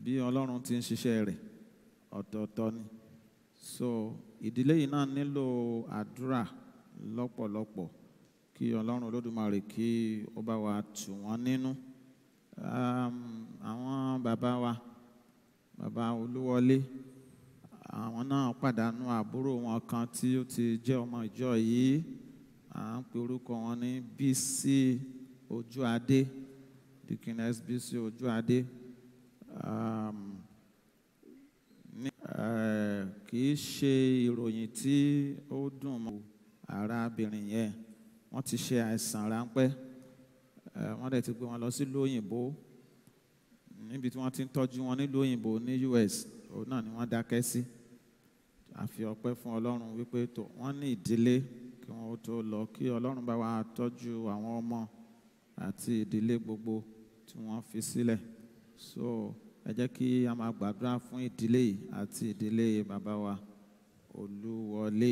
bí ọlọ́run ti ń ṣiṣẹ́ rẹ̀ ọ̀tọ̀ọ̀tọ̀ ni so ìdílé yìí náà nílò àdúrà lọ́pọ̀lọpọ̀ kí ọlọ́run olódùmarè kí ó bá wa tù wọ́n nínú àwọn bàbá wa bàbá olúwọlé àwọn náà pàdánù àbúrò wọn kan tí ó ti jẹ́ ọmọ ìjọ yìí à ń pe orúkọ wọn ní bc ojú adé dikines bc ojú adé. Um, kì í ṣe ìròyìn tí ó dùn mọ́ arábìnrin yẹn wọ́n ti ṣe àìsàn ráńpẹ́ wọ́n dẹ̀ ti gbé wọn lọ sí lóyìnbó níbi tí wọ́n ti ń tọ́jú wọn nílùú òyìnbó ní US òun náà ni wọ́n dákẹ́ sí àfi ọpẹ́ fún Ọlọ́run wípé tó wọ́n ní ìdílé kí wọ́n tó lọ kí Ọlọ́run bá wa tọ́jú àwọn ọmọ àti ìdílé gbogbo tí wọ́n fi sílẹ̀ so ẹ jẹ́ kí a máa gbàdúrà fún ìdílé yìí àti ìdílé bàbá wa olúwọlé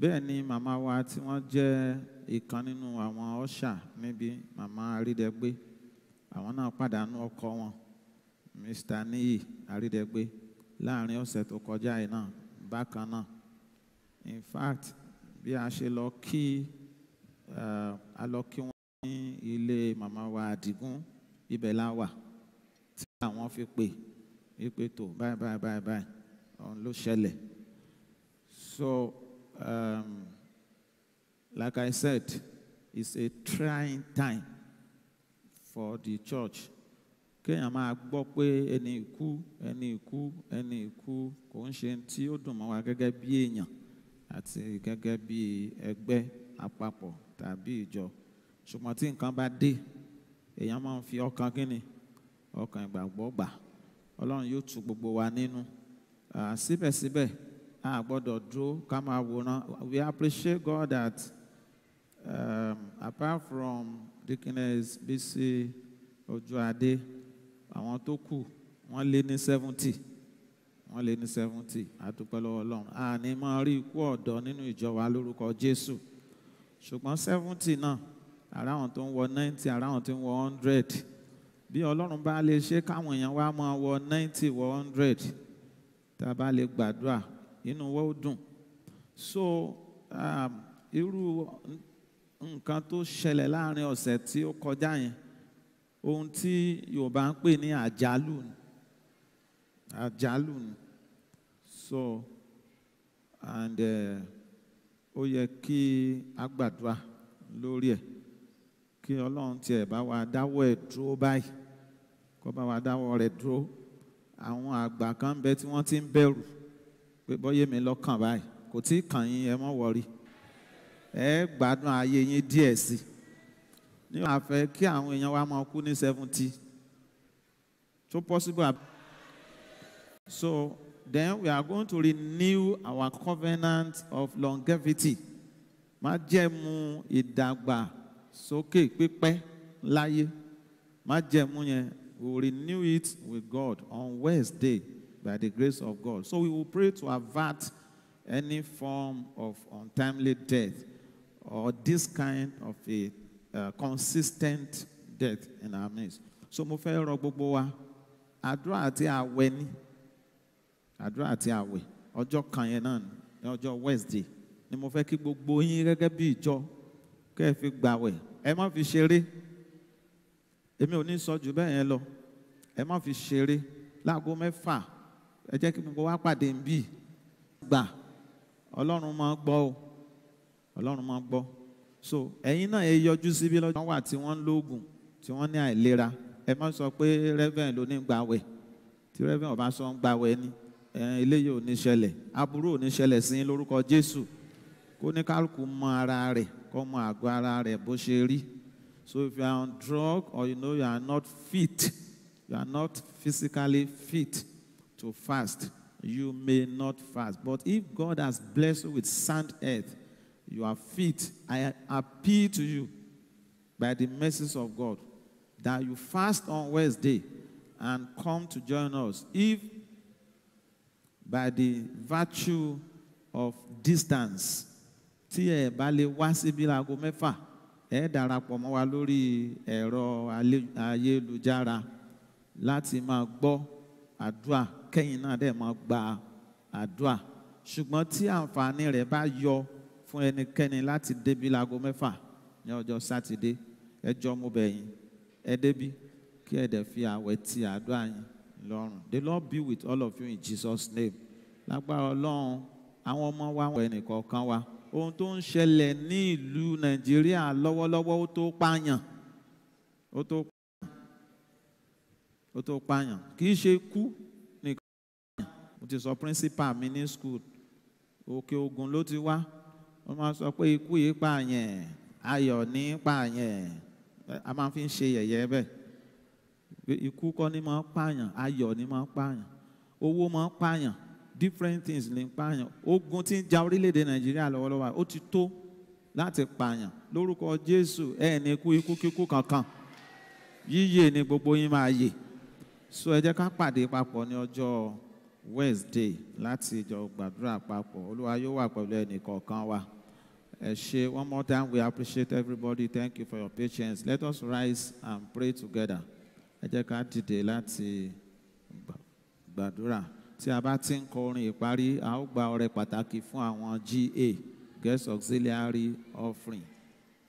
bẹ́ẹ̀ ni màmá wa tí wọ́n jẹ́ ìkan nínú àwọn ọ̀ṣà níbi màmá àrídẹ́gbé àwọn náà pàdánù ọkọ wọn mr niyi àrídẹ́gbé láàrin ọ̀sẹ̀ tó kọjá yìí náà bákan náà in fact bí a ṣe lọ kí eh, a lọ kí wọ́n ní ilé màmá wa àdìgún ibẹ̀ la wà àwọn fi pè wípé tó báyìí báyìí báyìí báyìí òun ló ṣẹlẹ̀ so um, like I said it's a trying time for the church kéèyàn máa gbọ́ pé ẹni ìkú ẹni ìkú ẹni ìkú kò ń ṣe tí ó dùn mọ́ wa gẹ́gẹ́ bí èèyàn àti gẹ́gẹ́ bí ẹgbẹ́ àpapọ̀ tàbí ìjọ ṣùgbọ́n tí nǹkan bá dé èèyàn máa ń fi ọkàn kínni ọkàn ìgbàgbọ́ gbà ọlọ́run yóò tu gbogbo wa nínú síbẹ̀síbẹ̀ a gbọ́dọ̀ dúró ká máa wòran we appreciate God that um, apart from Dickiness Bisi Ojuade àwọn tó kù wọ́n lé ní seventy wọ́n lé ní seventy àdúpẹ́ lọ́wọ́ ọlọ́run a ní máa rí ikú ọ̀dọ́ nínú ìjọ wa lórúkọ Jésù ṣùgbọ́n seventy náà ara àwọn tó ń wọ ninety ara àwọn tó ń wọ hundred bí ọlọ́run bá lè ṣe káwọn èèyàn wá máa wọ ninety wọ hundred tá a bá lè gbàdúrà inú wọn ó dùn so um, irú nǹkan tó ṣẹlẹ̀ láàrin ọ̀sẹ̀ tí ó kọjá yẹn ohun tí Yorùbá ń pè ní àjálù ni àjálù ni so and eh, ó yẹ kí a gbàdúrà lórí ẹ̀ kí Ọlọ́run tiẹ̀ bá wa dáwọ́ ẹ̀ dúró báyìí kó wa dáwọ́ rẹ̀ dúró àwọn àgbà kan bẹ tí wọ́n ti ń bẹ̀rù pé bọ́yé mi lọ́kàn báyìí kò tí kàn yín ẹ mọ́ wọrí ẹ gbádùn ayé yín díẹ̀ sí i ní wàá fẹ́ kí àwọn èèyàn wa máa kú ní seventy tó possible àbí. so then we are going to renew our covenant of longevity májẹ̀mú ìdàgbàsókè pípẹ́ láyé májẹ̀mú yẹn We will renew it with God on Wednesday by the grace of God. So we will pray to avert any form of untimely death or this kind of a uh, consistent death in our midst. So mo fẹ́ rọ gbogbo wa, àdúrà àti àwẹ̀ ni, àdúrà àti àwẹ̀, ọjọ́ kan yẹn náà ni, ọjọ́ Wednesday ni mo fẹ́ kí gbogbo yín gẹ́gẹ́ bí ìjọ kẹ́ fi gbàwẹ̀, ẹ má fi ṣeré. èmi ò ní sọ jù bẹ́ẹ̀ yẹn lọ ẹ má fi ṣeré láago mẹ́fà ẹ jẹ́ kí gbogbo wa pàdé ń bì gbà ọlọ́run máa gbọ́ o ọlọ́run máa gbọ́ so ẹ̀yin náà ẹ yọjú síbi lọ́jọ́ wà tí wọ́n ń lóògùn tí wọ́n ní àìlera ẹ má sọ pé rẹ́fẹ̀n ló ní gbàwẹ̀ tí rẹ́fẹ̀n ọba sọ ń gbàwẹ̀ ni eléyìí ò ní ṣẹlẹ̀ aburú ò ní ṣẹlẹ̀ sí lórúkọ Jésù kó ní kálukú mọ ara rẹ̀ kó mọ àgọ́ ara rẹ̀ bó ṣe rí. So if you are on drug or you know you are not fit, you are not physically fit to fast, you may not fast. But if God has blessed you with sound earth, you are fit. I appeal to you by the mercies of God that you fast on Wednesday and come to join us. If by the virtue of distance, tiye bali wasibila lè mẹ́fà. ẹ darapọ̀ mọ́ wa lórí ẹ̀rọ ayélujára láti máa gbọ́ àdúà kẹ́yìn náà dẹ̀ máa gba àdúà ṣùgbọ́n tí àǹfààní rẹ̀ bá yọ fún ẹnikẹ́ni láti débi láago mẹ́fà ní ọjọ́ sátidé ẹ jọ̀ọ́ yín ẹ débi kí ẹ dẹ̀ fi àwẹ̀ ti àdúrà yín lọ́rùn the lord be with all of you in jesus name lágbára ọlọ́run àwọn ọmọ wa wọ ẹnìkọ̀ọ̀kan wa ohun tó ń ṣẹlẹ̀ ní ìlú nàìjíríà lọ́wọ́lọ́wọ́ ó tó pààyàn ó tó pààyàn ó tó pààyàn kì í ṣe kú nìkan mo ti sọ principal mi ní school òkè ogun ló ti wá wọ́n máa sọ pé ikú yìí pààyàn ayọ̀ ní pààyàn a máa fi ń ṣe yẹ̀yẹ́ bẹ́ẹ̀ ikú kọ́ ni máa pààyàn ayọ̀ ni máa pààyàn owó máa pààyàn different things lè ń pààyàn ogun tí ń ja orílẹ̀-èdè nàìjíríà lọ́wọ́lọ́wọ́ ó ti tó láti pààyàn lórúkọ jésù ẹ̀ ní ikú ikú kíkú kankan yíyè ni gbogbo yín máa yè so ẹ jẹ́ ká pàdé papọ̀ ní ọjọ́ wednesday láti jọ gbàdúrà papọ̀ olúwa yóò wà pẹ̀lú ẹnì kọ̀ọ̀kan wa ẹ ṣe one more time we appreciate everybody thank you for your patience let us rise and pray together ẹ jẹ́ ká dìde láti gbàdúrà tí a bá ti ń kọrin ìparí a ó gba ọrẹ pàtàkì fún àwọn GA guest auxiliary offering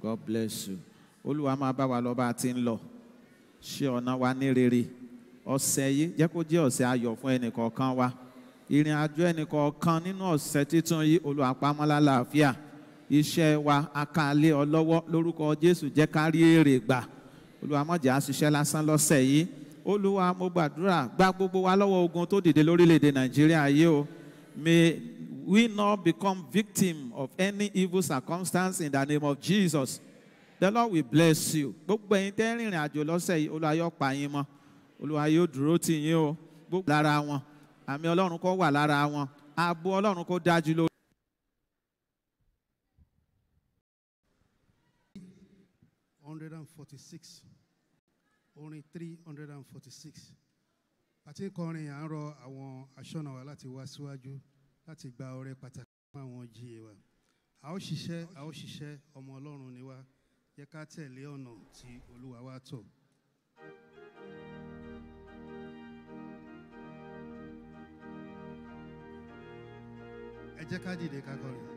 God bless you olúwa máa bá wa lọ bá a ti ń lọ ṣe ọ̀nà wa ní rere ọ̀sẹ̀ yìí jẹ́ kó jẹ́ ọ̀sẹ̀ ayọ̀ fún ẹnìkọ̀ọ̀kan wa ìrìn àjò ẹnìkọ̀ọ̀kan nínú ọ̀sẹ̀ títun yìí olúwa pa mọ́ iṣẹ́ wa akalẹ̀ ọlọ́wọ́ lórúkọ Jésù jẹ́ ká gbà olúwa má jẹ́ lásán lọ́sẹ̀ yìí olúwa mo gbàdúrà gba gbogbo wa lọ́wọ́ ogun tó dìde lórílẹ̀‐èdè nàìjíríà yìí o may we not become victim of any evil circumstance in the name of jesus the lord will bless you gbogbo ẹ̀yin tẹ́ rìnrìn àjò lọ́sẹ̀ yìí olúwa yóò pa yín mọ́ olúwa yóò dúró tì yín o gbogbo lára wọn àmì ọlọ́run kó wà lára wọn ààbò ọlọ́run kó dájú lórí. hundred and forty-six orin three hundred and forty-six àti kọrin à ń rọ àwọn aṣọ́nà wa láti wá síwájú láti gba ọrẹ pàtàkì fún àwọn jíye wa a ó ṣiṣẹ́ a ó ṣiṣẹ́ ọmọ ọlọ́run ni wá yẹ ká tẹ̀lé ọ̀nà tí olúwa wa tọ̀. ẹ jẹ́ ká dìde ká kọrin.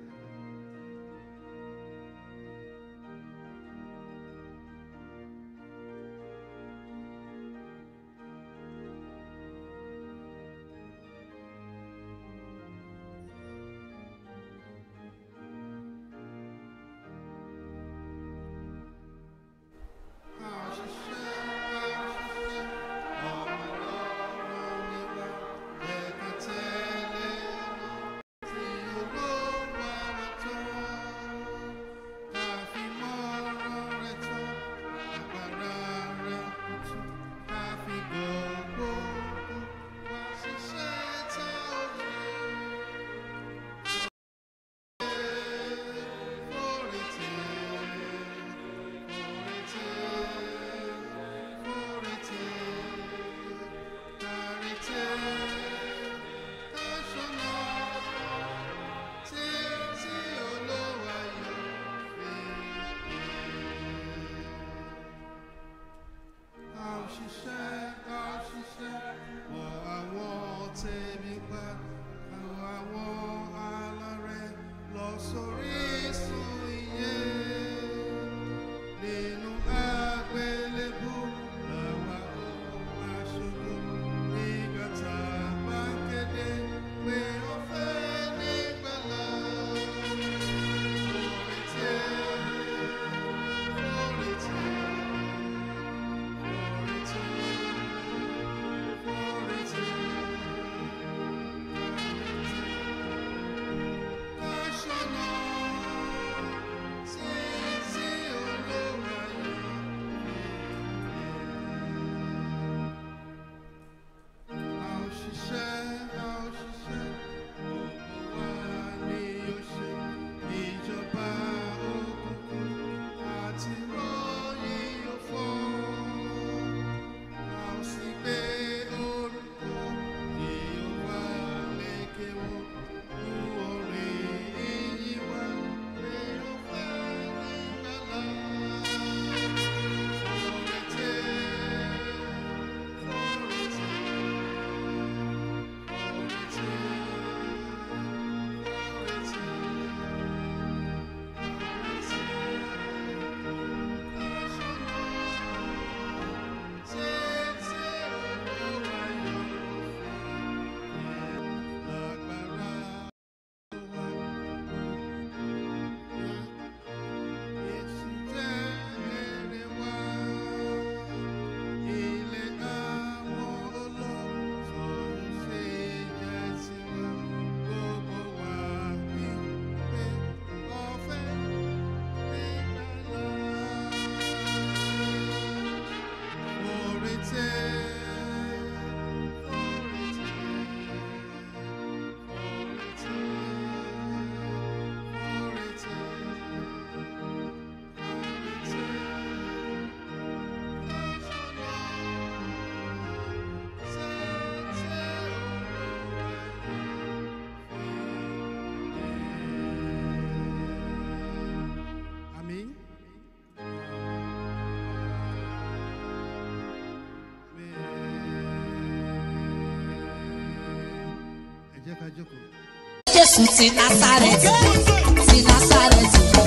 ti ti ẹ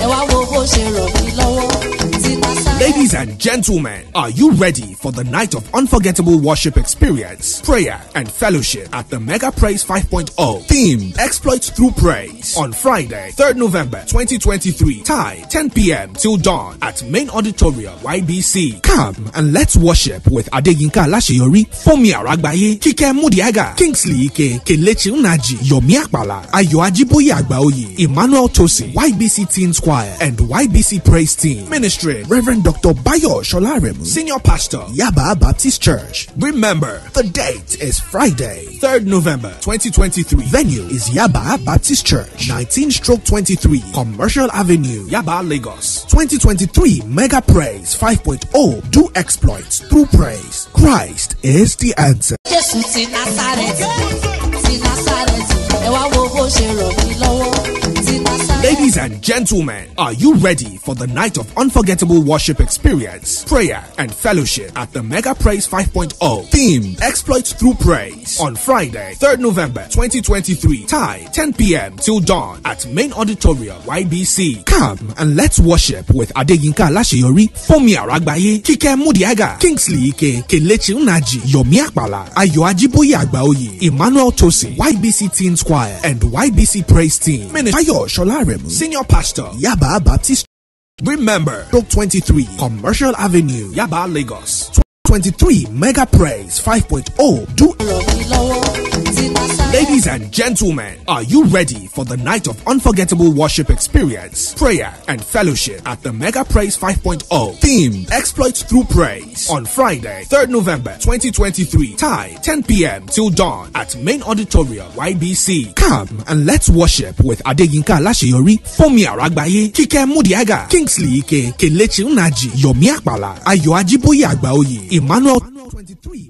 wá wo bó ṣe rọ̀ mí lọ́wọ́. Ladies and gentlemen, are you ready for the night of unforgettable worship experience, prayer, and fellowship at the Mega Praise 5.0 themed Exploits Through Praise? Place on Friday, 3rd November 2023. Tie 10 p.m. till dawn at Main Auditorium YBC. Come and let's worship with Adeyinka Alasheyori, Fumi Aragbaye, Kike Mudiaga, Kingsley Ike, Kelechi Unaji, Yomi Akpala, Ayo Ajiboye Agbaoye, Emmanuel Tosi, YBC Teen Choir, and YBC Praise Team. Ministry Reverend Dr. Bayo Sholaremu, Senior Pastor, Yaba Baptist Church. Remember, the date is Friday, 3rd November 2023. Venue is Yaba Baptist Church. 19 stroke 23 Commercial Avenue, Yaba, Lagos. 2023 Mega Praise 5.0 Do exploits through praise. Christ is the answer. Ladies and gentlemen, are you ready for the night of unforgettable worship experience, prayer, and fellowship at the Mega Praise 5.0 themed Exploits Through Praise on Friday, 3rd November 2023, Thai 10 p.m. till dawn at Main Auditorium YBC. Come and let's worship with Adeyinka Lashiori, Fomi Aragbaye, Kike Mudiaga, Kingsley Ike, Kelechi Unaji, Yomi Akpala, Ayo Ajiboye Agbaoyi, Emmanuel Tosin, YBC Teen Squire and YBC Praise Team. Minister Sholare. Aremu, Senior Pastor, Yaba Baptist. Remember, Block 23, Commercial Avenue, Yaba, Lagos. 23 Mega Praise 5.0. Do. Ladies and gentlemen, are you ready for the night of unforgettable worship experience, prayer, and fellowship at the Mega Praise 5.0 themed Exploits Through Praise on Friday, 3rd November 2023, time 10 p.m. till dawn at Main Auditorium YBC. Come and let's worship with Adeginka Lasheyori, Fomi Aragbaye, Kike Mudiaga, Kingsley Ike, Kelechi Unaji, Yomi Akpala, Ayo Ajiboye Agbaoye, Emmanuel 23.